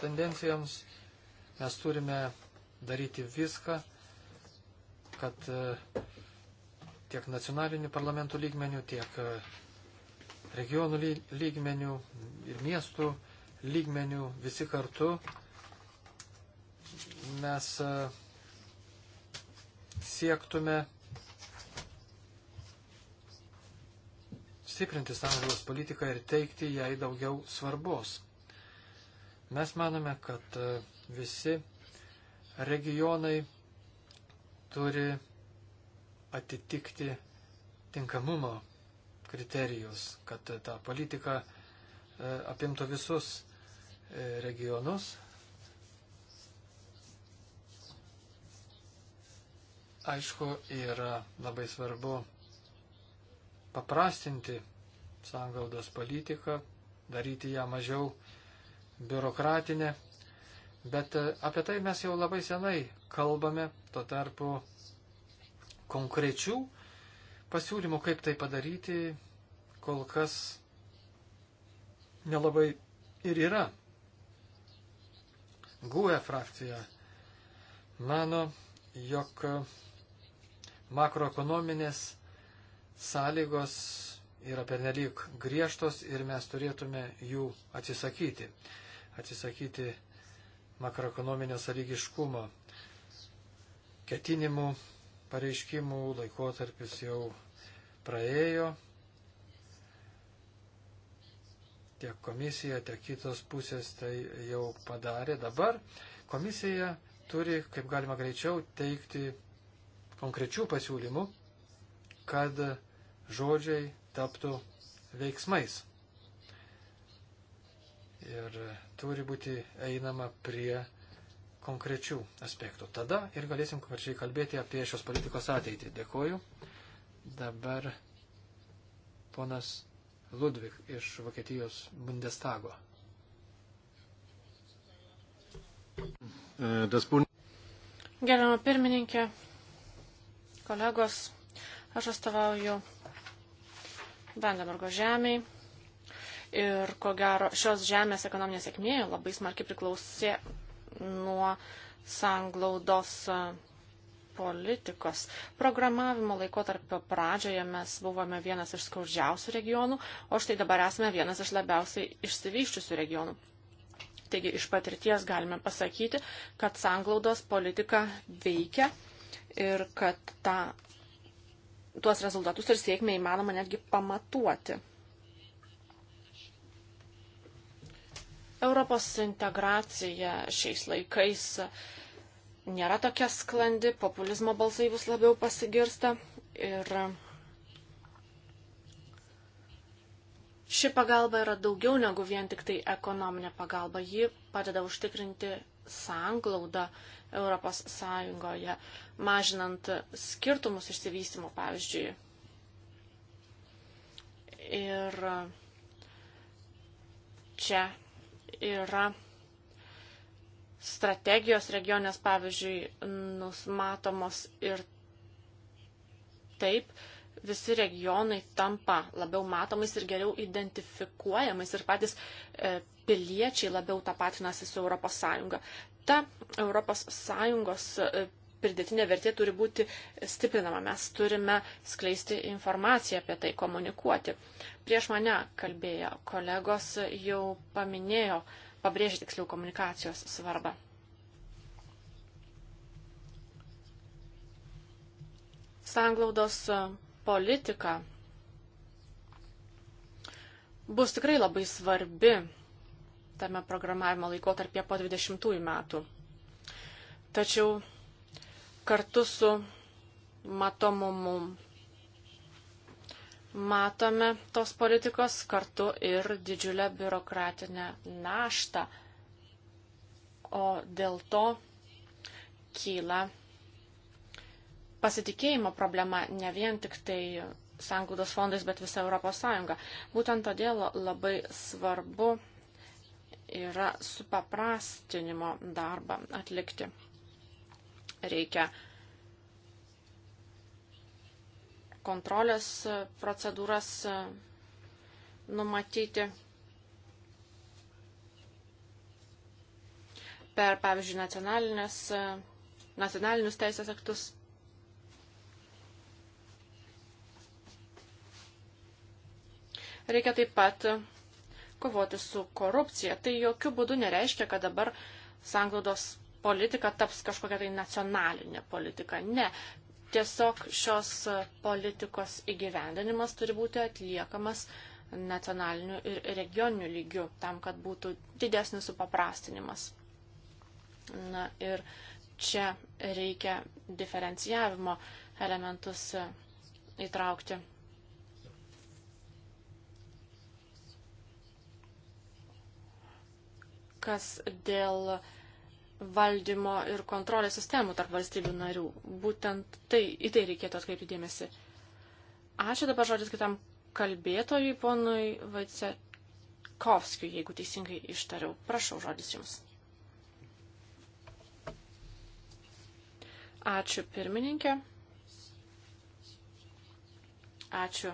tendencijoms, mes turime daryti viską, kad e, tiek nacionalinių parlamentų lygmenių, tiek regionų lygmenių ir miestų lygmenių visi kartu mes e, siektume stiprinti sąjungos politiką ir teikti jai daugiau svarbos. Mes manome, kad e, visi regionai turi atitikti tinkamumo kriterijus, kad ta politika e, apimtų visus e, regionus. Aišku, yra labai svarbu paprastinti sąngaudos politiką, daryti ją mažiau biurokratinę, bet e, apie tai mes jau labai senai kalbame, tuo tarpu konkrečių Pasiūlymų, kaip tai padaryti, kol kas nelabai ir yra. GUE frakcija mano, jog makroekonominės sąlygos yra pernelyg griežtos ir mes turėtume jų atsisakyti. Atsisakyti makroekonominio sąlygiškumo ketinimų pareiškimų laikotarpis jau praėjo. Tiek komisija, tiek kitos pusės tai jau padarė. Dabar komisija turi, kaip galima greičiau, teikti konkrečių pasiūlymų, kad žodžiai taptų veiksmais. Ir turi būti einama prie konkrečių aspektų. Tada ir galėsim konkrečiai kalbėti apie šios politikos ateitį. Dėkoju. Dabar ponas Ludvig iš Vokietijos Bundestago. Gerbiamą pirmininkę, kolegos, aš atstovauju Vandenburgo žemiai. Ir ko gero, šios žemės ekonominė sėkmė labai smarkiai priklausė nuo sanglaudos politikos. Programavimo laikotarpio pradžioje mes buvome vienas iš skaudžiausių regionų, o štai dabar esame vienas iš labiausiai išsivyščiusių regionų. Taigi iš patirties galime pasakyti, kad sanglaudos politika veikia ir kad ta, tuos rezultatus ir sėkmę įmanoma netgi pamatuoti. Europos integracija šiais laikais nėra tokia sklandi, populizmo balsai vis labiau pasigirsta ir ši pagalba yra daugiau negu vien tik tai ekonominė pagalba. Ji padeda užtikrinti sanglaudą Europos Sąjungoje, mažinant skirtumus išsivystimo, pavyzdžiui. Ir čia yra strategijos regionės, pavyzdžiui, nusmatomos ir taip visi regionai tampa labiau matomais ir geriau identifikuojamais ir patys e, piliečiai labiau tapatinasi su ES. Ta ES pridėtinė vertė turi būti stiprinama. Mes turime skleisti informaciją apie tai, komunikuoti. Prieš mane kalbėjo kolegos jau paminėjo, pabrėžė tiksliau komunikacijos svarbą. Sanglaudos politika bus tikrai labai svarbi tame programavimo laikotarpyje po 20 metų. Tačiau kartu su matomumu. Matome tos politikos kartu ir didžiulę biurokratinę naštą, o dėl to kyla pasitikėjimo problema ne vien tik tai sanglaudos fondais, bet visa Europos Sąjunga. Būtent todėl labai svarbu yra supaprastinimo darbą atlikti. Reikia kontrolės procedūras numatyti. Per, pavyzdžiui, nacionalinius teisės aktus. Reikia taip pat kovoti su korupcija. Tai jokių būdų nereiškia, kad dabar sanglaudos politika taps kažkokia tai nacionalinė politika. Ne. Tiesiog šios politikos įgyvendinimas turi būti atliekamas nacionaliniu ir regioniniu lygiu, tam, kad būtų didesnis supaprastinimas. Na ir čia reikia diferencijavimo elementus įtraukti. Kas dėl uh, valdymo ir kontrolės sistemų tarp valstybių narių. Būtent tai, į tai reikėtų atkreipti dėmesį. Ačiū dabar žodis kitam kalbėtojui, ponui Vaicekovskijui, jeigu teisingai ištariau. Prašau žodis jums. Ačiū pirmininkė. Ačiū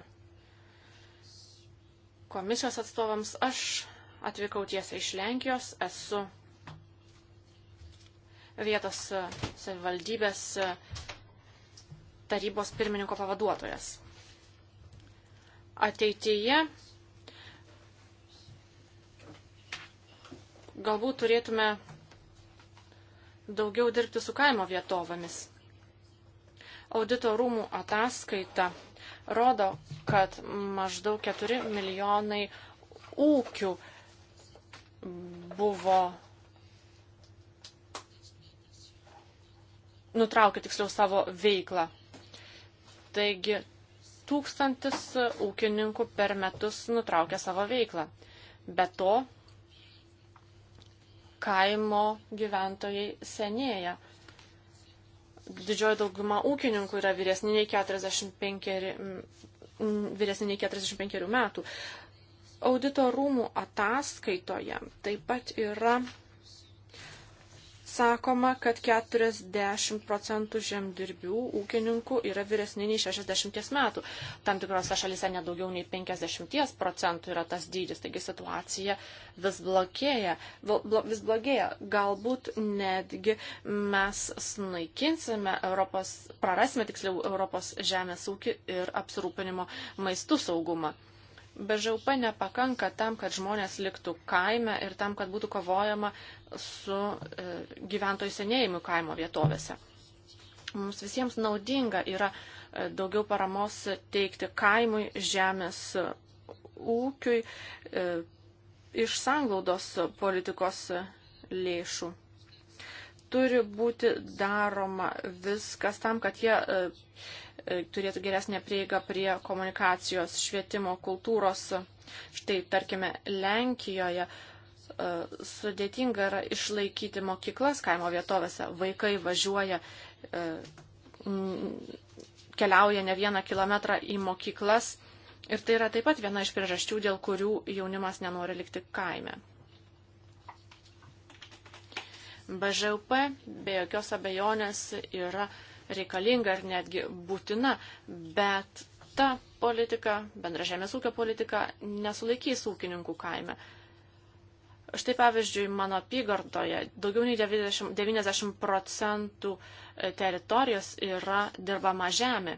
komisijos atstovams. Aš atvykau tiesiai iš Lenkijos, esu vietos e, savivaldybės e, tarybos pirmininko pavaduotojas. Ateityje galbūt turėtume daugiau dirbti su kaimo vietovomis. Audito rūmų ataskaita rodo, kad maždaug 4 milijonai ūkių buvo nutraukė tiksliau savo veiklą. Taigi, tūkstantis ūkininkų per metus nutraukė savo veiklą. Be to, kaimo gyventojai senėja. Didžioji dauguma ūkininkų yra vyresni nei 45, vyresni nei 45 metų. Audito rūmų ataskaitoje taip pat yra sakoma, kad 40 procentų žemdirbių ūkininkų yra vyresni nei 60 metų. Tam tikrose šalise nedaugiau nei 50 procentų yra tas dydis, taigi situacija vis blokėja, vis blogėja. Galbūt netgi mes sunaikinsime Europos, prarasime tiksliau Europos žemės ūkį ir apsirūpinimo maistų saugumą. BŽUP nepakanka tam, kad žmonės liktų kaime ir tam, kad būtų kovojama su e, gyventojų senėjimu kaimo vietovėse. Mums visiems naudinga yra e, daugiau paramos teikti kaimui, žemės ūkiui e, iš sanglaudos politikos lėšų turi būti daroma viskas tam, kad jie e, e, turėtų geresnę prieigą prie komunikacijos, švietimo, kultūros. Štai, tarkime, Lenkijoje e, sudėtinga yra išlaikyti mokyklas kaimo vietovėse. Vaikai važiuoja, keliauja ne vieną kilometrą į mokyklas. Ir tai yra taip pat viena iš priežasčių, dėl kurių jaunimas nenori likti kaime. BŽUP be jokios abejonės yra reikalinga ar netgi būtina, bet ta politika, bendra žemės ūkio politika, nesulaikys ūkininkų kaime. Štai pavyzdžiui, mano apygardoje daugiau nei 90, 90 procentų e, teritorijos yra dirbama žemė.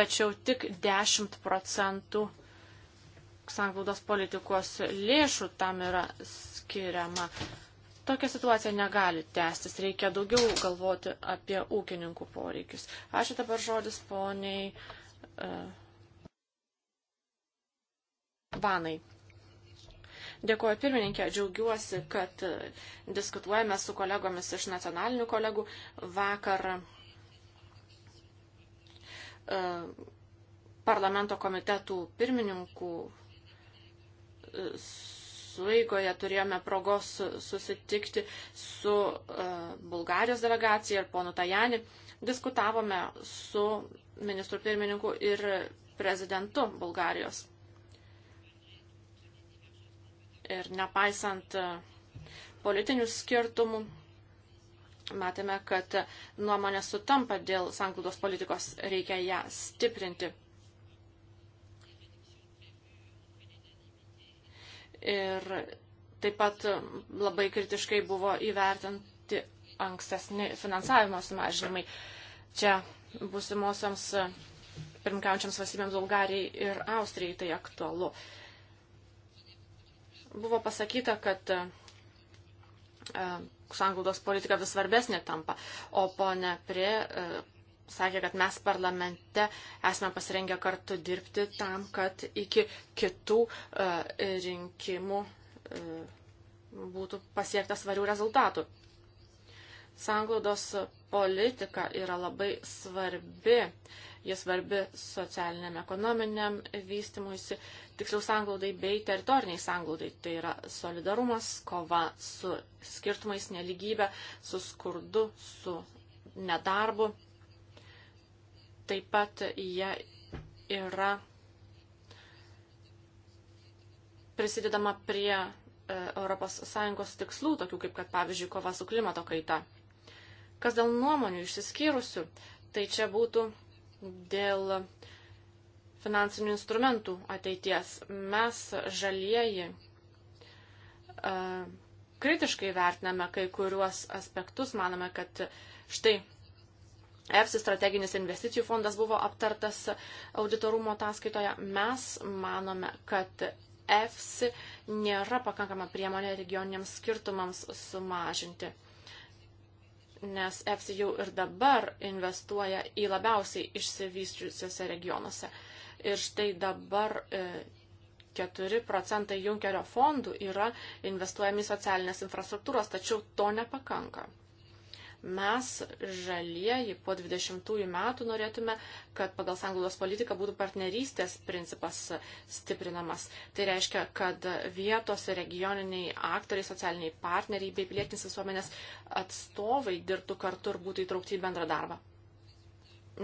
Tačiau tik 10 procentų sanglaudos politikos lėšų tam yra skiriama. Tokia situacija negali tęstis, reikia daugiau galvoti apie ūkininkų poreikius. Ačiū dabar žodis poniai uh, Vanai. Dėkuoju pirmininkė, džiaugiuosi, kad e, diskutuojame su kolegomis iš nacionalinių kolegų. Vakar uh, parlamento komitetų pirmininkų uh, suigoje turėjome progos susitikti su e, Bulgarijos delegacija ir ponu Tajani. Diskutavome su ministru pirmininku ir prezidentu Bulgarijos. Ir nepaisant e, politinių skirtumų, matėme, kad nuomonė sutampa dėl sanglaudos politikos, reikia ją stiprinti. Ir taip pat labai kritiškai buvo įvertinti ankstesni finansavimo sumažinimai. Čia busimosiams pirmkiaujančiams valstybėms Bulgarijai ir Austrijai tai aktualu. Buvo pasakyta, kad e, sanglaudos politika vis svarbesnė tampa, o ponė prie sakė, kad mes parlamente esame pasirengę kartu dirbti tam, kad iki kitų e, rinkimų e, būtų pasiektas svarių rezultatų. Sanglaudos politika yra labai svarbi. Jis svarbi socialiniam, ekonominiam vystimuisi, tiksliau sanglaudai bei teritoriniai sanglaudai. Tai yra solidarumas, kova su skirtumais, neligybė, su skurdu, su nedarbu. Taip pat jie yra prisidedama prie ES tikslų, tokių kaip, kad, pavyzdžiui, kova su klimato kaita. Kas dėl nuomonių išsiskyrusių, tai čia būtų dėl finansinių instrumentų ateities. Mes žalieji e, kritiškai vertiname kai kuriuos aspektus, manome, kad štai EFSI strateginis investicijų fondas buvo aptartas auditorumo ataskaitoje. Mes manome, kad EFSI nėra pakankama priemonė regioniniams skirtumams sumažinti, nes EFSI jau ir dabar investuoja į labiausiai išsivyščiusiuose regionuose. Ir štai dabar 4 e, procentai Junkerio fondų yra investuojami į socialinės infrastruktūros, tačiau to nepakanka. Mes žalieji po 20 metų norėtume, kad pagal sanglaudos politiką būtų partnerystės principas stiprinamas. Tai reiškia, kad vietos regioniniai aktoriai, socialiniai partneriai bei pilietinės visuomenės atstovai dirbtų kartu ir būtų įtraukti į bendrą darbą.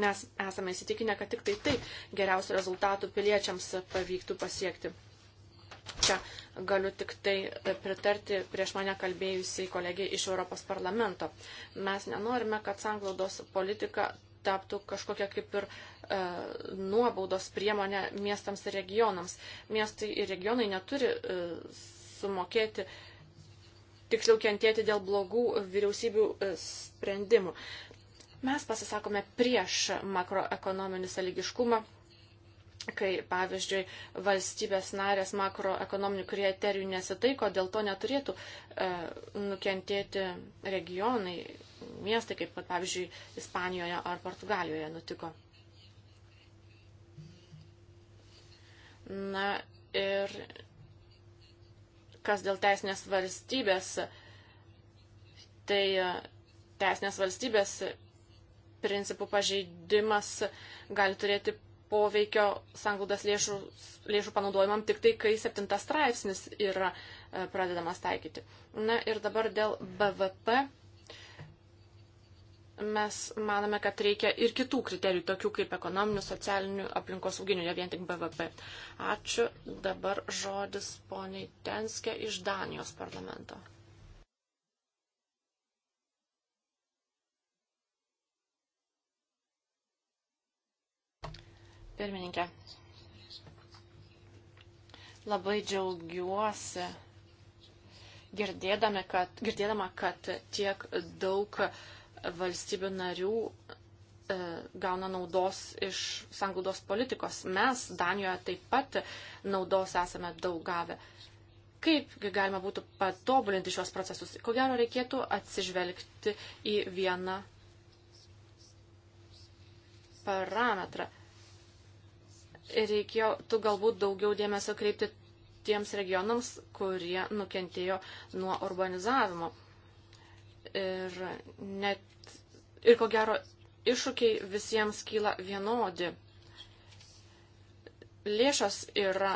Mes esame įsitikinę, kad tik tai taip geriausių rezultatų piliečiams pavyktų pasiekti. Čia galiu tik tai pritarti prieš mane kalbėjusiai kolegiai iš Europos parlamento. Mes nenorime, kad sanglaudos politika taptų kažkokia kaip ir e, nuobaudos priemonė miestams ir regionams. Miestai ir regionai neturi e, sumokėti, tiksliau kentėti dėl blogų vyriausybių e, sprendimų. Mes pasisakome prieš makroekonominį sąlygiškumą, kai, pavyzdžiui, valstybės narės makroekonominių kriterijų nesitaiko, dėl to neturėtų e, nukentėti regionai, miestai, kaip, pavyzdžiui, Ispanijoje ar Portugalijoje nutiko. Na ir kas dėl teisinės valstybės, tai e, teisinės valstybės principų pažeidimas gali turėti poveikio sanglaudas lėšų, lėšų panaudojimam tik tai, kai septintas straipsnis yra e, pradedamas taikyti. Na ir dabar dėl BVP mes manome, kad reikia ir kitų kriterijų, tokių kaip ekonominių, socialinių, aplinkosauginių, ne vien tik BVP. Ačiū. Dabar žodis poniai Tenskė iš Danijos parlamento. Pirmininkė, labai džiaugiuosi girdėdami, kad, girdėdama, kad tiek daug valstybių narių e, gauna naudos iš sanglaudos politikos. Mes Danijoje taip pat naudos esame daug gavę. Kaip galima būtų patobulinti šios procesus? Ko gero reikėtų atsižvelgti į vieną parametrą reikėtų galbūt daugiau dėmesio kreipti tiems regionams, kurie nukentėjo nuo urbanizavimo. Ir, net, ir ko gero, iššūkiai visiems kyla vienodi. Lėšos yra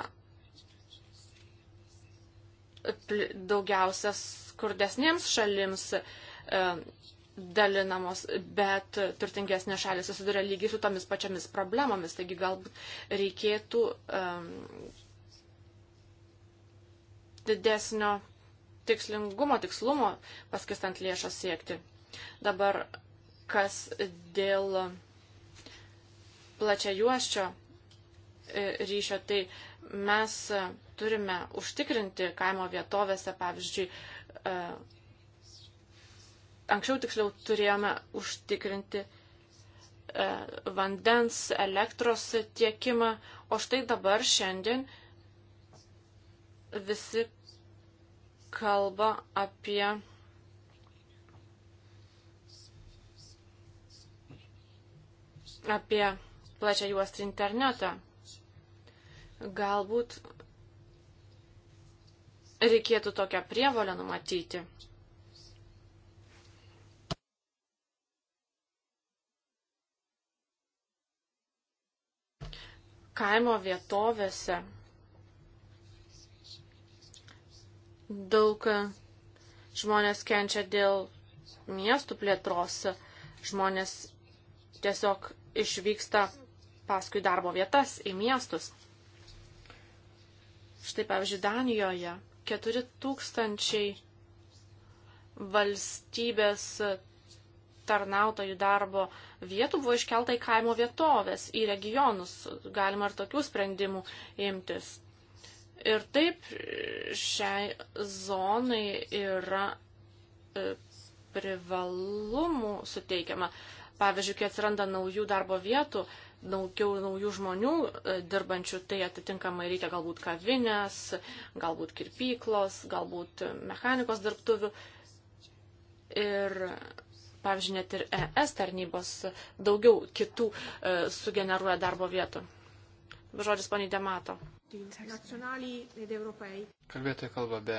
daugiausias skurdesniems šalims e, dalinamos, bet turtingesnė šalis susiduria lygiai su tomis pačiamis problemomis. Taigi galbūt reikėtų um, didesnio tikslingumo, tikslumo paskistant lėšas siekti. Dabar kas dėl plačia juoščio e, ryšio, tai mes turime užtikrinti kaimo vietovėse, pavyzdžiui, e, anksčiau tiksliau turėjome užtikrinti e, vandens, elektros tiekimą, o štai dabar šiandien visi kalba apie apie plačią juostą internetą. Galbūt reikėtų tokią prievolę numatyti. kaimo vietovėse daug žmonės kenčia dėl miestų plėtros, žmonės tiesiog išvyksta paskui darbo vietas į miestus. Štai pavyzdžiui, Danijoje 4000 valstybės tarnautojų darbo vietų buvo iškelta į kaimo vietovės, į regionus. Galima ir tokių sprendimų imtis. Ir taip šiai zonai yra e, privalumų suteikiama. Pavyzdžiui, kai atsiranda naujų darbo vietų, daugiau naujų žmonių e, dirbančių, tai atitinkamai reikia galbūt kavinės, galbūt kirpyklos, galbūt mechanikos dirbtuvių. Ir pavyzdžiui, net ir ES tarnybos daugiau kitų e, sugeneruoja darbo vietų. Žodis poniai Demato. Kalbėtoja kalba be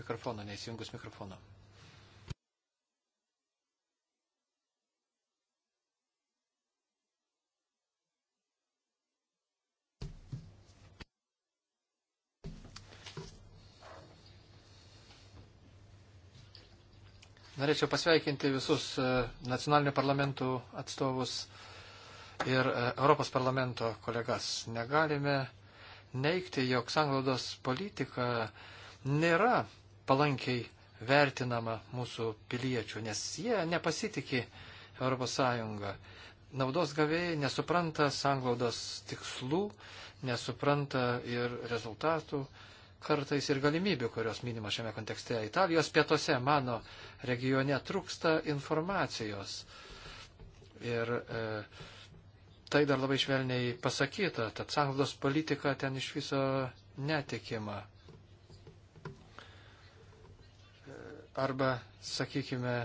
mikrofono, neįsijungus mikrofono. Norėčiau pasveikinti visus e, nacionalinių parlamentų atstovus ir e, Europos parlamento kolegas. Negalime neikti, jog sanglaudos politika nėra palankiai vertinama mūsų piliečių, nes jie nepasitikė Europos Sąjungą. Naudos gavėjai nesupranta sanglaudos tikslų, nesupranta ir rezultatų kartais ir galimybių, kurios minima šiame kontekste. Italijos pietose mano regione trūksta informacijos. Ir e, tai dar labai švelniai pasakyta, tad sąnaudos politika ten iš viso netikima. Arba, sakykime,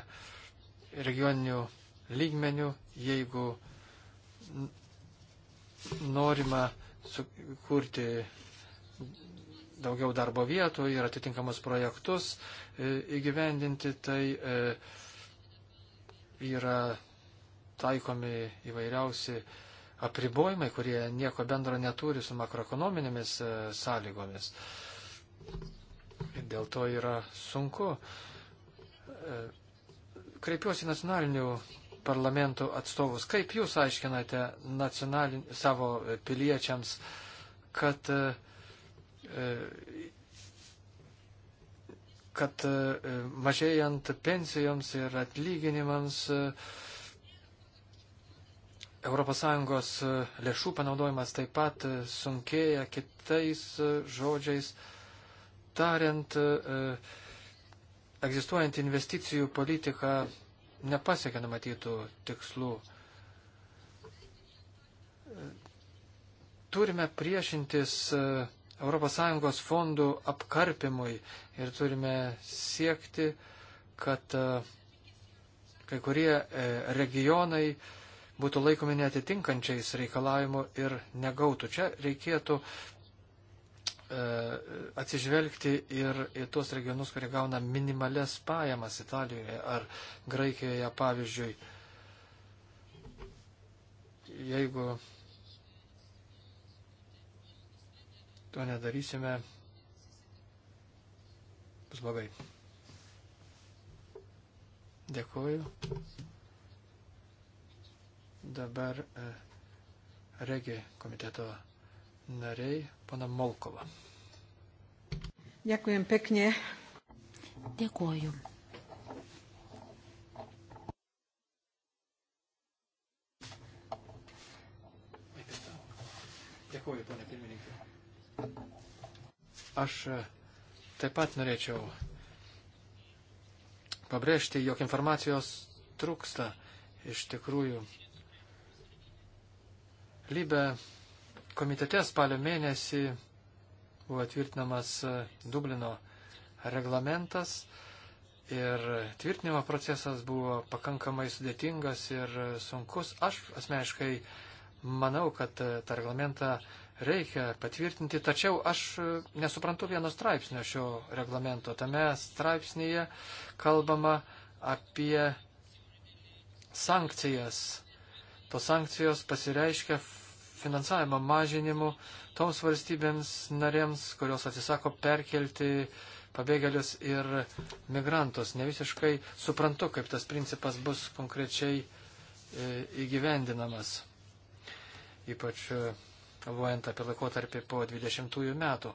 regioninių lygmenių, jeigu norima sukurti daugiau darbo vietų ir atitinkamus projektus e, įgyvendinti, tai e, yra taikomi įvairiausi apribojimai, kurie nieko bendro neturi su makroekonominėmis e, sąlygomis. Ir dėl to yra sunku. Kreipiuosi nacionalinių parlamentų atstovus. Kaip jūs aiškinate savo piliečiams, kad uh, E, kad e, mažėjant pensijoms ir atlyginimams ES e, lėšų panaudojimas taip pat sunkėja kitais žodžiais. Tariant, egzistuojant investicijų politika nepasiekia numatytų tikslų. Turime priešintis uh, ES fondų apkarpimui ir turime siekti, kad e, kai kurie e, regionai būtų laikomi netitinkančiais reikalavimu ir negautų. Čia reikėtų e, atsižvelgti ir į tuos regionus, kurie gauna minimales pajamas Italijoje ar Graikijoje, pavyzdžiui. Jeigu to nedarysime, bus blogai. Dėkuoju. Dabar e, regi komiteto nariai, pana Molkova. Dėkuojam pekne. Dėkuoju. Dėkuoju, ponė pirmininkė. Aš e, taip pat norėčiau pabrėžti, jog informacijos trūksta iš tikrųjų. Lybe komitete spalio mėnesį buvo tvirtinamas e, Dublino reglamentas ir tvirtinimo procesas buvo pakankamai sudėtingas ir e, sunkus. Aš asmeniškai manau, kad tą reglamentą reikia patvirtinti, tačiau aš e, nesuprantu vieno straipsnio šio reglamento. Tame straipsnėje kalbama apie sankcijas. Tos sankcijos pasireiškia finansavimo mažinimu toms valstybėms narėms, kurios atsisako perkelti pabėgėlius ir migrantus. Ne visiškai suprantu, kaip tas principas bus konkrečiai e, įgyvendinamas. Ypač e, galvojant apie laikotarpį po 20 metų.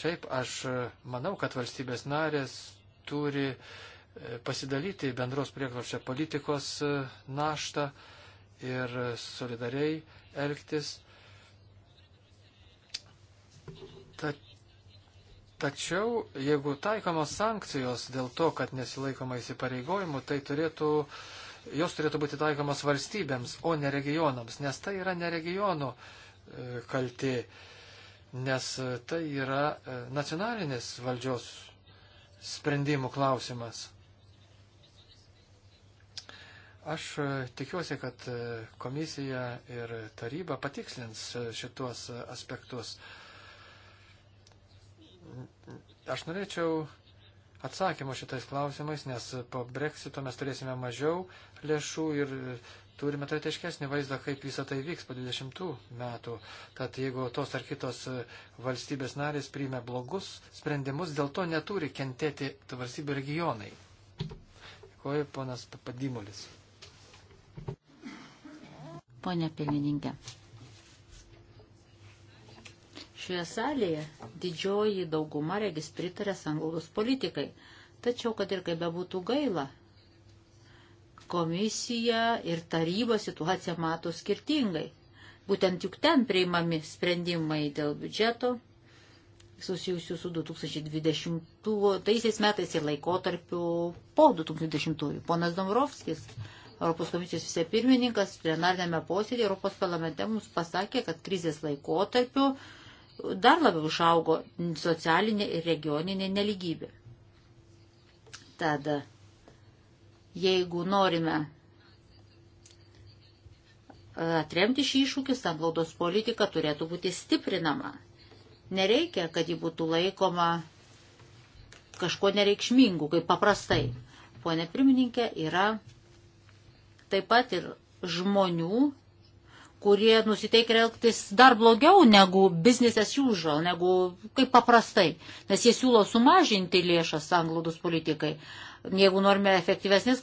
Šiaip aš e, manau, kad valstybės narės turi e, pasidalyti bendros prieglobščio politikos e, naštą ir solidariai elgtis. Ta, tačiau, jeigu taikomos sankcijos dėl to, kad nesilaikoma įsipareigojimų, tai turėtų, jos turėtų būti taikomos valstybėms, o ne regionams, nes tai yra ne regionų uh, kalti, nes tai yra e, nacionalinis valdžios sprendimų klausimas. Aš e, tikiuosi, kad e, komisija ir taryba patikslins šitos aspektus. Aš norėčiau atsakymų šitais klausimais, nes po breksito mes turėsime mažiau lėšų ir turime turėti aiškesnį vaizdą, kaip visą tai vyks po 20 metų. Tad jeigu tos ar kitos e, valstybės narės priime blogus sprendimus, dėl to neturi kentėti tų valstybių regionai. Dėkuoju, ponas Papadimulis. Pone pirmininkė. Šioje salėje didžioji dauguma regis pritarė sanglaudos politikai. Tačiau, kad ir kaip bebūtų gaila, komisija ir taryba situaciją mato skirtingai. Būtent juk ten priimami sprendimai dėl biudžeto susijusių su 2020 metais ir laikotarpiu po 2020. Ponas Domrovskis, Europos komisijos vicepirmininkas, plenarnėme posėdėje Europos parlamente mums pasakė, kad krizės laikotarpiu dar labiau išaugo socialinė ir regioninė neligybė. Tada Jeigu norime e, atremti šį iššūkį, sanglaudos politika turėtų būti stiprinama. Nereikia, kad ji būtų laikoma kažko nereikšmingų, kaip paprastai. Pone pirmininkė, yra taip pat ir žmonių, kurie nusiteikia elgtis dar blogiau negu business as usual, negu kaip paprastai, nes jie siūlo sumažinti lėšas sanglaudos politikai jeigu norime efektyvesnės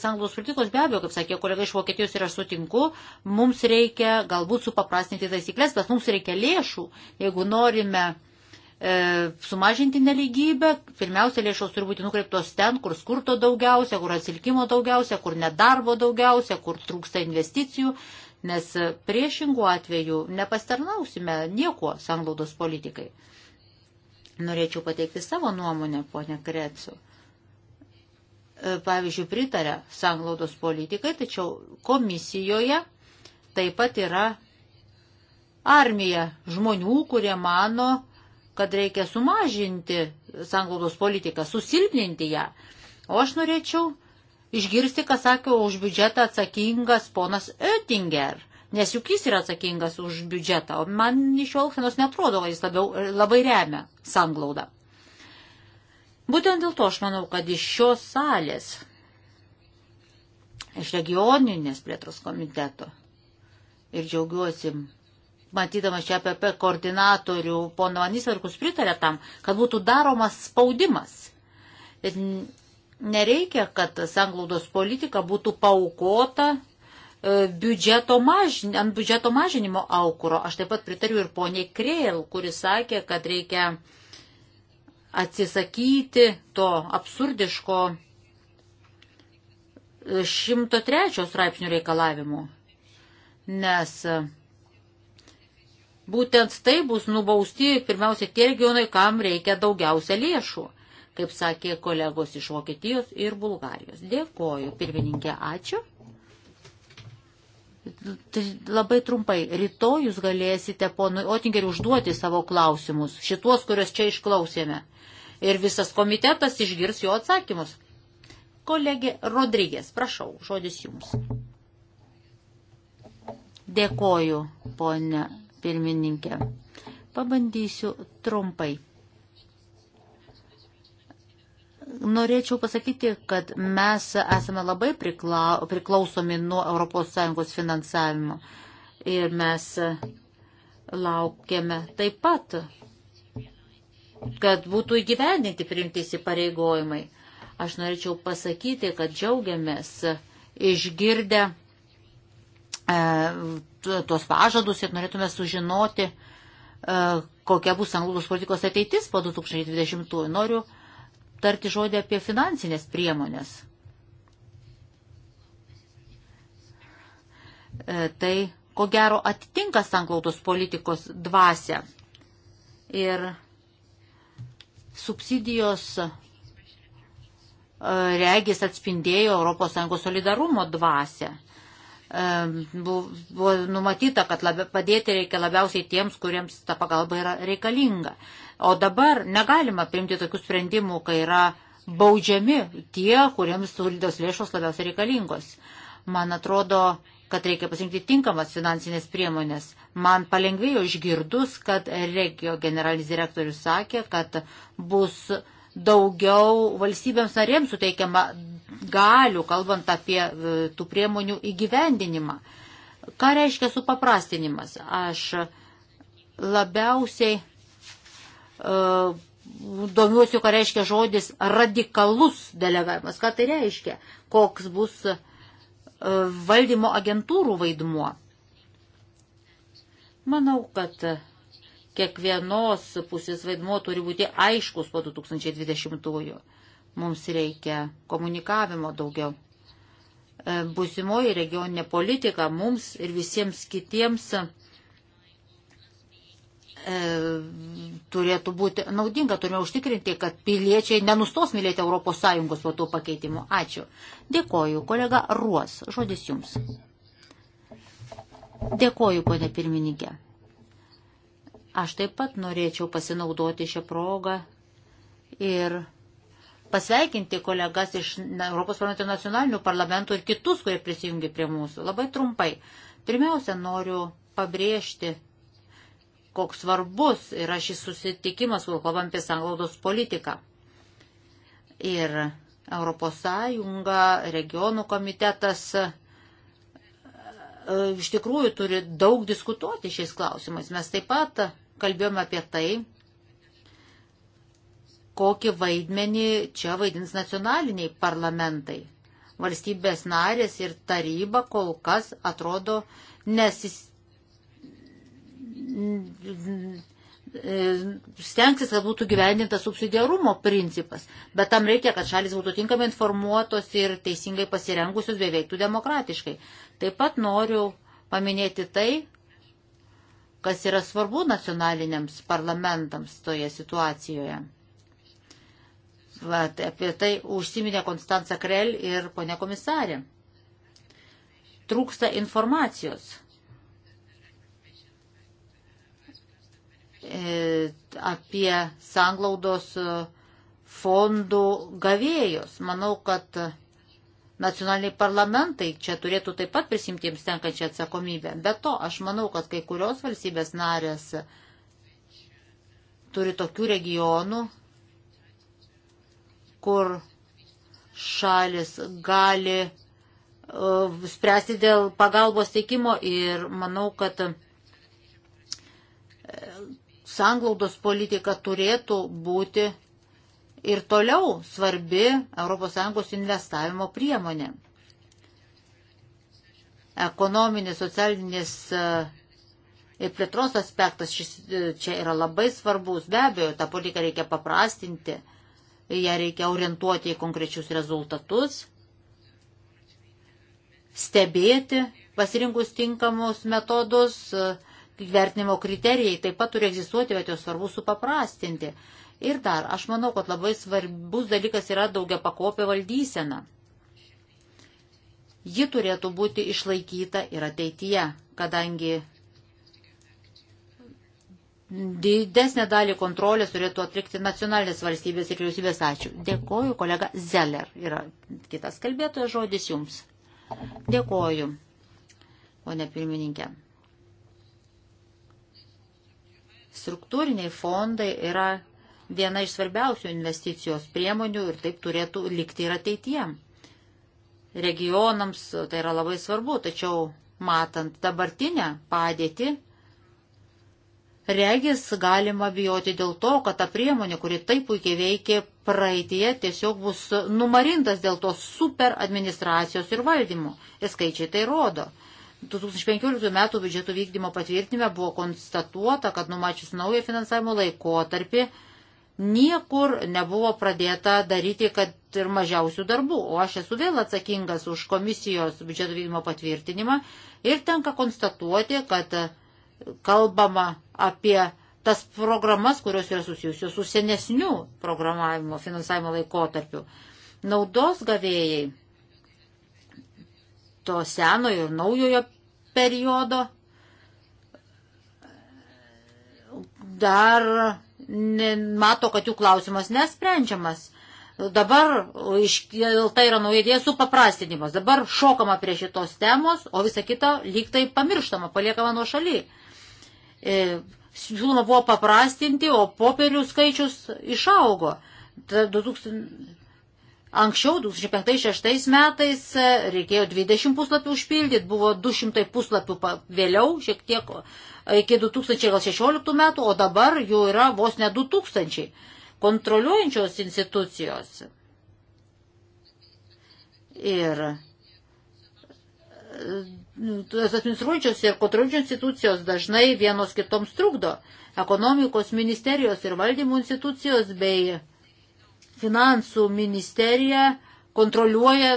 sanglos politikos, be abejo, kaip sakė kolega iš Vokietijos ir aš sutinku, mums reikia galbūt supaprastinti taisyklės, bet mums reikia lėšų, jeigu norime e, sumažinti neligybę, pirmiausia, lėšos turi būti nukreiptos ten, kur skurto daugiausia, kur atsilkimo daugiausia, kur nedarbo daugiausia, kur trūksta investicijų, nes priešingų atveju nepastarnausime nieko sanglaudos politikai. Norėčiau pateikti savo nuomonę, ponia Krecu. E, pavyzdžiui, pritarė sanglaudos politikai, tačiau komisijoje taip pat yra armija žmonių, kurie mano, kad reikia sumažinti sanglaudos politiką, susilpninti ją. O aš norėčiau išgirsti, ką sakė už biudžetą atsakingas ponas Oettinger, nes juk jis yra atsakingas už biudžetą, o man iš jo elgsenos netrodo, kad jis labiau, labai remia sanglaudą. Būtent dėl to aš manau, kad iš šios salės, iš regioninės plėtros komiteto ir džiaugiuosi, matydamas čia apie koordinatorių, pono Anisvarkus pritarė tam, kad būtų daromas spaudimas. Ir nereikia, kad sanglaudos politika būtų paukota e, biudžeto mažin, ant biudžeto mažinimo aukuro. Aš taip pat pritariu ir poniai Kreil, kuris sakė, kad reikia uh, atsisakyti to absurdiško 103 straipsnių reikalavimų, nes būtent tai bus nubausti pirmiausia tie regionai, kam reikia daugiausia lėšų, kaip sakė kolegos iš Vokietijos ir Bulgarijos. Dėkoju, pirmininkė, ačiū. Tai labai trumpai, rytoj jūs galėsite ponui Otingeriu užduoti savo klausimus, šituos, kuriuos čia išklausėme. Ir visas komitetas išgirs jo atsakymus. Kolegė Rodrygės, prašau, žodis jums. Dėkoju, ponė pirmininkė. Pabandysiu trumpai norėčiau pasakyti, kad mes esame labai prikla, priklausomi nuo ES finansavimo ir mes laukiame taip pat, kad būtų įgyvendinti priimti įsipareigojimai. Aš norėčiau pasakyti, kad džiaugiamės išgirdę e, tuos pažadus ir norėtume sužinoti, e, kokia bus anglos politikos ateitis po 2020. -ųjų. Noriu tarti žodį apie finansinės priemonės. E, tai, ko gero, atitinka sanklautos politikos dvasia. Ir subsidijos e, regis atspindėjo ES solidarumo dvasę. E, buvo numatyta, kad labia, padėti reikia labiausiai tiems, kuriems ta pagalba yra reikalinga. O dabar negalima priimti tokių sprendimų, kai yra baudžiami tie, kuriems suridos lėšos labiausiai reikalingos. Man atrodo, kad reikia pasirinkti tinkamas finansinės priemonės. Man palengvėjo išgirdus, kad regio generalinis direktorius sakė, kad bus daugiau valstybėms narėms suteikiama galių, kalbant apie e, tų priemonių įgyvendinimą. Ką reiškia supaprastinimas? Aš labiausiai E, domiuosi, ką reiškia žodis radikalus delegavimas, ką tai reiškia, koks bus e, valdymo agentūrų vaidmuo. Manau, kad kiekvienos pusės vaidmuo turi būti aiškus po 2020-ųjų. Mums reikia komunikavimo daugiau. E, būsimoji regioninė politika mums ir visiems kitiems E, turėtų būti naudinga, turime užtikrinti, kad piliečiai nenustos mylėti ES po tų pakeitimų. Ačiū. Dėkoju, kolega Ruos. Žodis jums. Dėkoju, ponė pirmininkė. Aš taip pat norėčiau pasinaudoti šią progą ir pasveikinti kolegas iš Europos parlamento nacionalinių parlamentų ir kitus, kurie prisijungi prie mūsų. Labai trumpai. Pirmiausia, noriu pabrėžti koks svarbus yra šis susitikimas, kur kalbam apie sanglaudos politiką. Ir ES, regionų komitetas e, iš tikrųjų turi daug diskutuoti šiais klausimais. Mes taip pat kalbėjome apie tai, kokį vaidmenį čia vaidins nacionaliniai parlamentai. Valstybės narės ir taryba kol kas atrodo nesis, stengsis, kad būtų gyvendintas subsidiarumo principas, bet tam reikia, kad šalis būtų tinkamai informuotos ir teisingai pasirengusios bei veiktų demokratiškai. Taip pat noriu paminėti tai, kas yra svarbu nacionaliniams parlamentams toje situacijoje. Vat, apie tai užsiminė Konstanca Krell ir ponia komisarė. Trūksta informacijos E, apie sanglaudos e, fondų gavėjus. Manau, kad nacionaliniai parlamentai čia turėtų taip pat prisimti jiems tenkančią atsakomybę. Be to, aš manau, kad kai kurios valstybės narės turi tokių regionų, kur šalis gali uh, spręsti dėl pagalbos teikimo ir manau, kad uh, sanglaudos politika turėtų būti ir toliau svarbi ES investavimo priemonė. Ekonominis, socialinis e, ir plėtros aspektas šis, e, čia yra labai svarbus. Be abejo, tą politiką reikia paprastinti, ją reikia orientuoti į konkrečius rezultatus, stebėti pasirinkus tinkamus metodus, uh, vertinimo kriterijai taip pat turi egzistuoti, bet jos svarbu supaprastinti. Ir dar, aš manau, kad labai svarbus dalykas yra daugia pakopė valdysena. Ji turėtų būti išlaikyta ir ateityje, kadangi didesnę dalį kontrolės turėtų atlikti nacionalinės valstybės ir vyriausybės. Ačiū. Dėkoju, kolega Zeller. Yra kitas kalbėtojas žodis jums. Dėkoju, ponė pirmininkė. Struktūriniai fondai yra viena iš svarbiausių investicijos priemonių ir taip turėtų likti ir ateityje. Regionams tai yra labai svarbu, tačiau matant dabartinę padėtį, regis galima bijoti dėl to, kad ta priemonė, kuri taip puikiai veikė praeitie, tiesiog bus numarintas dėl to super administracijos ir valdymo. Ir skaičiai tai rodo. 2015 metų biudžeto vykdymo patvirtinime buvo konstatuota, kad numačius naują finansavimo laikotarpį niekur nebuvo pradėta daryti, kad ir mažiausių darbų. O aš esu vėl atsakingas už komisijos biudžeto vykdymo patvirtinimą ir tenka konstatuoti, kad kalbama apie tas programas, kurios yra susijusios su senesniu programavimo finansavimo laikotarpiu. Naudos gavėjai to senojo ir naujojo periodo dar mato, kad jų klausimas nesprendžiamas. Dabar iškelta yra nauja idėja supaprastinimas. Dabar šokama prie šitos temos, o visa kita lyg tai pamirštama, paliekama nuo šaly. E, siūloma buvo paprastinti, o popierių skaičius išaugo. Ta, 2000, Anksčiau, 2005-2006 metais, e, reikėjo 20 puslapių užpildyti, buvo 200 puslapių vėliau, šiek tiek iki 2016 metų, o dabar jų yra vos ne 2000 kontroliuojančios institucijos. Ir e, administruojančios ir kontroliuojančios institucijos dažnai vienos kitoms trukdo. Ekonomikos ministerijos ir valdymų institucijos bei finansų ministerija kontroliuoja,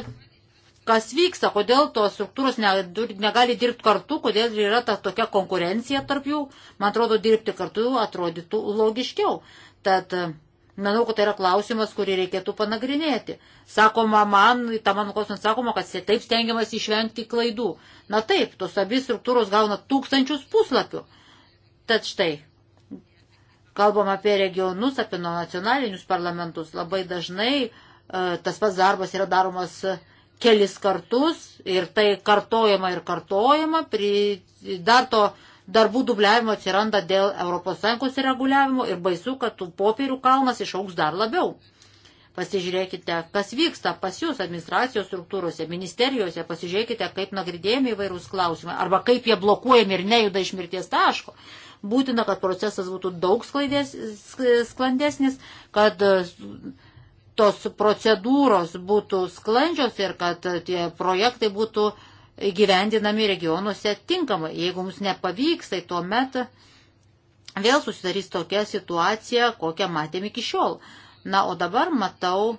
kas vyksta, kodėl tos struktūros negali dirbti kartu, kodėl yra ta tokia konkurencija tarp jų. Man atrodo, dirbti kartu atrodytų logiškiau. Tad e, manau, kad tai yra klausimas, kurį reikėtų panagrinėti. Sakoma man, ta mano klausimas sakoma, kad taip stengiamas išvengti klaidų. Na taip, tos abi struktūros gauna tūkstančius puslapių. Tad štai, kalbam apie regionus, apie nacionalinius parlamentus, labai dažnai e, tas pats darbas yra daromas kelis kartus ir tai kartojama ir kartojama, pri, dar to darbų dubliavimo atsiranda dėl ES reguliavimo ir baisu, kad tų popierių kalnas išauks dar labiau. Pasižiūrėkite, kas vyksta pas jūs administracijos struktūrose, ministerijose, pasižiūrėkite, kaip nagrinėjami įvairūs klausimai arba kaip jie blokuojami ir nejuda iš mirties taško. Būtina, kad procesas būtų daug sklaidės, sklandesnis, kad e, tos procedūros būtų sklandžios ir kad tie projektai būtų gyvendinami regionuose tinkamai. Jeigu mums nepavyks, tai tuo metu vėl susidarys tokia situacija, kokią matėme iki šiol. Na, o dabar matau,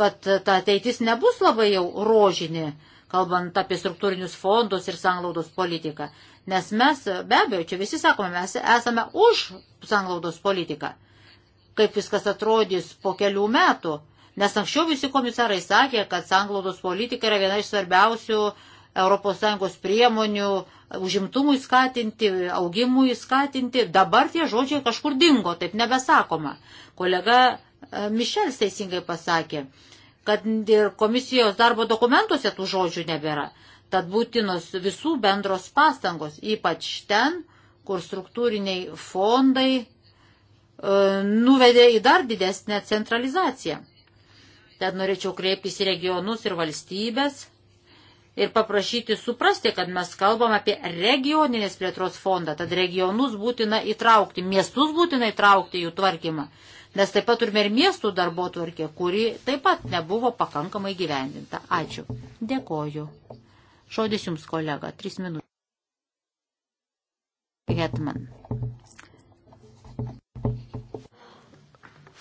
kad ta ateitis nebus labai jau rožinė, kalbant apie struktūrinius fondus ir sanglaudos politiką. Nes mes, be abejo, čia visi sakome, mes esame už sanglaudos politiką. Kaip viskas atrodys po kelių metų. Nes anksčiau visi komisarai sakė, kad sanglaudos politika yra viena iš svarbiausių ES priemonių užimtumui skatinti, augimui skatinti. Dabar tie žodžiai kažkur dingo, taip nebesakoma. Kolega e, Mišelis teisingai pasakė, kad ir komisijos darbo dokumentuose tų žodžių nebėra. Tad būtinos visų bendros pastangos, ypač ten, kur struktūriniai fondai e, nuvedė į dar didesnę centralizaciją. Tad norėčiau kreiptis į regionus ir valstybės ir paprašyti suprasti, kad mes kalbam apie regioninės plėtros fondą, tad regionus būtina įtraukti, miestus būtina įtraukti jų tvarkymą, nes taip pat turime ir miestų darbo tvarkė, kuri taip pat nebuvo pakankamai gyvendinta. Ačiū. Dėkoju. Žodis jums, kolega, trys minutės. Hetman.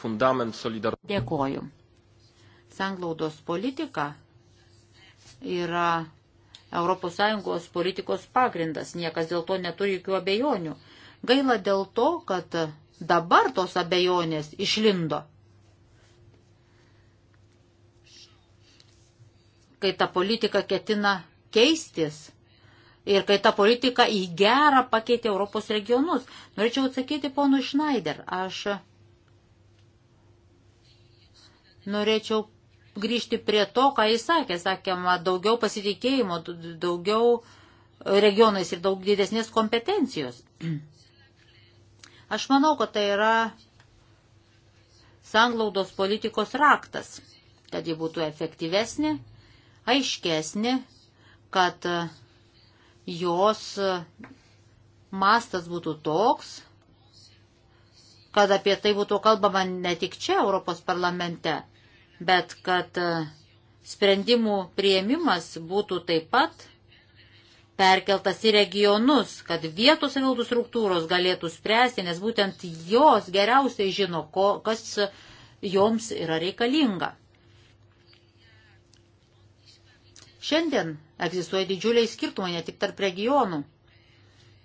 Fundament solidarumo. Dėkoju. Sanglaudos politika yra ES politikos pagrindas, niekas dėl to neturi jokių abejonių. Gaila dėl to, kad dabar tos abejonės išlindo. Kai ta politika ketina keistis ir kai ta politika į gerą pakeitė Europos regionus. Norėčiau atsakyti ponu Schneider. Aš norėčiau grįžti prie to, ką jis sakė. Sakėma, daugiau pasitikėjimo, daugiau regionais ir daug didesnės kompetencijos. Aš manau, kad tai yra sanglaudos politikos raktas, kad ji būtų efektyvesnė, aiškesnė, kad e, jos e, mastas būtų toks, kad apie tai būtų kalbama ne tik čia Europos parlamente, bet kad e, sprendimų prieimimas būtų taip pat perkeltas į regionus, kad vietos savildų struktūros galėtų spręsti, nes būtent jos geriausiai žino, ko, kas joms yra reikalinga. Šiandien Egzistuoja didžiuliai skirtumai ne tik tarp regionų.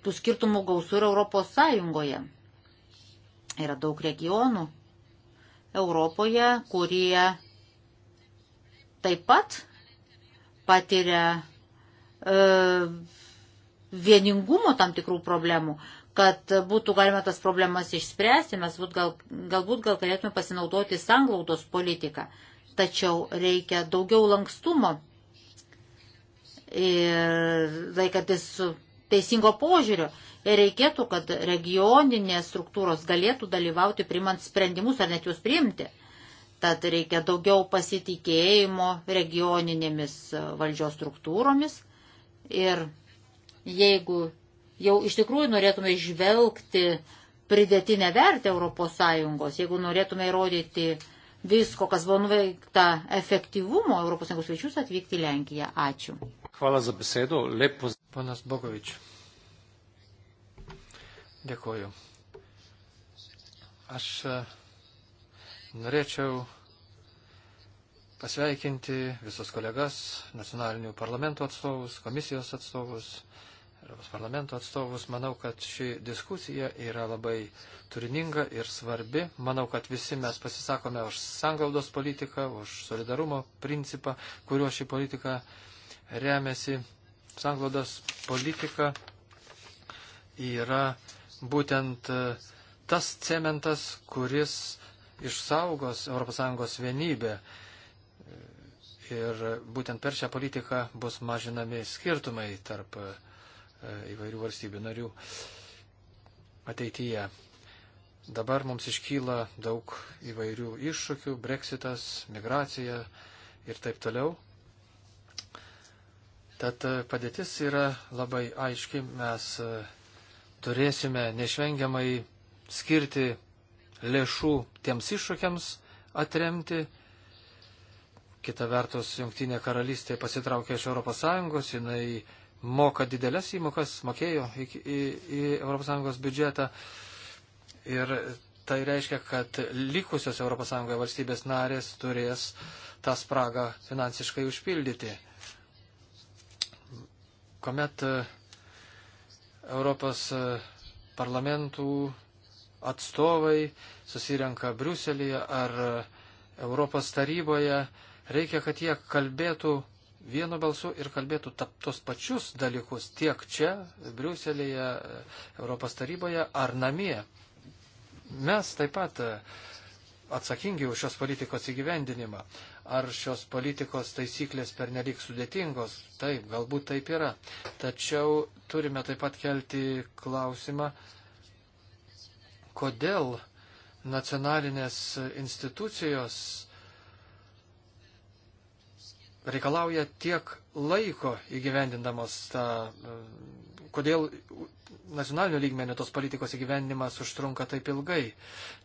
Tų skirtumų gausų ir Europos Sąjungoje. Yra daug regionų Europoje, kurie taip pat patiria e, vieningumo tam tikrų problemų kad būtų galima tas problemas išspręsti, mes būt gal, galbūt gal galėtume pasinaudoti sanglaudos politiką. Tačiau reikia daugiau lankstumo ir laikantis teisingo požiūrio. Ir reikėtų, kad regioninės struktūros galėtų dalyvauti primant sprendimus ar net juos priimti. Tad reikia daugiau pasitikėjimo regioninėmis valdžios struktūromis. Ir jeigu jau iš tikrųjų norėtume žvelgti pridėtinę vertę ES, jeigu norėtume įrodyti visko, kas buvo nuveikta efektyvumo ES veičius atvykti į Lenkiją. Ačiū. Hvala za besedo. Lepo. Ponas Bogovič. Dėkuoju. Aš eh, norėčiau pasveikinti visus kolegas, nacionalinių parlamentų atstovus, komisijos atstovus, Europos parlamento atstovus. Manau, kad ši diskusija yra labai turininga ir svarbi. Manau, kad visi mes pasisakome už sanglaudos politiką, už solidarumo principą, kuriuo ši politika uh, remiasi sanglodos politika, yra būtent e, tas cementas, kuris išsaugos ES vienybę. E, ir būtent per šią politiką bus mažinami skirtumai tarp e, įvairių valstybių narių ateityje. Dabar mums iškyla daug įvairių iššūkių - breksitas, migracija ir taip toliau. Tad e, padėtis yra labai aiški, mes e, turėsime neišvengiamai skirti lėšų tiems iššūkiams atremti. Kita vertus, Junktinė karalystė pasitraukė iš ES, jinai moka didelės įmokas, mokėjo į, į, į ES biudžetą. Ir tai reiškia, kad likusios ES valstybės narės turės tą spragą finansiškai užpildyti kuomet e, Europos e, parlamentų atstovai susirenka Briuselėje ar e, Europos taryboje, reikia, kad jie kalbėtų vienu balsu ir kalbėtų ta, tos pačius dalykus tiek čia, Briuselėje, Europos taryboje ar namie. Mes taip pat atsakingi už šios politikos įgyvendinimą ar šios politikos taisyklės pernelik sudėtingos. Taip, galbūt taip yra. Tačiau turime taip pat kelti klausimą, kodėl nacionalinės institucijos reikalauja tiek laiko įgyvendindamos tą, e, kodėl nacionalinių lygmenių tos politikos įgyvendimas užtrunka taip ilgai.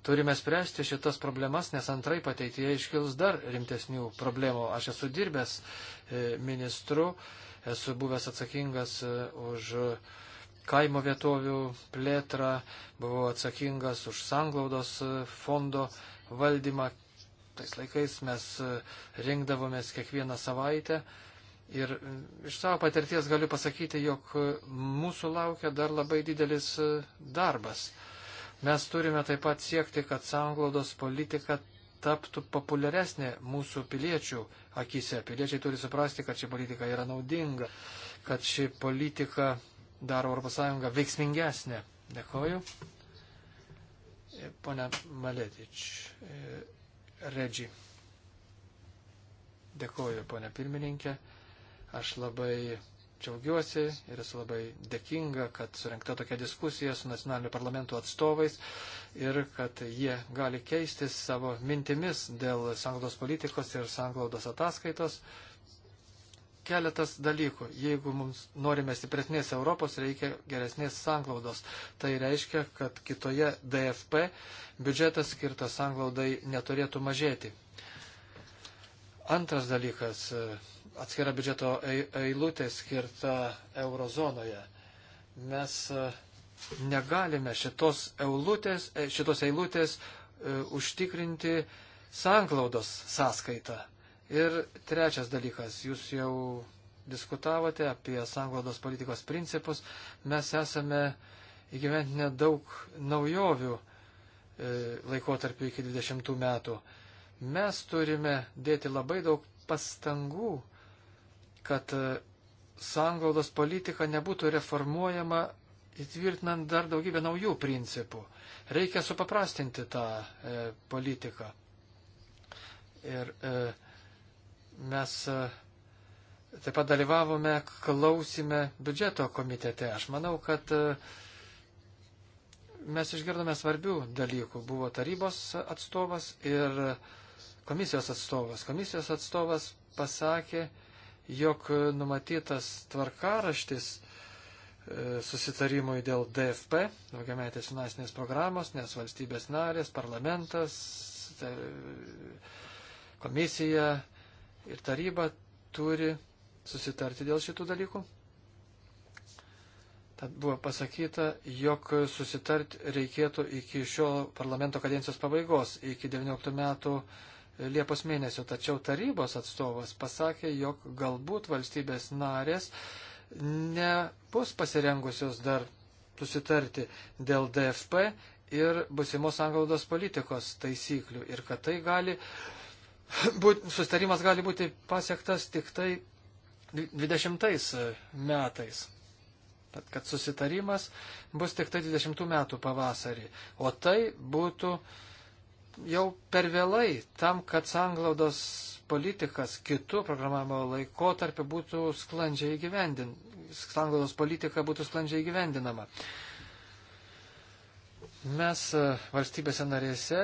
Turime spręsti šitas problemas, nes antrai ateityje iškils dar rimtesnių problemų. Aš esu dirbęs e, ministru, esu buvęs atsakingas e, už kaimo vietovių plėtrą, buvau atsakingas už sanglaudos fondo valdymą. Tais laikais mes rinkdavomės kiekvieną savaitę Ir e, iš savo patirties galiu pasakyti, jog mūsų laukia dar labai didelis e, darbas. Mes turime taip pat siekti, kad sanglaudos politika taptų populiaresnė mūsų piliečių akise. Piliečiai turi suprasti, kad ši politika yra naudinga, kad ši politika daro ES veiksmingesnė. E, Dėkoju. Pone Maletič, Redži. Dėkoju, ponė pirmininkė. Aš labai džiaugiuosi ir esu labai dėkinga, kad surinkta tokia diskusija su nacionaliniu parlamentu atstovais ir kad jie gali keistis savo mintimis dėl sanglaudos politikos ir sanglaudos ataskaitos. Keletas dalykų. Jeigu mums norime stipresnės Europos, reikia geresnės sanglaudos. Tai reiškia, kad kitoje DFP biudžetas skirtas sanglaudai neturėtų mažėti. Antras dalykas atskira biudžeto eilutė skirta eurozonoje. Mes e, negalime šitos eilutės, e, šitos eilutės e, užtikrinti sanklaudos sąskaitą. Ir trečias dalykas, jūs jau diskutavote apie sanglaudos politikos principus, mes esame įgyventinę daug naujovių laikotarpiu iki 20 metų. Mes turime dėti labai daug pastangų kad e, sanglaudos politika nebūtų reformuojama įtvirtinant dar daugybę naujų principų. Reikia supaprastinti tą e, politiką. Ir e, mes e, taip pat dalyvavome klausime biudžeto komitete. Aš manau, kad e, mes išgirdome svarbių dalykų. Buvo tarybos atstovas ir komisijos atstovas. Komisijos atstovas pasakė, e, jog numatytas tvarkaraštis e, susitarimui dėl DFP, daugiametės finansinės programos, nes valstybės narės, parlamentas, e, komisija ir taryba turi susitarti dėl šitų dalykų. Tad buvo pasakyta, jog susitarti reikėtų iki šio parlamento kadencijos pabaigos, iki 19 metų Liepos mėnesio, tačiau tarybos atstovas pasakė, jog galbūt valstybės narės nebus pasirengusios dar susitarti dėl DFP ir busimos angaudos politikos taisyklių ir kad tai gali, būt, sustarimas gali būti pasiektas tik tai 20 e, metais. Tad, kad susitarimas bus tik tai 20 metų pavasarį. O tai būtų uh, jau per vėlai tam, kad sanglaudos politikas kitų programavimo laikotarpiu būtų sklandžiai įgyvendinama. Sanglaudos politika būtų sklandžiai įgyvendinama. Mes e, valstybėse narėse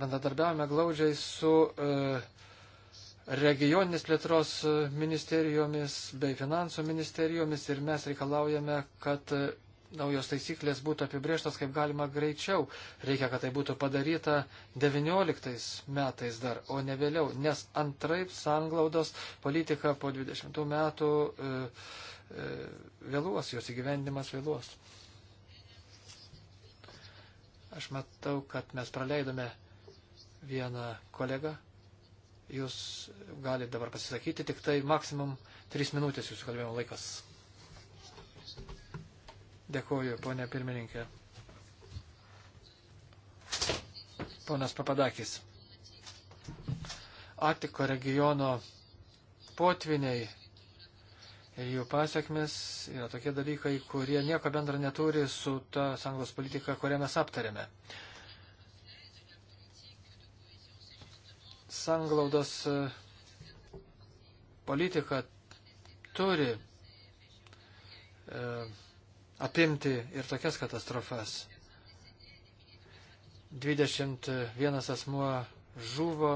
bendradarbiavome glaudžiai su e, regioninės plėtros e, ministerijomis bei finansų ministerijomis ir mes reikalaujame, kad naujos taisyklės būtų apibrieštos kaip galima greičiau. Reikia, kad tai būtų padaryta 19 metais dar, o ne vėliau, nes antraip sanglaudos politika po 20 metų e, e, vėluos, jos įgyvendimas vėluos. Aš matau, kad mes praleidome vieną kolegą. Jūs galite dabar pasisakyti, tik tai maksimum 3 minutės jūsų kalbėjimo laikas. Dėkuoju, ponė pirmininkė. Ponas Papadakis. Atiko regiono potviniai ir jų pasiekmes yra tokie dalykai, kurie nieko bendra neturi su ta sanglos politika, kurią mes aptarėme. Sanglaudos e, politika turi e, apimti ir tokias katastrofas. 21 asmuo žuvo,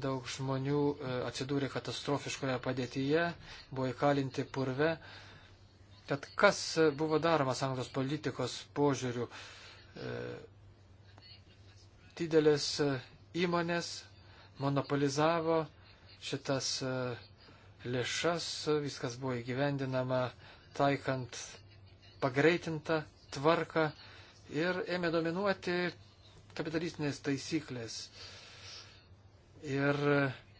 daug žmonių e, atsidūrė katastrofiškoje padėtyje, buvo įkalinti purve. Tad kas e, buvo daroma sąjungos politikos požiūrių? E, didelės įmonės monopolizavo šitas lėšas, viskas buvo įgyvendinama taikant pagreitintą tvarką ir ėmė dominuoti kapitalistinės taisyklės. Ir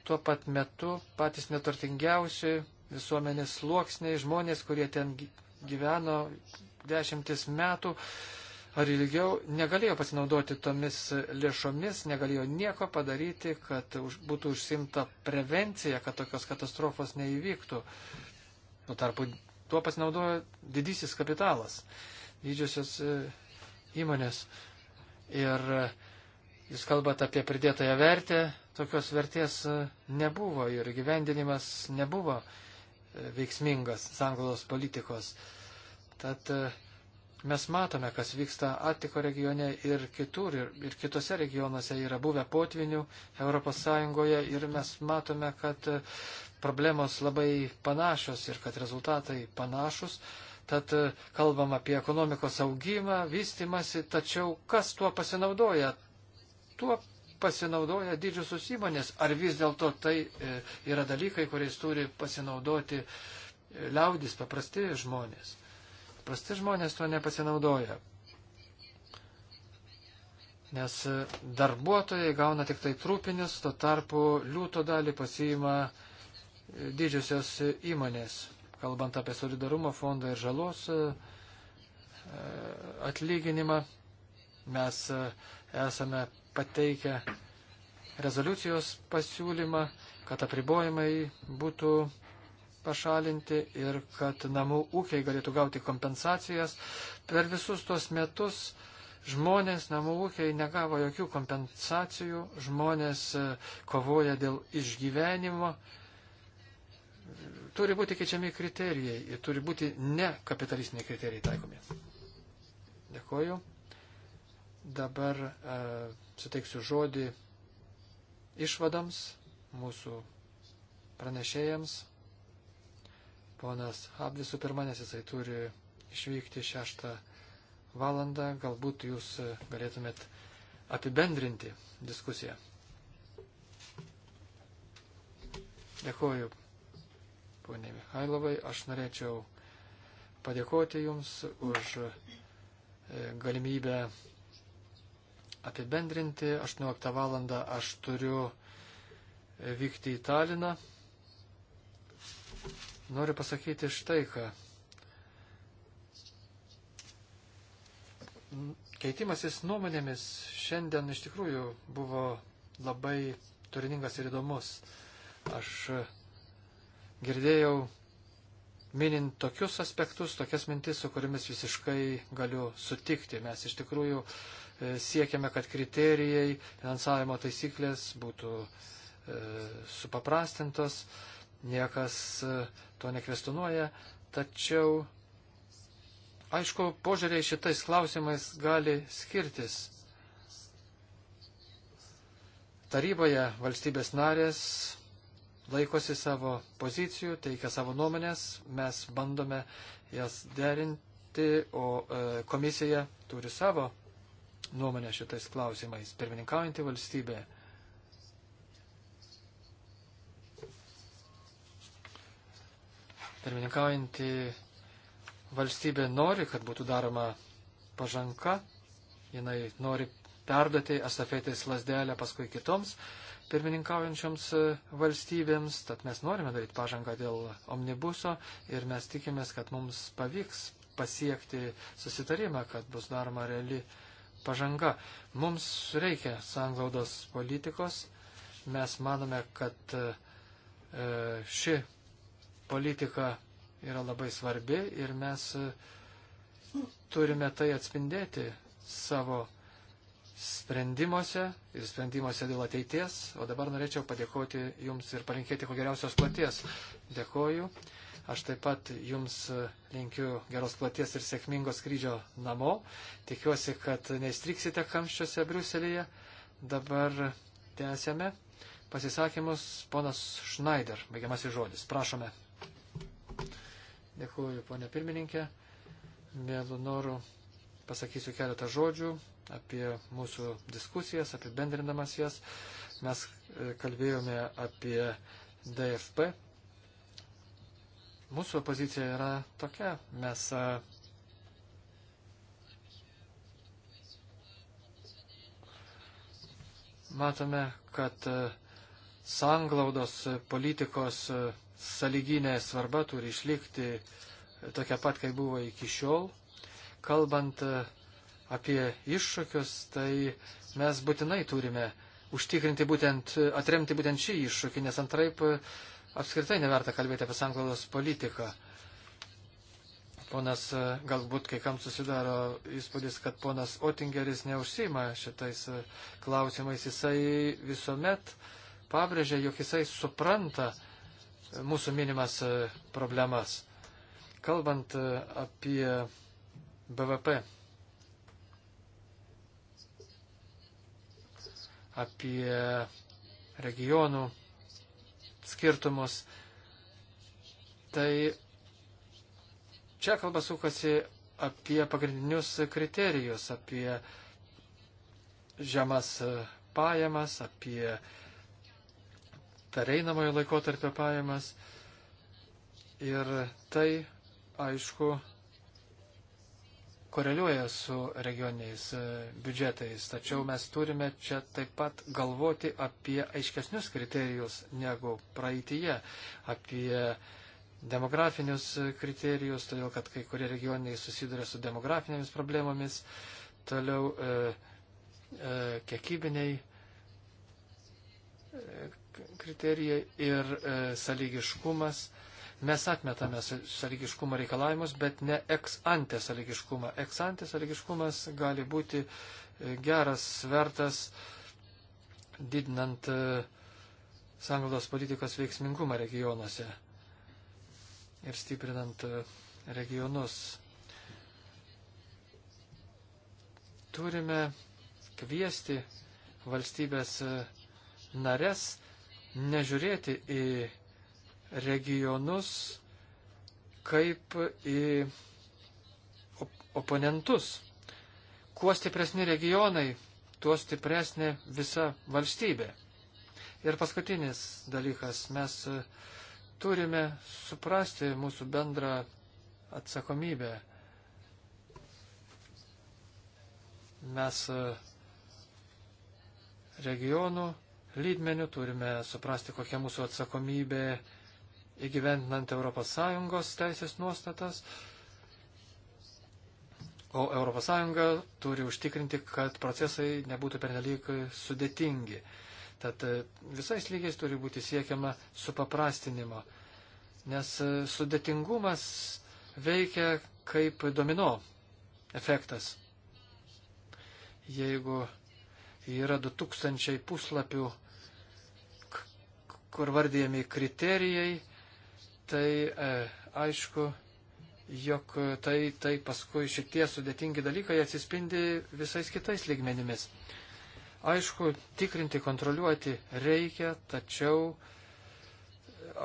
tuo pat metu patys neturtingiausi visuomenės sluoksniai, žmonės, kurie ten gyveno dešimtis metų ar ilgiau, negalėjo pasinaudoti tomis lėšomis, negalėjo nieko padaryti, kad už, būtų užsimta prevencija, kad tokios katastrofos neįvyktų. Tuo tarpu tuo pasinaudojo didysis kapitalas, didžiosios e, įmonės. Ir e, jūs kalbate apie pridėtąją vertę, tokios vertės e, nebuvo ir gyvendinimas nebuvo veiksmingas sanglos politikos. Tad mes matome, kas vyksta Atiko regione ir kitur, ir, ir kitose regionuose yra buvę potvinių ES ir mes matome, kad problemos labai panašios ir kad rezultatai panašus. Tad e, kalbam apie ekonomikos augimą, vystimasi, tačiau kas tuo pasinaudoja? Tuo pasinaudoja didžiosios įmonės. Ar vis dėlto tai e, yra dalykai, kuriais turi pasinaudoti e, liaudis, paprasti žmonės? Paprasti žmonės tuo nepasinaudoja nes darbuotojai gauna tik tai trūpinius, tuo tarpu liūto dalį pasiima didžiosios įmonės, kalbant apie solidarumo fondą ir žalos e, atlyginimą. Mes e, esame pateikę rezoliucijos pasiūlymą, kad apribojimai būtų pašalinti ir kad namų ūkiai galėtų gauti kompensacijas. Per visus tuos metus žmonės, namų ūkiai negavo jokių kompensacijų, žmonės e, kovoja dėl išgyvenimo turi būti keičiami kriterijai ir turi būti ne kapitalistiniai kriterijai taikomi. Dėkoju. Dabar e, suteiksiu žodį išvadams mūsų pranešėjams. Ponas Hab visų pirma, nes jisai turi išvykti šeštą valandą. Galbūt jūs galėtumėt apibendrinti diskusiją. Dėkoju, poniai Mihailovai. Aš norėčiau padėkoti Jums už e, galimybę apibendrinti. 18 val. aš turiu e, vykti į Taliną. Noriu pasakyti štai ką. Keitimasis nuomonėmis šiandien iš tikrųjų buvo labai turiningas ir įdomus. Aš girdėjau minint tokius aspektus, tokias mintis, su kuriamis visiškai galiu sutikti. Mes iš tikrųjų e, siekiame, kad kriterijai, finansavimo taisyklės būtų e, supaprastintos, niekas e, to nekvestunuoja, tačiau, aišku, požiūriai šitais klausimais gali skirtis. Taryboje valstybės narės laikosi savo pozicijų, teikia savo nuomonės, mes bandome jas derinti, o e, komisija turi savo nuomonę šitais klausimais, pirmininkaujantį valstybę. Pirmininkaujantį valstybė nori, kad būtų daroma pažanka, jinai nori perduoti estafetės lasdelę paskui kitoms pirmininkaujančioms e, valstybėms, tad mes norime daryti pažangą dėl omnibuso ir mes tikimės, kad mums pavyks pasiekti susitarimą, kad bus daroma reali pažanga. Mums reikia sanglaudos politikos, mes manome, kad e, e, ši politika yra labai svarbi ir mes turime tai atspindėti savo sprendimuose ir sprendimuose dėl ateities. O dabar norėčiau padėkoti Jums ir palinkėti kuo geriausios platies. Dėkoju. Aš taip pat Jums linkiu geros platies ir sėkmingo skrydžio namo. Tikiuosi, kad neįstriksite kamščiuose Briuselėje. Dabar tęsėme pasisakymus. Ponas Schneider, baigiamasis žodis. Prašome. Dėkuoju, ponė pirmininkė. Mėlu noru pasakysiu keletą žodžių apie mūsų diskusijas, apibendrindamas jas. Mes e, kalbėjome apie DFP. Mūsų pozicija yra tokia. Mes e, matome, kad e, sanglaudos politikos saliginė svarba turi išlikti tokia pat, kaip buvo iki šiol. Kalbant apie iššūkius, tai mes būtinai turime užtikrinti būtent, atremti būtent šį iššūkį, nes antraip e, apskritai neverta kalbėti apie sanglaudos politiką. Ponas, e, galbūt kai kam susidaro įspūdis, kad ponas Otingeris neužsima šitais e, klausimais. Jisai visuomet pabrėžia, jog jisai supranta mūsų minimas problemas. Kalbant apie BVP apie regionų skirtumus. Tai čia kalba sukasi apie pagrindinius kriterijus, apie žemas pajamas, apie pereinamojo laikotarpio pajamas. Ir tai, aišku, koreliuoja su regioniais e, biudžetais, tačiau mes turime čia taip pat galvoti apie aiškesnius kriterijus negu praeitie, apie demografinius kriterijus, todėl kad kai kurie regionai susiduria su demografinėmis problemomis, toliau e, e, kiekybiniai e, kriterijai ir e, sąlygiškumas Mes atmetame sąlygiškumo reikalavimus, bet ne ex ante sąlygiškumą. Ex ante sąlygiškumas gali būti e, geras svertas didinant e, sanglaudos politikos veiksmingumą regionuose ir stiprinant e, regionus. Turime kviesti valstybės narės nežiūrėti į regionus kaip į oponentus. Kuo stipresni regionai, tuo stipresnė visa valstybė. Ir paskutinis dalykas, mes e, turime suprasti mūsų bendrą atsakomybę. Mes e, regionų lydmenių turime suprasti, kokia mūsų atsakomybė įgyventinant ES teisės nuostatas, o ES turi užtikrinti, kad procesai nebūtų pernelyg sudėtingi. Tad e, visais lygiais turi būti siekiama supaprastinimo, nes e, sudėtingumas veikia kaip domino efektas. Jeigu yra 2000 puslapių, kur vardėjami kriterijai, tai e, aišku, jog tai, tai paskui šitie sudėtingi dalykai atsispindi visais kitais lygmenimis. Aišku, tikrinti, kontroliuoti reikia, tačiau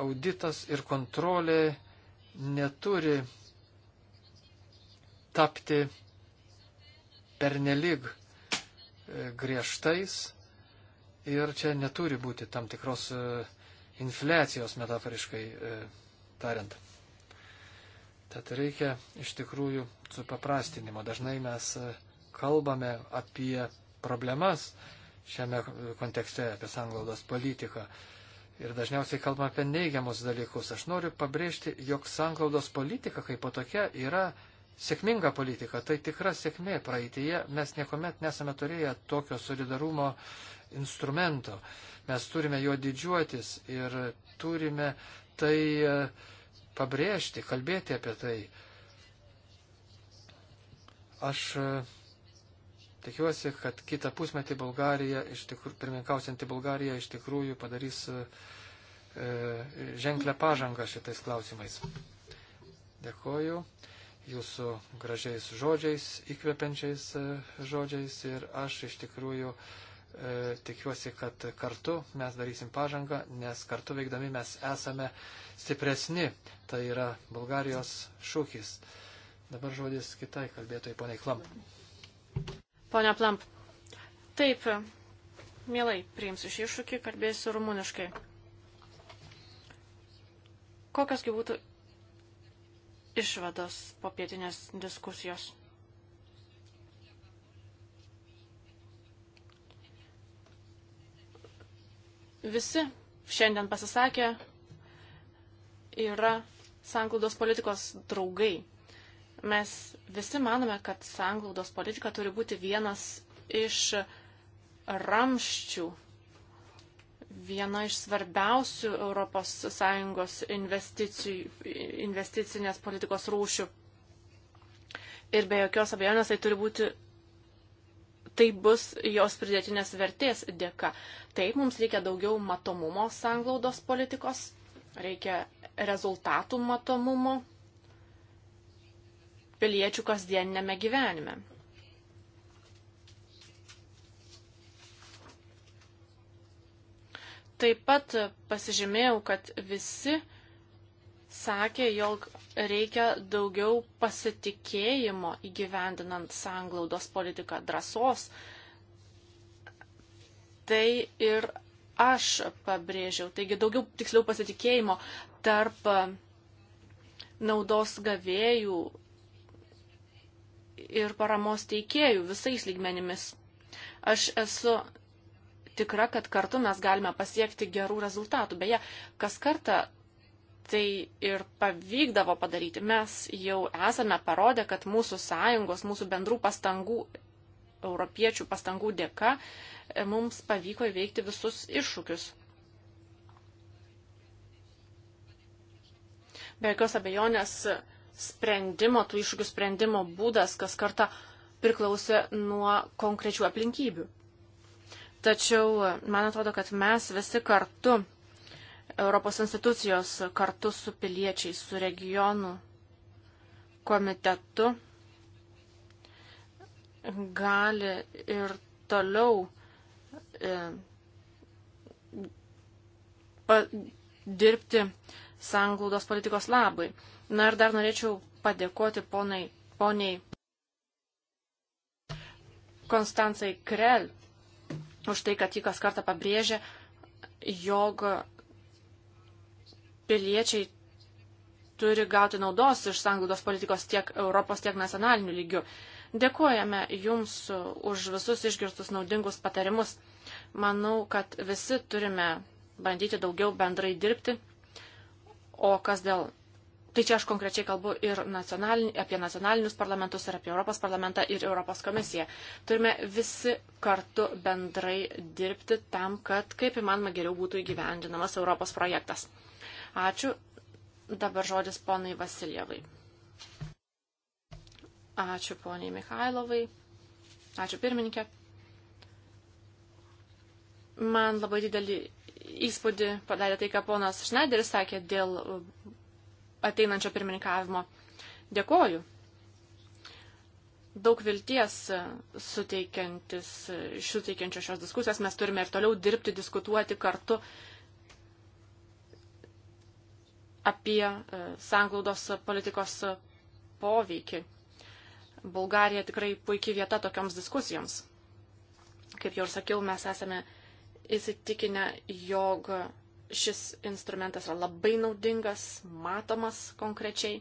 auditas ir kontrolė neturi tapti pernelig e, griežtais ir čia neturi būti tam tikros e, infliacijos metaforiškai e, tariant. Tad reikia iš tikrųjų supaprastinimo. Dažnai mes e, kalbame apie problemas šiame kontekste, apie sanglaudos politiką. Ir dažniausiai kalbame apie neigiamus dalykus. Aš noriu pabrėžti, jog sanglaudos politika kaip po tokia yra sėkminga politika. Tai tikra sėkmė. Praeitėje mes niekuomet nesame turėję tokio solidarumo instrumento. Mes turime jo didžiuotis ir turime tai e, pabrėžti, kalbėti apie tai. Aš e, tikiuosi, kad kitą pusmetį Bulgarija, tikrų, pirmininkausianti Bulgarija iš tikrųjų padarys e, e, ženklę pažangą šitais klausimais. Dėkoju jūsų gražiais žodžiais, įkvepiančiais žodžiais ir aš iš tikrųjų e, E, tikiuosi, kad kartu mes darysim pažangą, nes kartu veikdami mes esame stipresni. Tai yra Bulgarijos šūkis. Dabar žodis kitai kalbėtojai, poniai Klamp. Pone Plamp, taip, mielai priimsiu šį iššūkį, kalbėsiu rumuniškai. Kokiasgi būtų išvados po pietinės diskusijos? Visi šiandien pasisakė yra sanglaudos politikos draugai. Mes visi manome, kad sanglaudos politika turi būti vienas iš ramščių, viena iš svarbiausių ES investicinės politikos rūšių. Ir be jokios abejonės tai turi būti tai bus jos pridėtinės vertės dėka. Taip, mums reikia daugiau matomumo sanglaudos politikos, reikia rezultatų matomumo piliečių kasdieninėme gyvenime. Taip pat pasižymėjau, kad visi sakė, jog reikia daugiau pasitikėjimo įgyvendinant sanglaudos politiką drąsos. Tai ir aš pabrėžiau. Taigi daugiau tiksliau pasitikėjimo tarp e, naudos gavėjų ir paramos teikėjų visais lygmenimis. Aš esu tikra, kad kartu mes galime pasiekti gerų rezultatų. Beje, kas kartą tai ir pavykdavo padaryti. Mes jau esame parodę, kad mūsų sąjungos, mūsų bendrų pastangų, europiečių pastangų dėka, e, mums pavyko įveikti visus iššūkius. Be jokios abejonės sprendimo, tų iššūkių sprendimo būdas kas kartą priklausė nuo konkrečių aplinkybių. Tačiau man atrodo, kad mes visi kartu Europos institucijos kartu su piliečiais, su regionų komitetu gali ir toliau e, pa, dirbti sanglaudos politikos labai. Na ir dar norėčiau padėkoti ponai, poniai Konstancijai Krell už tai, kad jį kas kartą pabrėžė, jog piliečiai turi gauti naudos iš sanglaudos politikos tiek Europos, tiek nacionalinių lygių. Dėkojame Jums už visus išgirstus naudingus patarimus. Manau, kad visi turime bandyti daugiau bendrai dirbti. O kas dėl. Tai čia aš konkrečiai kalbu ir nacionalin, apie nacionalinius parlamentus, ir apie Europos parlamentą, ir Europos komisiją. Turime visi kartu bendrai dirbti tam, kad kaip įmanoma geriau būtų įgyvendinamas Europos projektas. Ačiū. Dabar žodis ponai Vasilievai. Ačiū poniai Mikhailovai. Ačiū pirmininkė. Man labai didelį įspūdį padarė tai, ką ponas Šneideris sakė dėl ateinančio pirmininkavimo. Dėkoju. Daug vilties suteikiantis, suteikiančio šios diskusijos mes turime ir toliau dirbti, diskutuoti kartu apie e, sanglaudos politikos poveikį. Bulgarija tikrai puikia vieta tokioms diskusijoms. Kaip jau ir sakiau, mes esame įsitikinę, jog šis instrumentas yra labai naudingas, matomas konkrečiai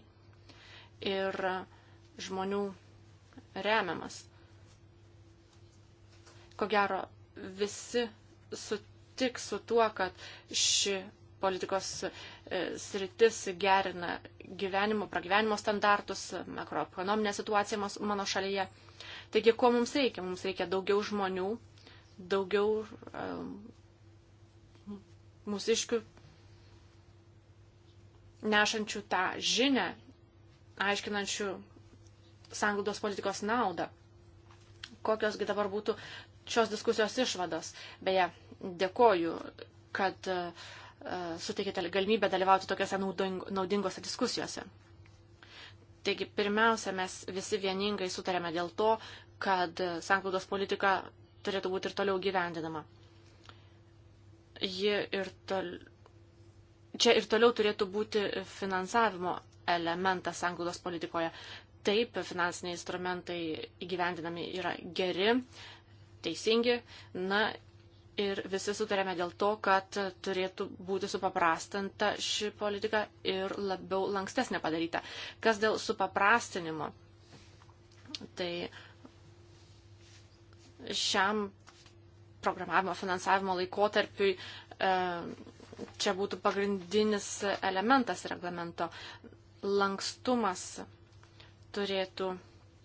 ir žmonių remiamas. Ko gero, visi sutiks su tuo, kad ši politikos e, sritis gerina gyvenimo, pragyvenimo standartus, makroekonominę situaciją mano šalyje. Taigi, ko mums reikia? Mums reikia daugiau žmonių, daugiau um, mūsiškių nešančių tą žinę, aiškinančių sanglaudos politikos naudą. Kokiosgi dabar būtų šios diskusijos išvados. Beje, dėkoju, kad uh, E, suteikėte galimybę dalyvauti tokiuose naudingose diskusijose. Taigi, pirmiausia, mes visi vieningai sutarėme dėl to, kad sanklaudos politika turėtų būti ir toliau gyvendinama. Ji ir tol... Čia ir toliau turėtų būti finansavimo elementas sanglaudos politikoje. Taip, finansiniai instrumentai įgyvendinami yra geri, teisingi. Na ir visi sutarėme dėl to, kad turėtų būti supaprastinta ši politika ir labiau lankstesnė padaryta. Kas dėl supaprastinimo, tai šiam programavimo finansavimo laikotarpiui e, čia būtų pagrindinis elementas reglamento. Lankstumas turėtų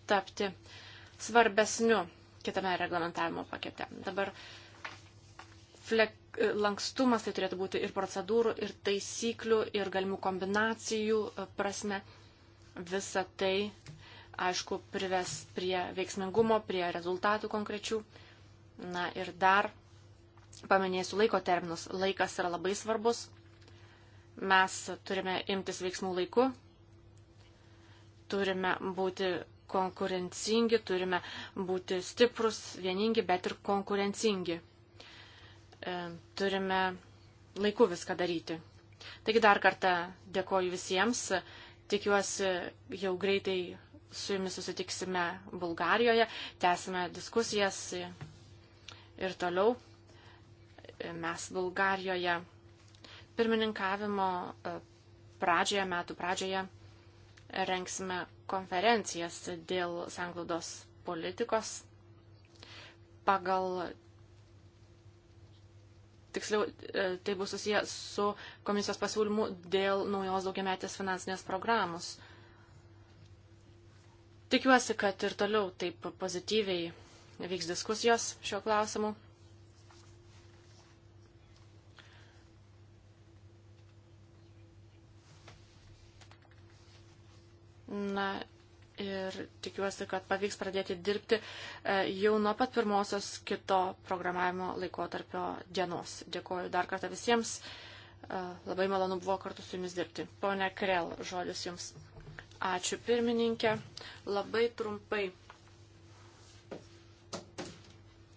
tapti svarbesniu kitame reglamentavimo pakete. Dabar uh, flek, lankstumas, tai turėtų būti ir procedūrų, ir taisyklių, ir galimų kombinacijų e, prasme. Visa tai, aišku, prives prie veiksmingumo, prie rezultatų konkrečių. Na ir dar paminėsiu laiko terminus. Laikas yra labai svarbus. Mes turime imtis veiksmų laiku, turime būti konkurencingi, turime būti stiprus, vieningi, bet ir konkurencingi. E, turime laiku viską daryti. Taigi dar kartą dėkoju visiems, tikiuosi jau greitai su jumis susitiksime Bulgarijoje, tęsime diskusijas ir toliau. E, mes Bulgarijoje pirmininkavimo e, pradžioje, metų pradžioje renksime konferencijas dėl sanglaudos politikos pagal tiksliau e, tai bus susiję su komisijos pasiūlymu dėl naujos daugiametės finansinės programos. Tikiuosi, kad ir toliau taip pozityviai vyks diskusijos šiuo klausimu. Na ir tikiuosi, kad pavyks pradėti dirbti e, jau nuo pat pirmosios kito programavimo laikotarpio dienos. Dėkoju dar kartą visiems. E, labai malonu buvo kartu su jumis dirbti. Pone Krell, žodis jums. Ačiū pirmininkė. Labai trumpai.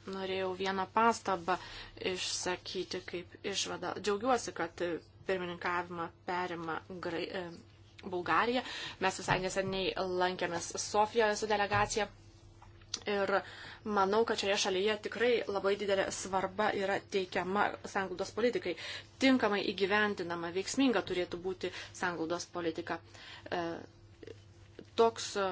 Norėjau vieną pastabą išsakyti kaip išvada. Džiaugiuosi, kad pirmininkavimą perima grai, e, Bulgariją. Mes visai neseniai lankėmės Sofijoje su delegacija. Ir manau, kad šioje šalyje tikrai labai didelė svarba yra teikiama sanglaudos politikai. Tinkamai įgyvendinama, veiksminga turėtų būti sanglaudos politika. E, toks e,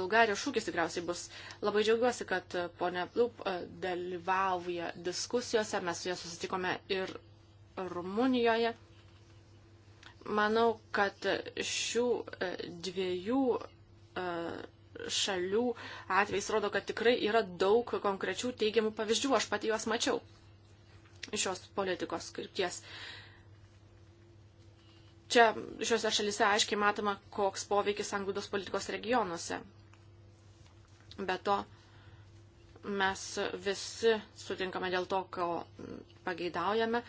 Bulgarijos šūkis tikriausiai bus. Labai džiaugiuosi, kad e, ponė Plup e, dalyvauja diskusijose, mes su ja susitikome ir Rumunijoje. Manau, kad šių e, dviejų e, šalių atvejs rodo, kad tikrai yra daug konkrečių teigiamų pavyzdžių, aš pati juos mačiau iš šios politikos krypties. Čia šiuose šalise aiškiai matoma, koks poveikis anglodos politikos regionuose. Be to, mes visi sutinkame dėl to, ko pageidaujame,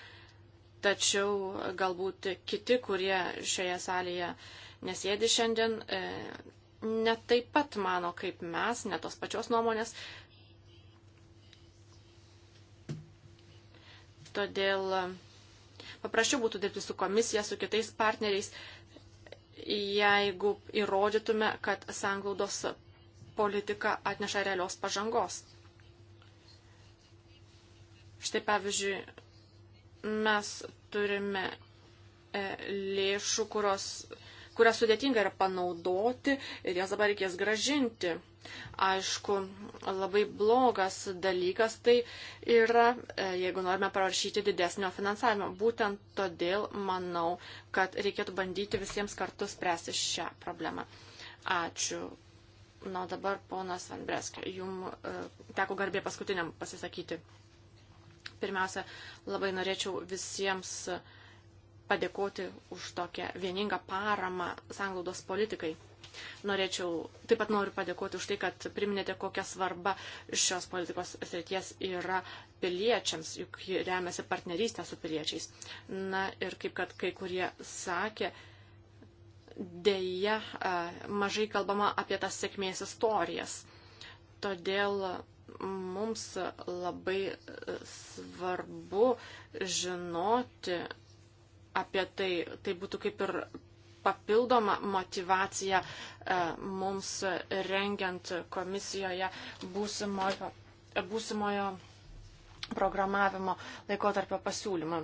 tačiau galbūt kiti, kurie šioje salėje nesėdi šiandien, e, ne taip pat mano kaip mes, ne tos pačios nuomonės. Todėl e, paprasčiau būtų dirbti su komisija, su kitais partneriais, jeigu įrodytume, kad sanglaudos politika atneša realios pažangos. Štai pavyzdžiui, mes turime e, lėšų, kurios, kurias sudėtinga yra panaudoti ir jas dabar reikės gražinti. Aišku, labai blogas dalykas tai yra, e, jeigu norime prašyti didesnio finansavimo. Būtent todėl manau, kad reikėtų bandyti visiems kartu spręsti šią problemą. Ačiū. Na, dabar ponas Andreska, jums e, teko garbė paskutiniam pasisakyti. Pirmiausia, labai norėčiau visiems padėkoti už tokią vieningą paramą sanglaudos politikai. Norėčiau, taip pat noriu padėkoti už tai, kad priminėte, kokia svarba šios politikos srities yra piliečiams, juk ji remiasi partnerystę su piliečiais. Na ir kaip kad kai kurie sakė, dėja mažai kalbama apie tas sėkmės istorijas. Todėl mums labai e, svarbu žinoti apie tai. Tai būtų kaip ir papildoma motivacija e, mums rengiant komisijoje būsimojo, būsimojo programavimo laikotarpio pasiūlymą.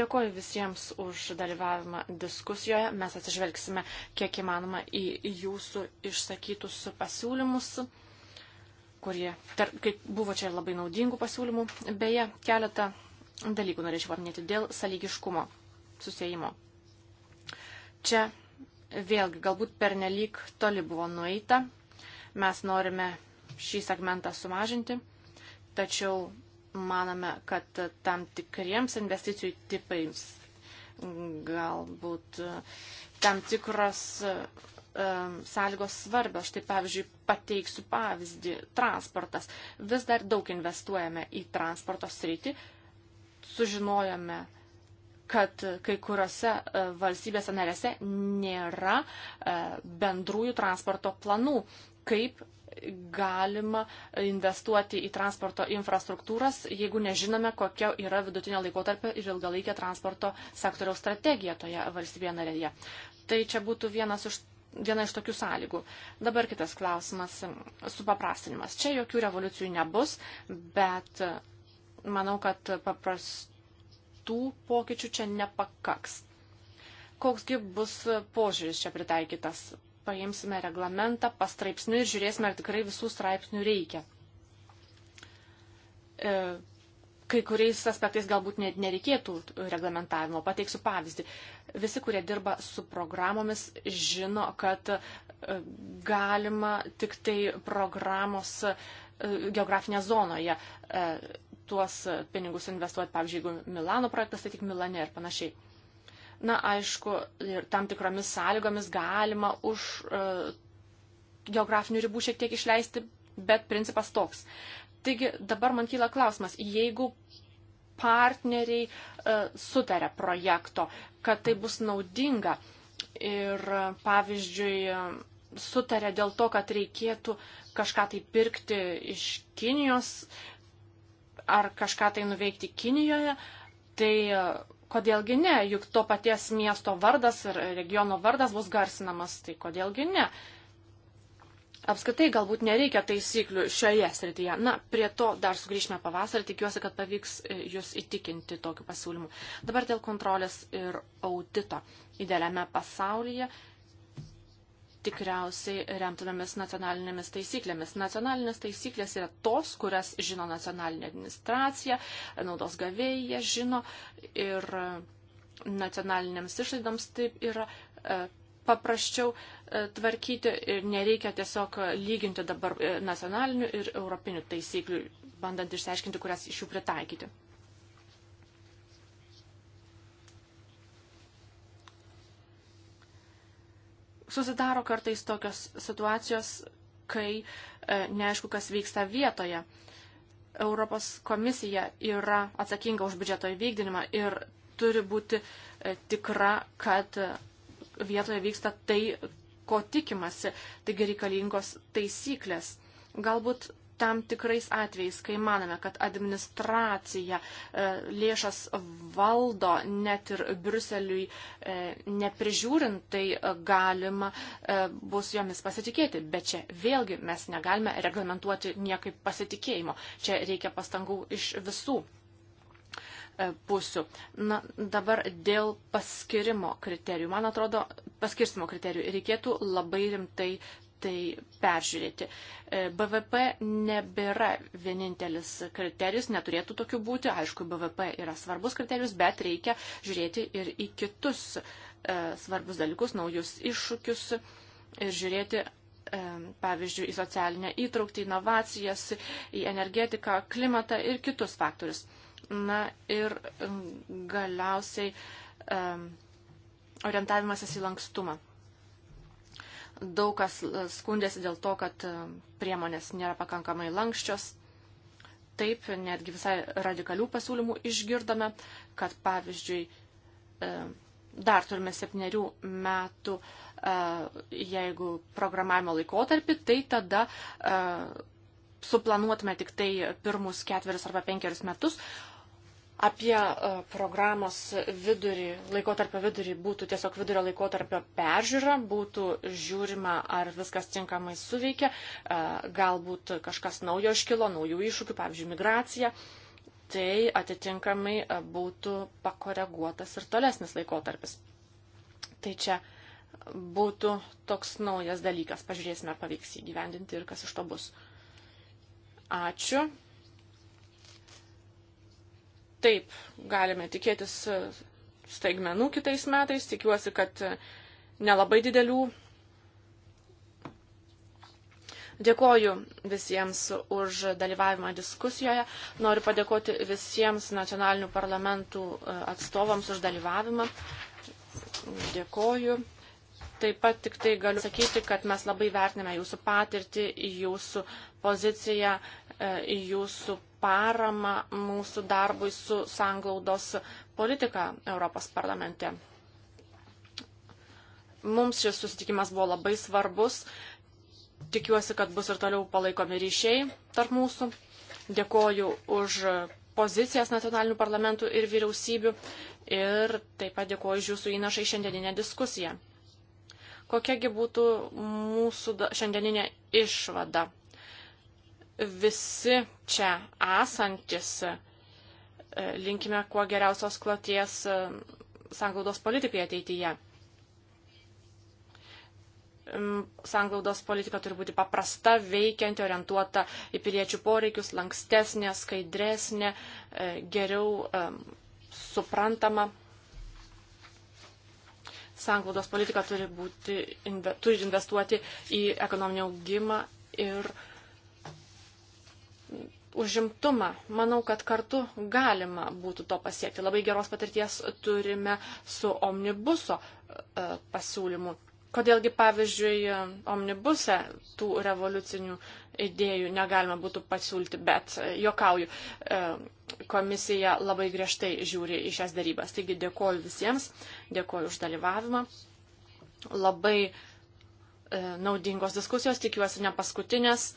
Dėkuoju visiems už dalyvavimą diskusijoje. Mes atsižvelgsime kiek įmanoma į jūsų išsakytus pasiūlymus kurie tar, kaip, buvo čia labai naudingų pasiūlymų. Beje, keletą dalykų norėčiau paminėti dėl sąlygiškumo susijimo. Čia vėlgi galbūt pernelyg toli buvo nueita. Mes norime šį segmentą sumažinti, tačiau manome, kad tam tikriems investicijų tipais galbūt tam tikros um, sąlygos svarbios. Štai pavyzdžiui, pateiksiu pavyzdį - transportas. Vis dar daug investuojame į transporto sritį. Sužinojome, kad kai kuriuose uh, valstybėse narėse nėra uh, bendrųjų transporto planų, kaip galima investuoti į transporto infrastruktūras, jeigu nežinome, kokia yra vidutinio laikotarpio ir ilgalaikė transporto sektoriaus strategija toje valstybėje narėje. Tai čia būtų vienas iš viena iš tokių sąlygų. Dabar kitas klausimas - supaprastinimas. Čia jokių revoliucijų nebus, bet e, manau, kad paprastų pokyčių čia nepakaks. Koksgi bus požiūris čia pritaikytas? Paimsime reglamentą pastraipsniui ir žiūrėsime, ar tikrai visų straipsnių reikia. E, kai kuriais aspektais galbūt nereikėtų reglamentavimo. Pateiksiu pavyzdį. Visi, kurie dirba su programomis, žino, kad e, galima tik tai programos e, geografinėje zonoje e, tuos pinigus investuoti, pavyzdžiui, jeigu Milano projektas, tai tik Milane ir panašiai. Na, aišku, ir tam tikromis sąlygomis galima už geografinių ribų šiek tiek išleisti, bet principas toks. Taigi dabar man kyla klausimas, jeigu partneriai e, sutarė projekto, kad tai bus naudinga ir e, pavyzdžiui e, sutarė dėl to, kad reikėtų kažką tai pirkti iš Kinijos ar kažką tai nuveikti Kinijoje, tai e, kodėlgi ne, juk to paties miesto vardas ir regiono vardas bus garsinamas, tai kodėlgi ne. E, apskritai galbūt nereikia taisyklių šioje srityje. Na, prie to dar sugrįžime pavasarį, tikiuosi, kad pavyks e, jūs įtikinti tokiu pasiūlymu. Dabar dėl kontrolės ir audito. Idealiame pasaulyje tikriausiai remtumėmis nacionalinėmis taisyklėmis. Nacionalinės taisyklės yra tos, kurias žino nacionalinė administracija, naudos gavėjai jie žino ir nacionalinėms išlaidoms taip yra e, paprasčiau E, tvarkyti ir nereikia tiesiog lyginti dabar e, nacionalinių ir europinių taisyklių, bandant išsiaiškinti, kurias iš jų pritaikyti. Susidaro kartais tokios situacijos, kai e, neaišku, kas vyksta vietoje. Europos komisija yra atsakinga už biudžeto įvykdinimą ir turi būti tikra, kad vietoje vyksta tai, ko tikimasi, taigi reikalingos taisyklės. Galbūt tam tikrais atvejais, kai manome, kad administracija e, lėšas valdo net ir Bruseliui e, neprižiūrint, tai e, galima bus jomis pasitikėti. Bet čia vėlgi mes negalime reglamentuoti niekaip pasitikėjimo. Čia reikia pastangų iš visų. E, pusių. Na, dabar dėl paskirimo kriterijų. Man atrodo, paskirstimo kriterijų reikėtų labai rimtai tai peržiūrėti. E, BVP nebėra vienintelis kriterijus, neturėtų tokių būti. Aišku, BVP yra svarbus kriterijus, bet reikia žiūrėti ir į kitus e, svarbus dalykus, naujus iššūkius ir žiūrėti, e, pavyzdžiui, į socialinę įtrauktį, inovacijas, į energetiką, klimatą ir kitus faktorius. Na ir galiausiai um, orientavimasis į lankstumą. Daug kas e, skundėsi dėl to, kad priemonės nėra pakankamai lankščios. Taip, netgi visai radikalių pasiūlymų išgirdome, kad pavyzdžiui, um, dar turime septynerių metų, e, jeigu programavimo laikotarpį, tai tada e, suplanuotume tik tai pirmus ketverius arba penkerius metus, apie e, programos vidurį, laikotarpio vidurį būtų tiesiog vidurio laikotarpio peržiūra, būtų žiūrima, ar viskas tinkamai suveikia, e, galbūt kažkas naujo iškilo, naujų iššūkių, pavyzdžiui, migracija, tai atitinkamai e, būtų pakoreguotas ir tolesnis laikotarpis. Tai čia būtų toks naujas dalykas, pažiūrėsime, ar pavyks įgyvendinti ir kas iš to bus. Ačiū. Taip, galime tikėtis e, staigmenų kitais metais. Tikiuosi, kad e, nelabai didelių. Dėkoju visiems už dalyvavimą diskusijoje. Noriu padėkoti visiems nacionalinių parlamentų e, atstovams už dalyvavimą. Dėkoju. Taip pat tik tai galiu sakyti, kad mes labai vertiname jūsų patirtį, jūsų poziciją E, jūsų paramą mūsų darbui su sanglaudos politika Europos parlamente. Mums šis susitikimas buvo labai svarbus. Tikiuosi, kad bus ir toliau palaikomi ryšiai tarp mūsų. Dėkoju už pozicijas nacionalinių parlamentų ir vyriausybių ir taip pat dėkoju už jūsų įnašą į šiandieninę diskusiją. Kokiagi būtų mūsų šiandieninė išvada? visi čia esantis e, linkime kuo geriausios kloties e, sanglaudos politikai ateityje. Sanglaudos politika turi būti paprasta, veikianti, orientuota į piliečių poreikius, lankstesnė, skaidresnė, e, geriau suprantama. Sanglaudos politika turi, būti, turi investuoti į ekonominį augimą ir uh, užimtumą. Manau, kad kartu galima būtų to pasiekti. Labai geros patirties turime su omnibuso e, pasiūlymu. Kodėlgi, pavyzdžiui, omnibuse tų revoliucinių idėjų negalima būtų pasiūlyti, bet jokauju, e, komisija labai griežtai žiūri į šias darybas. Taigi dėkoju visiems, dėkoju už dalyvavimą. Labai e, naudingos diskusijos, tikiuosi ne paskutinės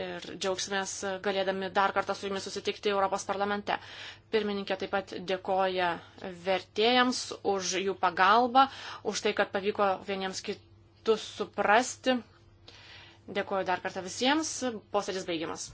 ir džiaugsimės galėdami dar kartą su jumis susitikti Europos parlamente. Pirmininkė taip pat dėkoja vertėjams už jų pagalbą, už tai, kad pavyko vieniems kitus suprasti. Dėkoju dar kartą visiems. Posėdis baigiamas.